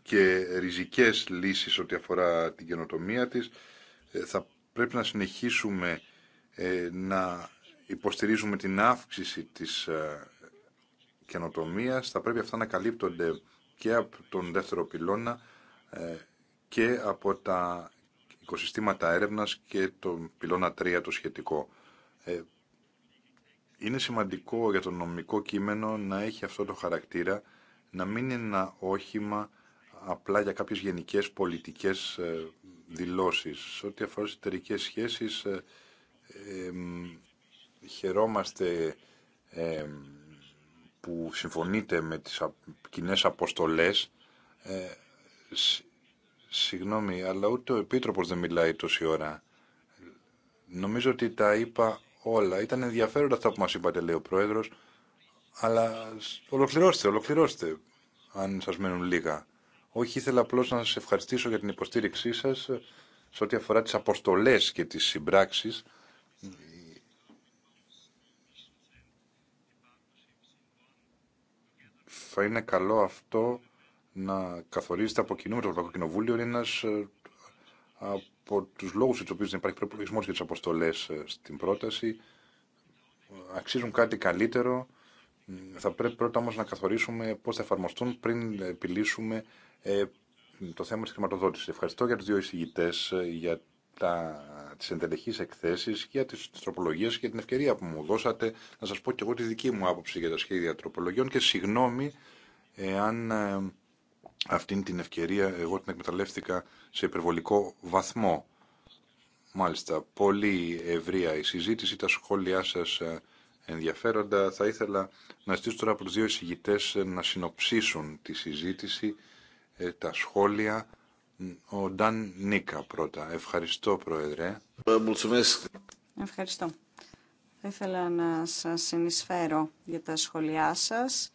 και ριζικές λύσεις ό,τι αφορά την καινοτομία της. Θα πρέπει να συνεχίσουμε να υποστηρίζουμε την αύξηση της καινοτομίας. Θα πρέπει αυτά να καλύπτονται και από τον δεύτερο πυλώνα και από τα οικοσυστήματα έρευνας και τον πυλώνα 3 το σχετικό. Ε, είναι σημαντικό για το νομικό κείμενο να έχει αυτό το χαρακτήρα, να μην είναι ένα όχημα απλά για κάποιες γενικές πολιτικές ε, δηλώσεις. Σε ό,τι αφορά τις εταιρικές σχέσεις, ε, χαιρόμαστε που συμφωνείτε με τις κοινέ αποστολές. Ε, συγγνώμη, αλλά ούτε ο Επίτροπος δεν μιλάει τόση ώρα. Νομίζω ότι τα είπα όλα. Ήταν ενδιαφέροντα αυτά που μα είπατε, λέει ο πρόεδρο. αλλά ολοκληρώστε, ολοκληρώστε, αν σα μένουν λίγα. Όχι, ήθελα απλώ να σα ευχαριστήσω για την υποστήριξή σα ε, σε ό,τι αφορά τι αποστολέ και τι συμπράξει. Θα είναι καλό αυτό να καθορίζεται από κοινού με το Ευρωπαϊκό Κοινοβούλιο ένα ε, από του λόγου για του οποίου δεν υπάρχει προπολογισμό για τι αποστολέ ε, στην πρόταση, αξίζουν κάτι καλύτερο. Θα πρέπει πρώτα όμω να καθορίσουμε πώ θα εφαρμοστούν πριν επιλύσουμε ε, το θέμα τη χρηματοδότηση. Ευχαριστώ για του δύο εισηγητέ ε, για τι τις εκθέσει εκθέσεις για τι τροπολογίε και για την ευκαιρία που μου δώσατε να σα πω και εγώ τη δική μου άποψη για τα σχέδια τροπολογιών και συγγνώμη εάν αυτή την ευκαιρία εγώ την εκμεταλλεύτηκα σε υπερβολικό βαθμό. Μάλιστα, πολύ ευρεία η συζήτηση, τα σχόλιά σας ε, ενδιαφέροντα. Θα ήθελα να ζητήσω τώρα από τους δύο εισηγητές ε, να συνοψίσουν τη συζήτηση, ε, τα σχόλια. Ο Νταν Νίκα πρώτα. Ευχαριστώ, Πρόεδρε. Ευχαριστώ. Θα ήθελα να σας συνεισφέρω για τα σχόλιά σας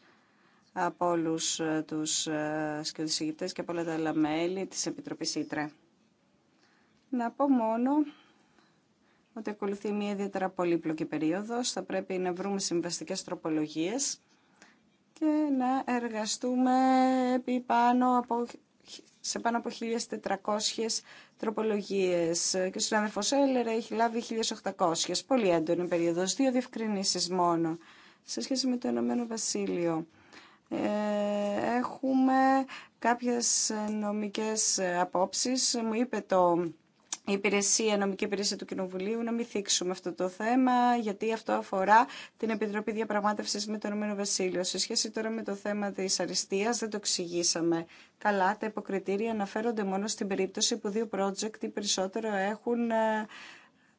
από όλους ε, τους ε, σκιωδησηγητές και από όλα τα άλλα μέλη της Επιτροπής Ήτρε. Να πω μόνο ότι ακολουθεί μια ιδιαίτερα πολύπλοκη περίοδος. Θα πρέπει να βρούμε συμβαστικές τροπολογίες και να εργαστούμε επί από, σε πάνω από 1.400 τροπολογίες. Και ο συνάδελφος Έλερα έχει λάβει 1.800. Πολύ έντονη περίοδος, δύο διευκρινήσεις μόνο σε σχέση με το Ηνωμένο Βασίλειο. Ε, έχουμε κάποιες νομικές απόψεις. Μου είπε το η υπηρεσία, η νομική υπηρεσία του Κοινοβουλίου να μην θίξουμε αυτό το θέμα, γιατί αυτό αφορά την Επιτροπή Διαπραγμάτευσης με το ΕΒ. Βασίλειο. Σε σχέση τώρα με το θέμα της αριστείας, δεν το εξηγήσαμε καλά. Τα υποκριτήρια αναφέρονται μόνο στην περίπτωση που δύο project ή περισσότερο έχουν ε,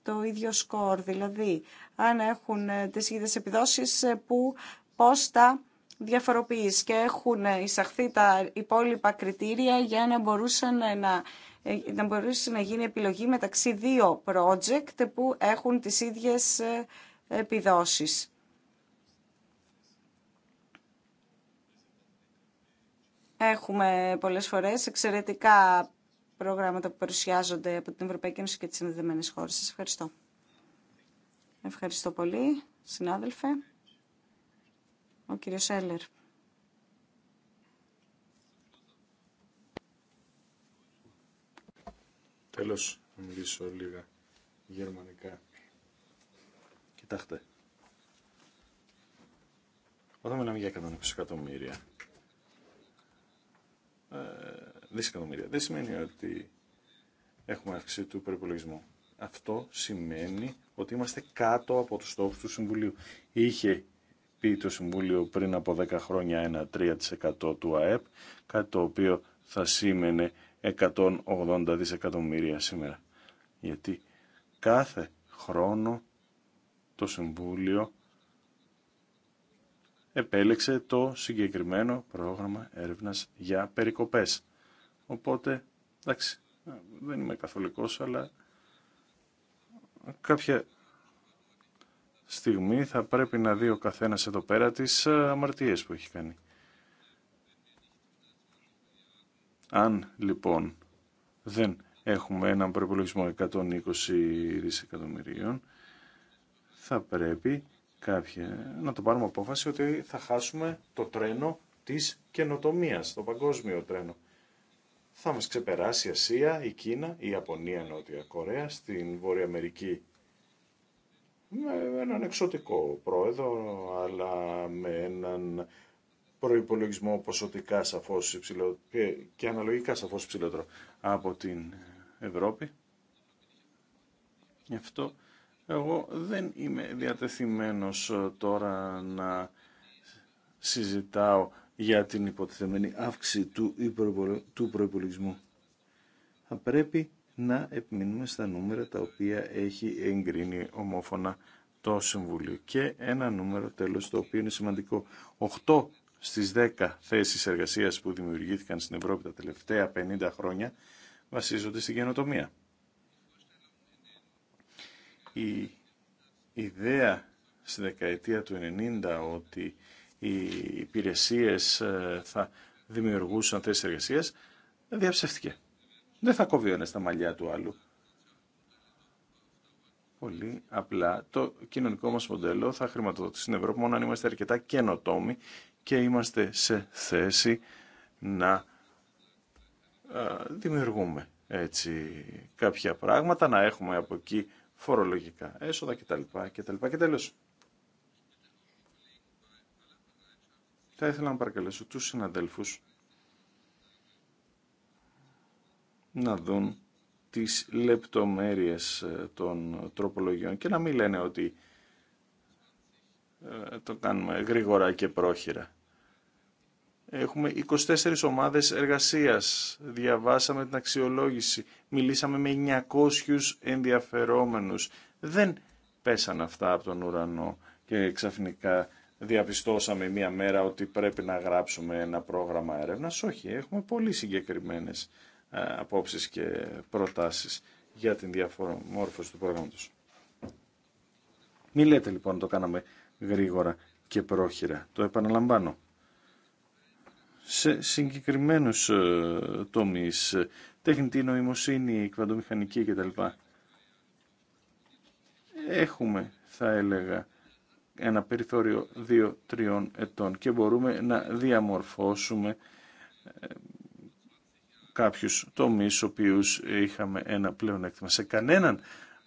το ίδιο σκορ, δηλαδή αν έχουν ε, τις ίδιες επιδόσεις που τα διαφοροποίηση και έχουν εισαχθεί τα υπόλοιπα κριτήρια για να μπορούσαν να ε, να μπορούσε να γίνει επιλογή μεταξύ δύο project που έχουν τις ίδιες ε, επιδόσεις. Έχουμε πολλές φορές εξαιρετικά προγράμματα που παρουσιάζονται από την Ευρωπαϊκή Ένωση και τις συνδεδεμένες χώρες. Σας ευχαριστώ. Ευχαριστώ πολύ, συνάδελφε. Ο κύριος Έλερ. Τέλος, να μιλήσω λίγα γερμανικά. Κοιτάξτε. Όταν μιλάμε για 120 εκατομμύρια, ε, δισεκατομμύρια, δεν σημαίνει ότι έχουμε αύξηση του προπολογισμού. Αυτό σημαίνει ότι είμαστε κάτω από τους στόχους του Συμβουλίου. Είχε πει το Συμβούλιο πριν από 10 χρόνια ένα 3% του ΑΕΠ, κάτι το οποίο θα σήμαινε 180 δισεκατομμύρια σήμερα. Γιατί κάθε χρόνο το Συμβούλιο επέλεξε το συγκεκριμένο πρόγραμμα έρευνας για περικοπές. Οπότε, εντάξει, δεν είμαι καθολικός, αλλά κάποια στιγμή θα πρέπει να δει ο καθένας εδώ πέρα τις ε, αμαρτίες που έχει κάνει. Αν λοιπόν δεν έχουμε έναν προπολογισμό 120 δισεκατομμυρίων, θα πρέπει κάποια να το πάρουμε απόφαση ότι θα χάσουμε το τρένο της καινοτομίας, το παγκόσμιο τρένο. Θα μας ξεπεράσει η Ασία, η Κίνα, η Ιαπωνία, Νότια Κορέα, στην Βόρεια Αμερική με έναν εξωτικό πρόεδρο, αλλά με έναν προϋπολογισμό ποσοτικά σαφώς και, και αναλογικά σαφώς υψηλότερο από την Ευρώπη. Γι' αυτό εγώ δεν είμαι διατεθειμένος τώρα να συζητάω για την υποτιθεμένη αύξηση του, του προϋπολογισμού. Θα πρέπει να επιμείνουμε στα νούμερα τα οποία έχει εγκρίνει ομόφωνα το Συμβούλιο. Και ένα νούμερο τέλος το οποίο είναι σημαντικό. 8 στις 10 θέσεις εργασίας που δημιουργήθηκαν στην Ευρώπη τα τελευταία 50 χρόνια βασίζονται στην καινοτομία. Η ιδέα στη δεκαετία του 90 ότι οι υπηρεσίες ε, θα δημιουργούσαν θέσεις εργασίας διαψεύτηκε. Δεν θα κοβεί ένα στα μαλλιά του άλλου. Πολύ απλά το κοινωνικό μας μοντέλο θα χρηματοδοτήσει στην Ευρώπη μόνο αν είμαστε αρκετά καινοτόμοι και είμαστε σε θέση να δημιουργούμε έτσι κάποια πράγματα, να έχουμε από εκεί φορολογικά έσοδα κτλ. κτλ. Και τέλος, θα ήθελα να παρακαλέσω τους συναδέλφους να δουν τις λεπτομέρειες ε, των τροπολογιών και να μην λένε ότι ε, το κάνουμε γρήγορα και πρόχειρα. Έχουμε 24 ομάδες εργασίας, διαβάσαμε την αξιολόγηση, μιλήσαμε με 900 ενδιαφερόμενους. Δεν πέσαν αυτά από τον ουρανό και ξαφνικά διαπιστώσαμε μία μέρα ότι πρέπει να γράψουμε ένα πρόγραμμα έρευνας. Όχι, έχουμε πολύ συγκεκριμένες ε, απόψεις και προτάσεις για την διαφορομόρφωση του πρόγραμματος. Μη λέτε λοιπόν το κάναμε γρήγορα και πρόχειρα. Το επαναλαμβάνω. Σε συγκεκριμένους ε, τομείς, τεχνητή νοημοσύνη, κβαντομηχανική κτλ. Έχουμε, θα έλεγα, ένα περιθώριο 2-3 ετών και μπορούμε να διαμορφώσουμε ε, κάποιους τομείς στους οποίους είχαμε ένα πλεονέκτημα. Σε κανέναν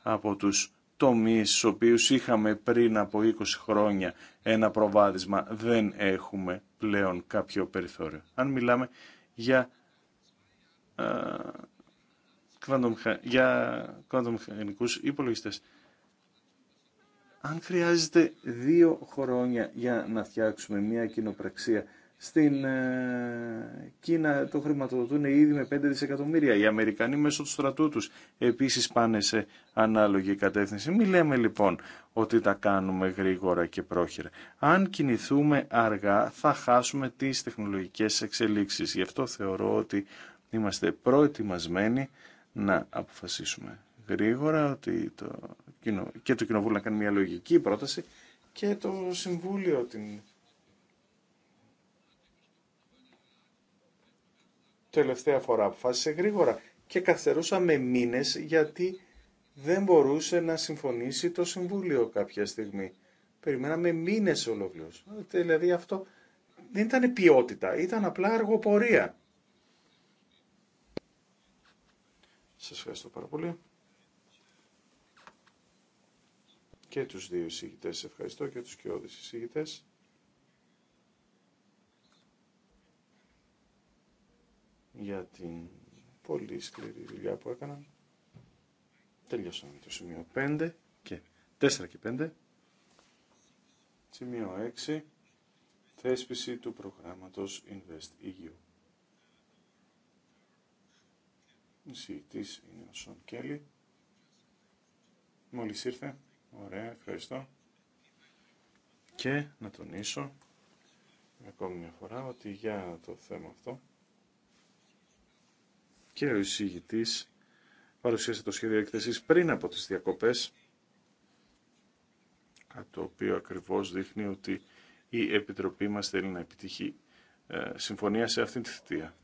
από τους τομείς στους οποίους είχαμε πριν από 20 χρόνια ένα προβάδισμα δεν έχουμε πλέον κάποιο περιθώριο. Αν μιλάμε για ε, για υπολογιστέ. υπολογιστές. Αν χρειάζεται δύο χρόνια για να φτιάξουμε μια κοινοπραξία στην ε, Κίνα το χρηματοδοτούν ήδη με 5 δισεκατομμύρια. Οι Αμερικανοί μέσω του στρατού τους επίσης πάνε σε ανάλογη κατεύθυνση. Μη λέμε λοιπόν ότι τα κάνουμε γρήγορα και πρόχειρα. Αν κινηθούμε αργά θα χάσουμε τις τεχνολογικές εξελίξεις. Γι' αυτό θεωρώ ότι είμαστε προετοιμασμένοι να αποφασίσουμε γρήγορα ότι το... και το Κοινοβούλιο να κάνει μια λογική πρόταση και το Συμβούλιο την τελευταία φορά αποφάσισε γρήγορα και καθυστερούσαμε μήνες γιατί δεν μπορούσε να συμφωνήσει το Συμβούλιο κάποια στιγμή. Περιμέναμε μήνες ολόκληρος. Δηλαδή αυτό δεν ήταν ποιότητα, ήταν απλά αργοπορία. Σας ευχαριστώ πάρα πολύ. Και τους δύο εισηγητές ευχαριστώ και τους κοιόδης εισηγητές. για την πολύ σκληρή δουλειά που έκαναν. Τελειώσαμε το σημείο 5 και 4 και 5. Σημείο 6. Θέσπιση του προγράμματος Invest EU. Ο συγητής είναι ο Σον Κέλλη. Μόλις ήρθε. Ωραία, ευχαριστώ. Και να τονίσω ακόμη μια φορά ότι για το θέμα αυτό και ο εισηγητής παρουσίασε το σχέδιο έκθεσης πριν από τις διακοπές, το οποίο ακριβώς δείχνει ότι η Επιτροπή μας θέλει να επιτυχεί ε, συμφωνία σε αυτήν τη θητεία.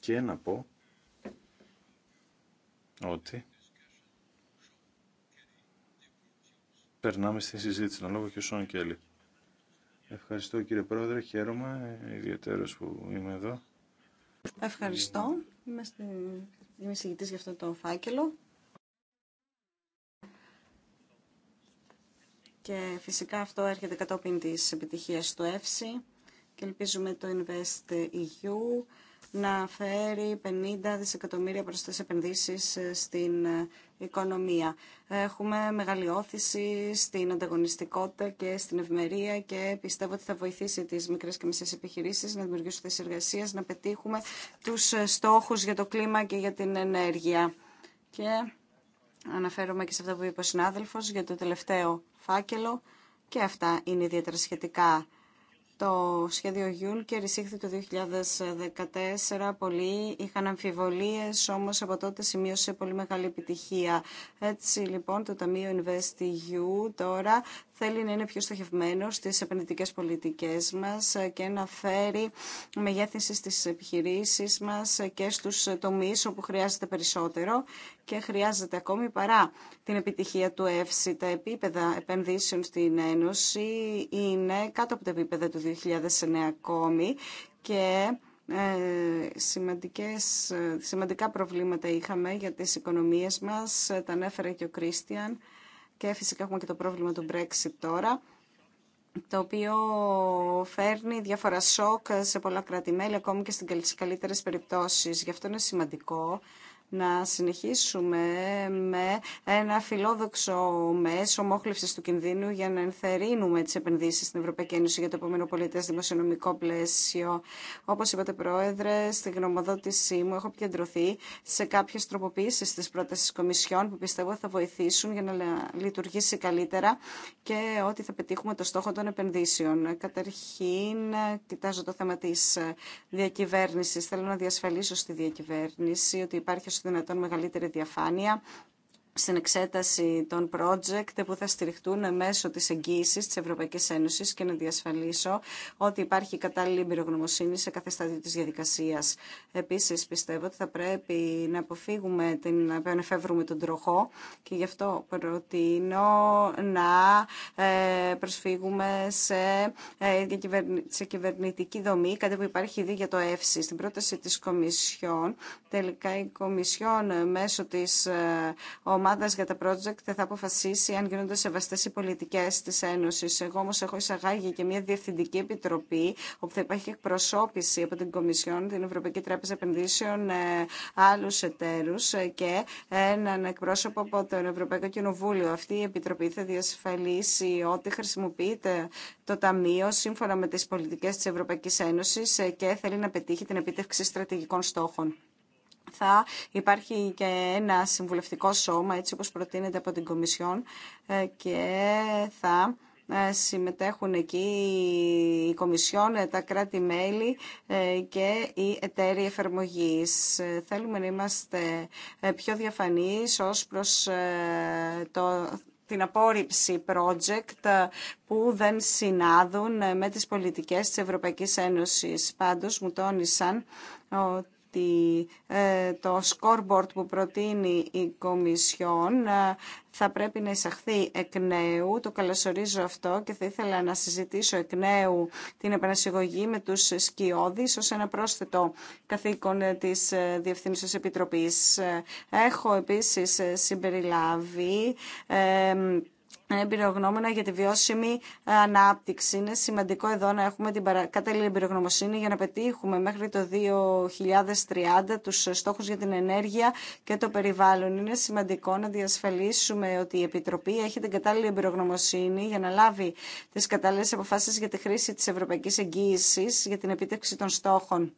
Και να πω ότι περνάμε στη συζήτηση. Να λόγω και ο Σόν Ευχαριστώ κύριε Πρόεδρε, χαίρομαι ιδιαίτερος που είμαι εδώ. Ευχαριστώ. Είμαστε... Είμαι συγητής για αυτό το φάκελο. Και φυσικά αυτό έρχεται κατόπιν της επιτυχίας του ΕΦΣΥ και ελπίζουμε το Invest EU να φέρει 50 δισεκατομμύρια προς επενδύσεις ε, στην ε, οικονομία. Έχουμε μεγάλη όθηση στην ανταγωνιστικότητα και στην ευμερία και πιστεύω ότι θα βοηθήσει τις μικρές και μισές επιχειρήσεις να δημιουργήσουν θέσεις εργασίας, να πετύχουμε τους ε, στόχους για το κλίμα και για την ενέργεια. Και αναφέρομαι και σε αυτά που είπε ο συνάδελφος για το τελευταίο φάκελο και αυτά είναι ιδιαίτερα σχετικά το σχέδιο Γιούλκερ εισήχθη το 2014. Πολλοί είχαν αμφιβολίες, όμως από τότε σημείωσε πολύ μεγάλη επιτυχία. Έτσι λοιπόν το Ταμείο InvestEU τώρα θέλει να είναι πιο στοχευμένο στις επενδυτικέ πολιτικές μας και να φέρει μεγέθυνση στις επιχειρήσεις μας και στους τομείς όπου χρειάζεται περισσότερο και χρειάζεται ακόμη παρά την επιτυχία του ΕΦΣΙ. Τα επίπεδα επενδύσεων στην Ένωση είναι κάτω από τα επίπεδα του 2009 ακόμη και ε, σημαντικές, ε, σημαντικά προβλήματα είχαμε για τις οικονομίες μας, τα ανέφερε και ο Κρίστιαν και φυσικά έχουμε και το πρόβλημα του Brexit τώρα το οποίο φέρνει διάφορα σοκ σε πολλά κράτη-μέλη, ακόμη και στις καλύτερες περιπτώσεις. Γι' αυτό είναι σημαντικό να συνεχίσουμε με ένα φιλόδοξο μέσο μόχλευσης του κινδύνου για να ενθερύνουμε τις επενδύσεις στην Ευρωπαϊκή Ένωση για το επόμενο πολιτές δημοσιονομικό πλαίσιο. Όπως είπατε Πρόεδρε, στη γνωμοδότησή μου έχω επικεντρωθεί σε κάποιες τροποποίησεις της πρότασης Κομισιόν που πιστεύω θα βοηθήσουν για να λειτουργήσει καλύτερα και ότι θα πετύχουμε το στόχο των επενδύσεων. Καταρχήν, κοιτάζω το θέμα της διακυβέρνησης. Θέλω να διασφαλίσω στη διακυβέρνηση ότι υπάρχει δυνατόν μεγαλύτερη διαφάνεια στην εξέταση των project που θα στηριχτούν μέσω της εγγύησης της Ευρωπαϊκής Ένωσης και να διασφαλίσω ότι υπάρχει κατάλληλη εμπειρογνωμοσύνη σε κάθε στάδιο της διαδικασίας. Επίσης πιστεύω ότι θα πρέπει να αποφύγουμε την, να εφεύρουμε τον τροχό και γι' αυτό προτείνω να ε, προσφύγουμε σε, ε, σε κυβερνητική δομή, κάτι που υπάρχει ήδη για το ΕΦΣΙ. Στην πρόταση της Κομισιόν, τελικά η Κομισιόν μέσω της ε, ομάδα. για τα project θα αποφασίσει αν γίνονται σεβαστέ οι πολιτικέ τη Ένωση. Εγώ όμω έχω εισαγάγει και μια διευθυντική επιτροπή όπου θα υπάρχει εκπροσώπηση από την Κομισιόν, την Ευρωπαϊκή Τράπεζα Επενδύσεων, ε, άλλου εταίρου ε, και έναν εκπρόσωπο από το Ευρωπαϊκό Κοινοβούλιο. Αυτή η επιτροπή θα διασφαλίσει ότι χρησιμοποιείται το Ταμείο σύμφωνα με τι πολιτικέ τη Ευρωπαϊκή Ένωση ε, και θέλει να πετύχει την επιτεύξη στρατηγικών στόχων θα υπάρχει και ένα συμβουλευτικό σώμα, έτσι όπως προτείνεται από την Κομισιόν, ε, και θα ε, συμμετέχουν εκεί η Κομισιόν, ε, τα κράτη-μέλη και οι εταίροι εφαρμογής. Θέλουμε να είμαστε πιο διαφανείς ως προς το την απόρριψη project που δεν συνάδουν με τις πολιτικές της Ευρωπαϊκής Ένωσης. Πάντως μου τόνισαν ότι ε, το scoreboard που προτείνει η Κομισιόν ε, θα πρέπει να εισαχθεί εκ νέου. Το καλωσορίζω αυτό και θα ήθελα να συζητήσω εκ νέου την επανασυγωγή με τους σκιώδεις ως ένα πρόσθετο καθήκον της ε, Διευθύνουσας Επιτροπής. Έχω επίσης συμπεριλάβει εμπειρογνώμονα για τη βιώσιμη ανάπτυξη. Είναι σημαντικό εδώ να έχουμε την κατάλληλη εμπειρογνωμοσύνη για να πετύχουμε μέχρι το 2030 τους στόχους για την ενέργεια και το περιβάλλον. Είναι σημαντικό να διασφαλίσουμε ότι η Επιτροπή έχει την κατάλληλη εμπειρογνωμοσύνη για να λάβει τις κατάλληλες αποφάσεις για τη χρήση της ευρωπαϊκής εγγύησης για την επίτευξη των στόχων.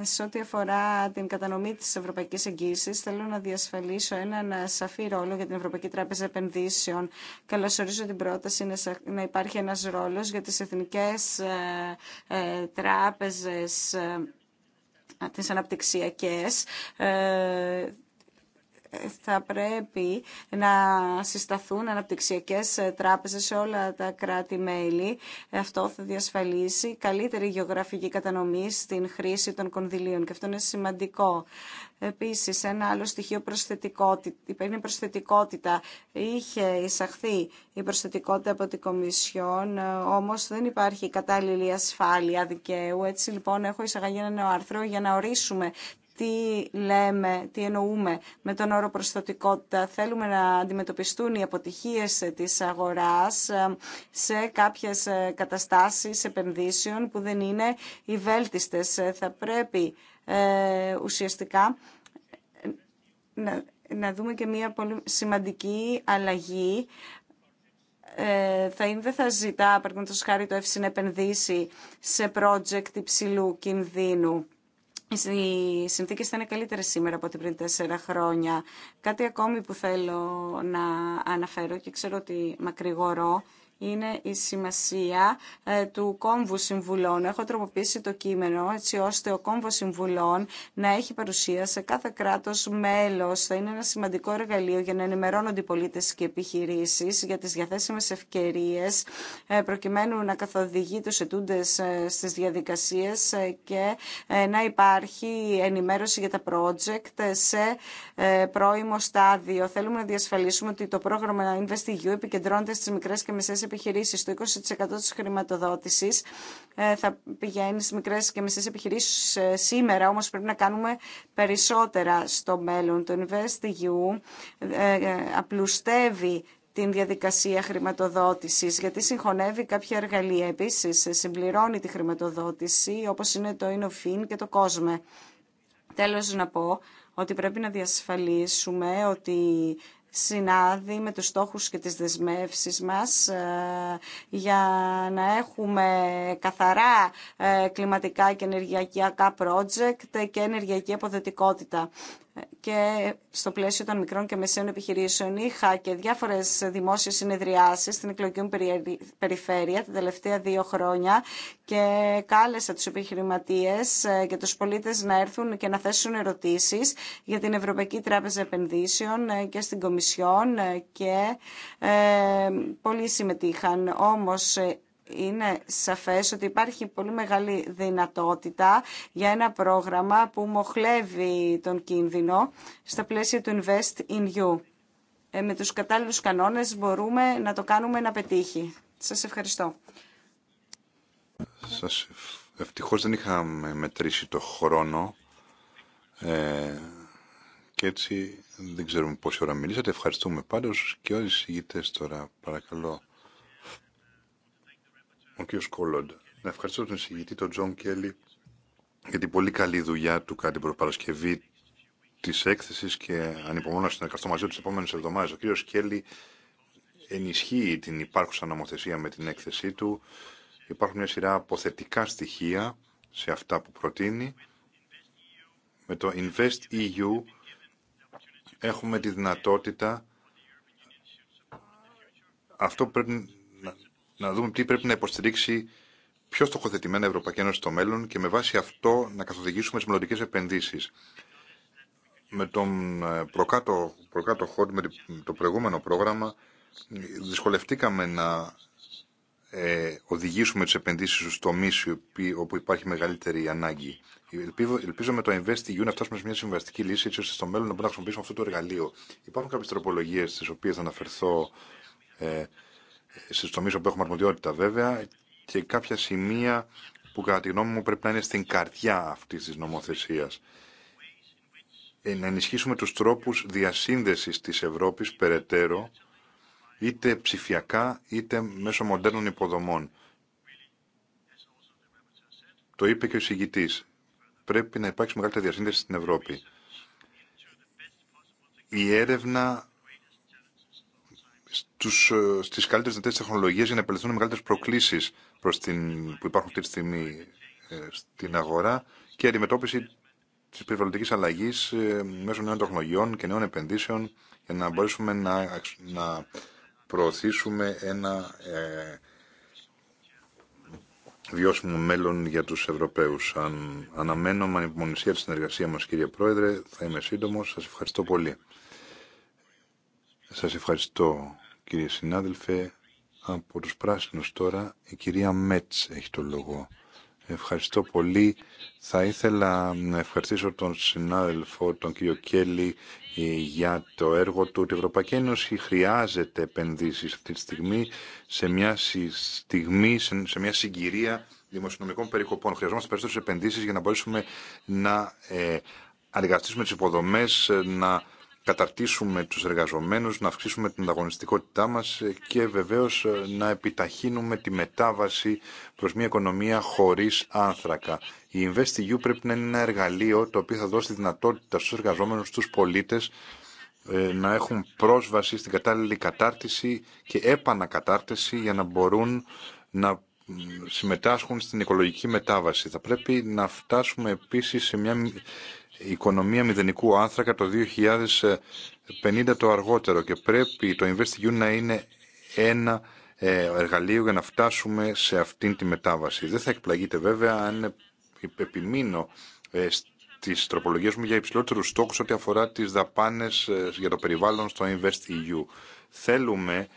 Σε ό,τι αφορά την κατανομή τη Ευρωπαϊκή εγγύησης, θέλω να διασφαλίσω έναν ε, σαφή ρόλο για την Ευρωπαϊκή Τράπεζα Επενδύσεων. Καλωσορίζω την πρόταση να υπάρχει ένας ρόλος για τις εθνικές ε, ε, τράπεζες τι αναπτυξιακέ θα πρέπει να συσταθούν αναπτυξιακές τράπεζες σε όλα τα κράτη-μέλη. Αυτό θα διασφαλίσει καλύτερη γεωγραφική κατανομή στην χρήση των κονδυλίων και αυτό είναι σημαντικό. Επίσης, ένα άλλο στοιχείο προσθετικότητα, είναι προσθετικότητα. Είχε εισαχθεί η προσθετικότητα από την Κομισιόν, Όμω δεν υπάρχει κατάλληλη ασφάλεια δικαίου. Έτσι λοιπόν έχω εισαγαγεί ένα νέο άρθρο για να ορίσουμε τι λέμε, τι εννοούμε με τον όρο προσθετικότητα. Θέλουμε να αντιμετωπιστούν οι αποτυχίες της αγοράς ε, σε κάποιες ε, καταστάσεις επενδύσεων που δεν είναι οι βέλτιστες. Ε, θα πρέπει ε, ουσιαστικά να, δούμε και μια πολύ σημαντική αλλαγή θα είναι, δεν θα ζητά, παραδείγματο χάρη, το ΕΦΣΥ να επενδύσει σε project υψηλού κινδύνου. Οι συνθήκες θα είναι καλύτερες σήμερα από ό,τι πριν τέσσερα χρόνια. Κάτι ακόμη που θέλω να αναφέρω και ξέρω ότι μακρηγορώ είναι η σημασία ε, του κόμβου συμβουλών. Έχω τροποποιήσει το κείμενο έτσι ώστε ο κόμβο συμβουλών να έχει παρουσία σε κάθε κράτο μέλο. Θα είναι ένα σημαντικό εργαλείο για να ενημερώνονται οι πολίτε και επιχειρήσει για τις διαθέσιμες ευκαιρίες ε, προκειμένου να καθοδηγεί τους ετούντες ε, στις διαδικασίες και να υπάρχει ενημέρωση για τα project σε πρώιμο στάδιο. Θέλουμε να διασφαλίσουμε ότι το πρόγραμμα InvestEU επικεντρώνεται στι μικρέ και μεσαίε επιχειρήσει επιχειρήσεις, το 20% της χρηματοδότησης ε, θα πηγαίνει στις μικρές και μεσές επιχειρήσεις ε, σήμερα, όμως πρέπει να κάνουμε περισσότερα στο μέλλον. Το InvestEU ε, απλουστεύει την διαδικασία χρηματοδότησης, γιατί συγχωνεύει κάποια εργαλεία. Επίσης, συμπληρώνει τη χρηματοδότηση, όπως είναι το Innofin και το COSME. Τέλος να πω ότι πρέπει να διασφαλίσουμε ότι συνάδει με τους στόχους και τις δεσμεύσεις μας ε, για να έχουμε καθαρά ε, κλιματικά και ενεργειακά project και ενεργειακή αποδοτικότητα και στο πλαίσιο των μικρών και μεσαίων επιχειρήσεων είχα και διάφορες δημόσιες συνεδριάσεις στην εκλογική μου περιφέρεια τα τελευταία δύο χρόνια και κάλεσα τους επιχειρηματίες ε, και τους πολίτες να έρθουν και να θέσουν ερωτήσεις για την Ευρωπαϊκή Τράπεζα Επενδύσεων ε, και στην Κομισιόν ε, και πολλοί συμμετείχαν. Όμως είναι σαφές ότι υπάρχει πολύ μεγάλη δυνατότητα για ένα πρόγραμμα που μοχλεύει τον κίνδυνο στα πλαίσια του Invest in You. Ε, με τους κατάλληλους κανόνες μπορούμε να το κάνουμε να πετύχει. Σας ευχαριστώ. Σας ευτυχώς δεν είχαμε μετρήσει το χρόνο ε, και έτσι δεν ξέρουμε πόση ώρα μιλήσατε. Ευχαριστούμε πάντως και όλοι οι τώρα παρακαλώ ο κ. Κόλλοντ. Να ευχαριστώ τον συγγητή, τον Τζον Κέλλη, για την πολύ καλή δουλειά του κατά την προπαρασκευή τη έκθεση και ανυπομονώ να συνεργαστώ μαζί του τι επόμενε εβδομάδε. Ο κ. Κέλλη ενισχύει την υπάρχουσα νομοθεσία με την έκθεσή του. Υπάρχουν μια σειρά αποθετικά στοιχεία σε αυτά που προτείνει. Με το Invest EU έχουμε τη δυνατότητα αυτό πρέπει να δούμε τι πρέπει να υποστηρίξει πιο στοχοθετημένα η Ευρωπαϊκή Ένωση στο μέλλον και με βάση αυτό να καθοδηγήσουμε τι μελλοντικέ επενδύσει. Με τον ε, προκάτω, προκάτω χώρο, με το προηγούμενο πρόγραμμα, δυσκολευτήκαμε να ε, οδηγήσουμε τις επενδύσεις στους τομείς όπου υπάρχει μεγαλύτερη ανάγκη. Ελπίζω, ελπίζω με το InvestEU να φτάσουμε σε μια συμβαστική λύση έτσι ώστε στο μέλλον να μπορούμε να χρησιμοποιήσουμε αυτό το εργαλείο. Υπάρχουν κάποιες τροπολογίες στις οποίες θα αναφερθώ ε, στις τομείς όπου έχουμε αρμοδιότητα βέβαια και κάποια σημεία που κατά τη γνώμη μου πρέπει να είναι στην καρδιά αυτής της νομοθεσίας. Ε, να ενισχύσουμε τους τρόπους διασύνδεσης της Ευρώπης περαιτέρω, είτε ψηφιακά είτε μέσω μοντέρνων υποδομών. Το είπε και ο Πρέπει να υπάρξει μεγαλύτερη διασύνδεση στην Ευρώπη. Η έρευνα στους, ε, στις καλύτερες δυνατές τεχνολογίες για να επελευθούν οι μεγαλύτερες προκλήσεις προς την, που υπάρχουν αυτή τη στιγμή ε, στην αγορά και αντιμετώπιση τη περιβαλλοντική αλλαγή ε, μέσω νέων τεχνολογιών και νέων επενδύσεων για να μπορέσουμε να, να προωθήσουμε ένα βιώσιμο μέλλον για τους Ευρωπαίους. Αν, αναμένω με ανυπομονησία τη συνεργασία μας κύριε Πρόεδρε, θα είμαι σύντομο. Σας ευχαριστώ πολύ. Σας ευχαριστώ κύριε συνάδελφε. Από τους πράσινους τώρα, η κυρία Μέτς έχει το λόγο. Ευχαριστώ πολύ. Θα ήθελα να ευχαριστήσω τον συνάδελφο, τον κύριο Κέλλη, ε, για το έργο του. Η Ευρωπαϊκή Ένωση χρειάζεται επενδύσεις αυτή τη στιγμή σε μια στιγμή, σε μια συγκυρία δημοσιονομικών περικοπών. Χρειαζόμαστε περισσότερες επενδύσεις για να μπορέσουμε να αργαστήσουμε ε, τις υποδομές, να καταρτήσουμε τους εργαζομένους, να αυξήσουμε την ανταγωνιστικότητά μας και βεβαίως ε, να επιταχύνουμε τη μετάβαση προς μια οικονομία χωρίς άνθρακα. Η InvestEU πρέπει να είναι ένα εργαλείο το οποίο θα δώσει δυνατότητα στους εργαζόμενους, στους πολίτες ε, να έχουν πρόσβαση στην κατάλληλη κατάρτιση και επανακατάρτιση για να μπορούν να συμμετάσχουν στην οικολογική μετάβαση. Θα πρέπει να φτάσουμε επίσης σε μια οικονομία μηδενικού άνθρακα το 2050 το αργότερο και πρέπει το InvestEU να είναι ένα ε, εργαλείο για να φτάσουμε σε αυτήν τη μετάβαση. Δεν θα εκπλαγείτε βέβαια αν επιμείνω ε, στις τροπολογίες μου για υψηλότερους στόχους ό,τι αφορά τις δαπάνες ε, για το περιβάλλον στο InvestEU. Θέλουμε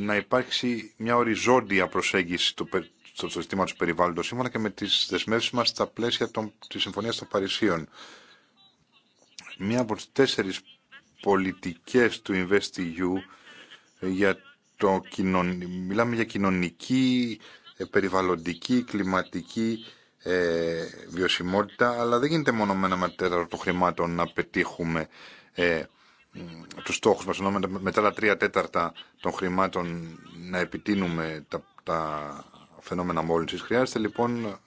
να υπάρξει μια οριζόντια προσέγγιση στο, σύστημα ζήτημα του περιβάλλοντος σύμφωνα και με τις δεσμεύσεις μας στα πλαίσια των, της Συμφωνίας των Παρισίων. Μία από τις τέσσερις πολιτικές του InvestEU για το μιλάμε για κοινωνική, ε, περιβαλλοντική, κλιματική ε, βιωσιμότητα, αλλά δεν γίνεται μόνο με ένα τέταρτο των χρημάτων να πετύχουμε ε, τους στόχους μας, ενώ μετά τα τρία τέταρτα των χρημάτων να επιτείνουμε τα, τα φαινόμενα μόλυνσης. Χρειάζεται λοιπόν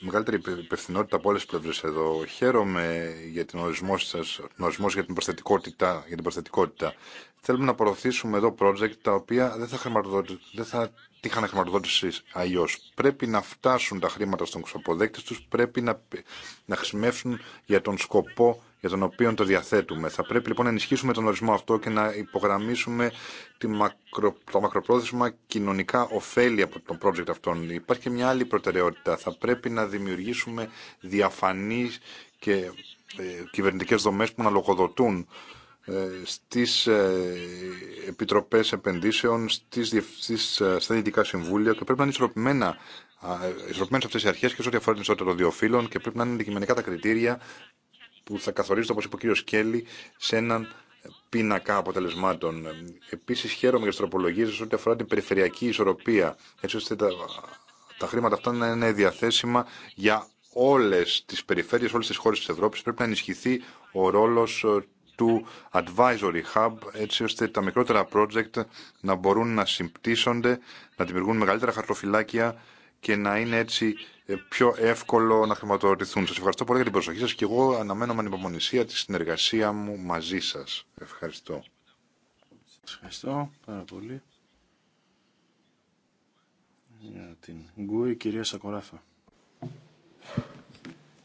μεγαλύτερη υπευθυνότητα από όλε τι πλευρέ εδώ. Χαίρομαι για την ορισμό σα, για την προσθετικότητα. Για την Θέλουμε να προωθήσουμε εδώ project τα οποία δεν θα, δεν θα τύχαν χρηματοδότηση αλλιώ. Πρέπει να φτάσουν τα χρήματα στον αποδέκτη του, πρέπει να, να χρησιμεύσουν για τον σκοπό για τον οποίο το διαθέτουμε. Θα πρέπει λοιπόν να ενισχύσουμε τον ορισμό αυτό και να υπογραμμίσουμε τη μακρο, το μακροπρόθεσμα κοινωνικά ωφέλη από τον project αυτόν. Υπάρχει και μια άλλη προτεραιότητα. Θα πρέπει να δημιουργήσουμε διαφανείς και ε, κυβερνητικές δομές που να λογοδοτούν ε, στις ε, επιτροπές επενδύσεων, στις, στις, ε, στα διευθυντικά συμβούλια και πρέπει να είναι ισορροπημένα σε αυτέ οι αρχέ και σε ό,τι αφορά την ισότητα των δύο φύλων και πρέπει να είναι αντικειμενικά τα κριτήρια που θα καθορίζεται, όπως είπε ο κ. Σκέλη, σε έναν πίνακα αποτελεσμάτων. Επίσης χαίρομαι για τις τροπολογίες ό,τι αφορά την περιφερειακή ισορροπία, έτσι ώστε τα, τα χρήματα αυτά να είναι διαθέσιμα για όλες τις περιφέρειες, όλες τις χώρες της Ευρώπης. Πρέπει να ενισχυθεί ο ρόλος ε, του Advisory Hub, έτσι ώστε τα μικρότερα project να μπορούν να συμπτύσσονται, να δημιουργούν μεγαλύτερα χαρτοφυλάκια και να είναι έτσι ε, πιο εύκολο να χρηματοδοτηθούν. Σας ευχαριστώ πολύ για την προσοχή σας και εγώ αναμένω με ανυπομονησία τη συνεργασία μου μαζί σας. Ευχαριστώ. Σας ευχαριστώ πάρα πολύ για την Γκουή, κυρία Σακοράφα.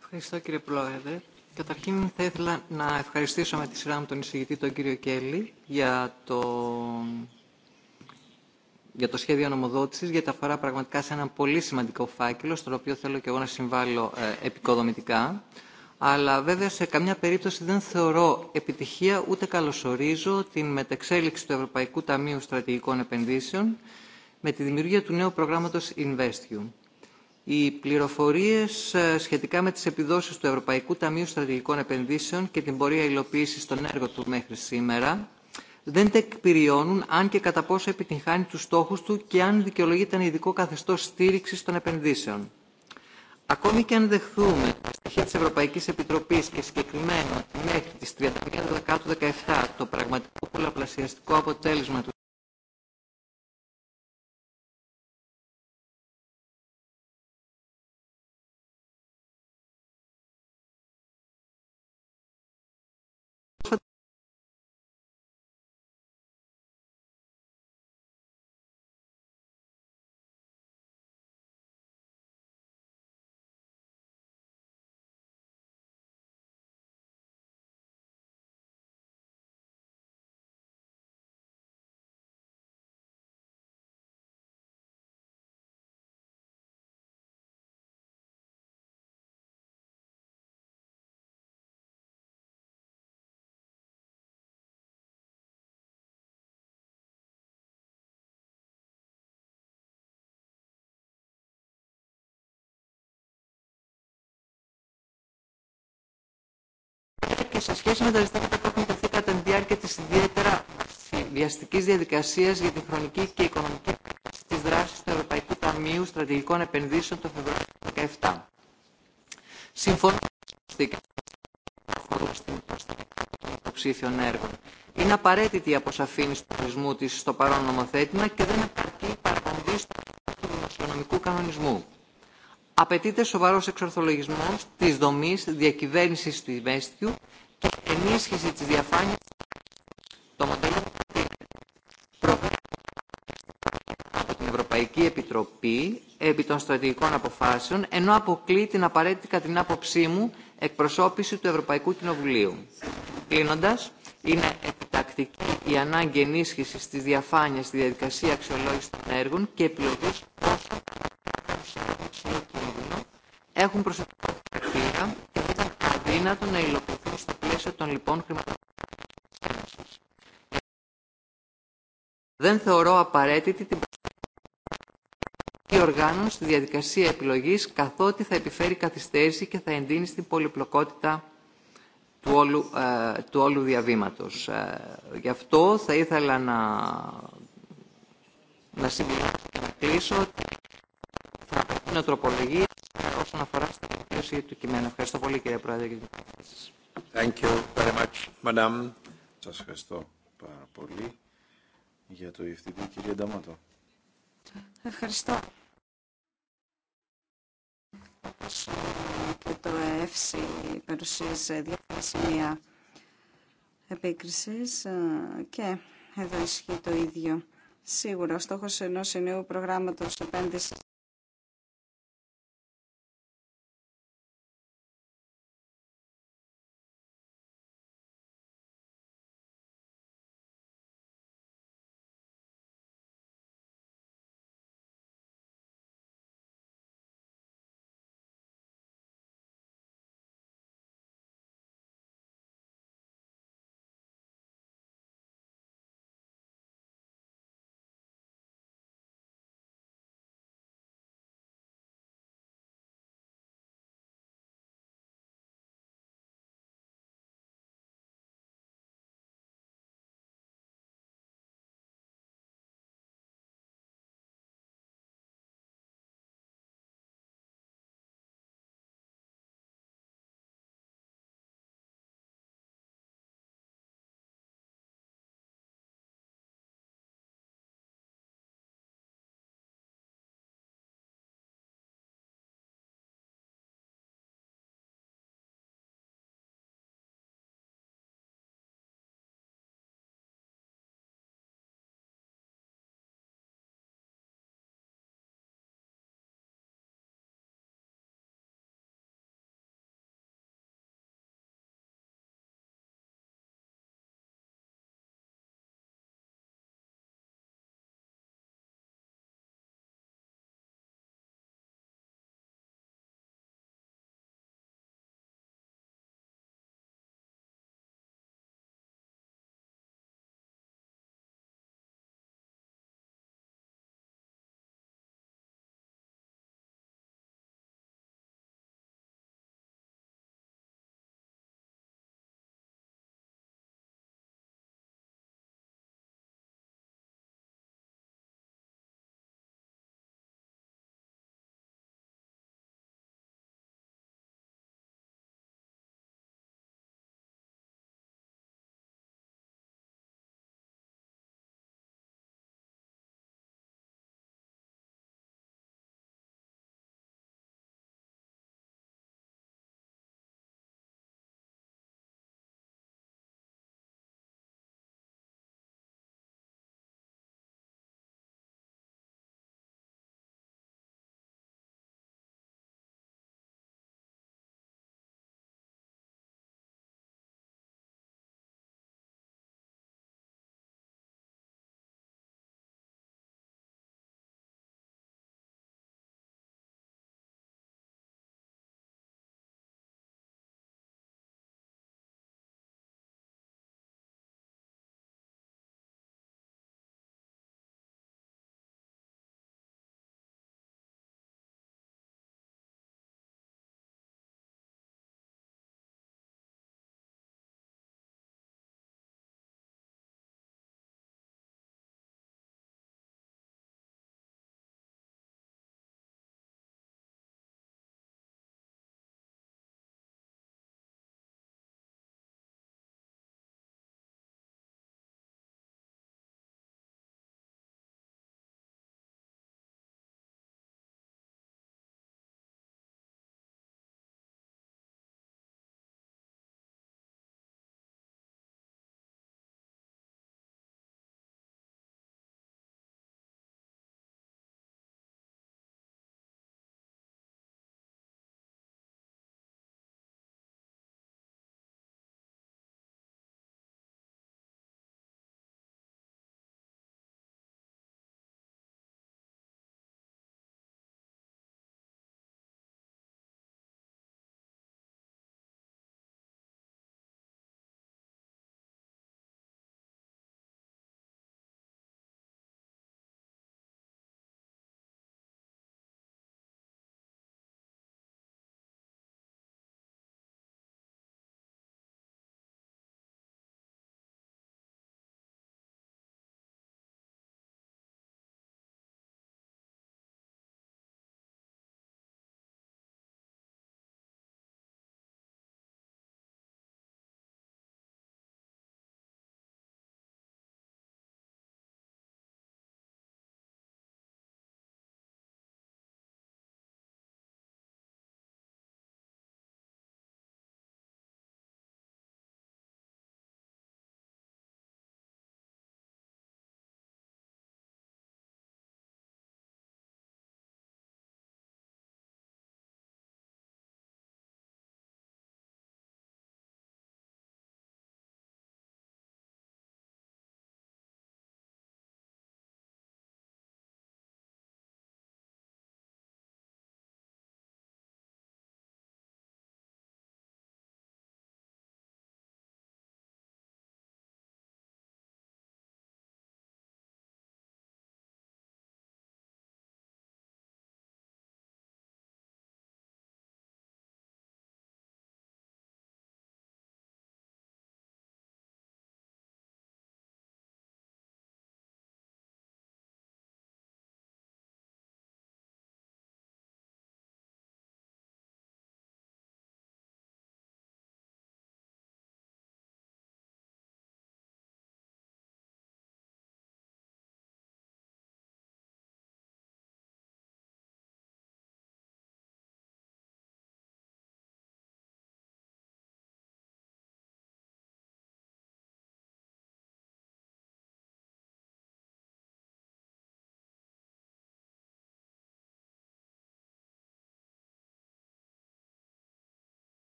Ευχαριστώ κύριε Πρόεδρε. Καταρχήν θα ήθελα να ευχαριστήσω με τη σειρά μου τον εισηγητή τον κύριο Κέλλη για το για το σχέδιο νομοδότησης, γιατί αφορά πραγματικά σε έναν πολύ σημαντικό φάκελο, στον οποίο θέλω και εγώ να συμβάλλω ε, επικοδομητικά. Αλλά βέβαια σε καμιά περίπτωση δεν θεωρώ επιτυχία ούτε καλωσορίζω την μετεξέλιξη του Ευρωπαϊκού Ταμείου Στρατηγικών Επενδύσεων με τη δημιουργία του νέου προγράμματος Investium Οι πληροφορίες ε, σχετικά με τις επιδόσεις του Ευρωπαϊκού Ταμείου Στρατηγικών Επενδύσεων και την πορεία υλοποίηση των έργων του μέχρι σήμερα δεν τεκπηριώνουν αν και κατά πόσο επιτυγχάνει τους στόχους του και αν δικαιολογείται ένα ειδικό καθεστώς στήριξης των επενδύσεων. Ακόμη και αν δεχθούμε τα στοιχεία της Ευρωπαϊκής Επιτροπής και συγκεκριμένα μέχρι τις 31 Δεκάτου 17 το πραγματικό πολλαπλασιαστικό αποτέλεσμα του και σε σχέση με τα ζητήματα που έχουν τεθεί κατά τη διάρκεια τη ιδιαίτερα βιαστική διαδικασία για τη χρονική και οικονομική τη δράση του Ευρωπαϊκού Ταμείου Στρατηγικών Επενδύσεων το Φεβρουάριο του 2017. Συμφωνώ στην των υποψήφιων έργων. Είναι απαραίτητη η αποσαφήνιση του ορισμού τη στο παρόν νομοθέτημα και δεν επαρκεί η παραπομπή του δημοσιονομικού κανονισμού. Απαιτείται σοβαρό εξορθολογισμό τη δομή διακυβέρνηση του Ιβέστιου ενίσχυση της διαφάνειας το μοντέλο της από την Ευρωπαϊκή Επιτροπή επί των στρατηγικών αποφάσεων, ενώ αποκλεί την απαραίτητη κατά την άποψή μου εκπροσώπηση του Ευρωπαϊκού Κοινοβουλίου. Κλείνοντα, είναι επιτακτική η ανάγκη ενίσχυση τη διαφάνεια στη διαδικασία αξιολόγηση των έργων και επιλογή έχουν προσωπικό χαρακτήρα και να υλοποιηθούν μέσω των λοιπόν χρηματοδοτικών Δεν θεωρώ απαραίτητη την οργάνων στη διαδικασία επιλογής καθότι θα επιφέρει καθυστέρηση και θα εντείνει στην πολυπλοκότητα του όλου, ε, του όλου διαβήματος. Ε, γι' αυτό θα ήθελα να, να και να κλείσω θα προτείνω όσον αφορά στην επιπλήρωση του κειμένου. Ευχαριστώ πολύ κύριε Πρόεδρε για την Thank you very much, madam. Σας ευχαριστώ πάρα πολύ για το ευθυντή κύριε Νταμάτο. Ευχαριστώ. Όπως και το ΕΦΣΗ παρουσίασε διάφορα σημεία επίκρισης ε, και εδώ ισχύει το ίδιο. Σίγουρα ο στόχος ενός νέου προγράμματος επένδυσης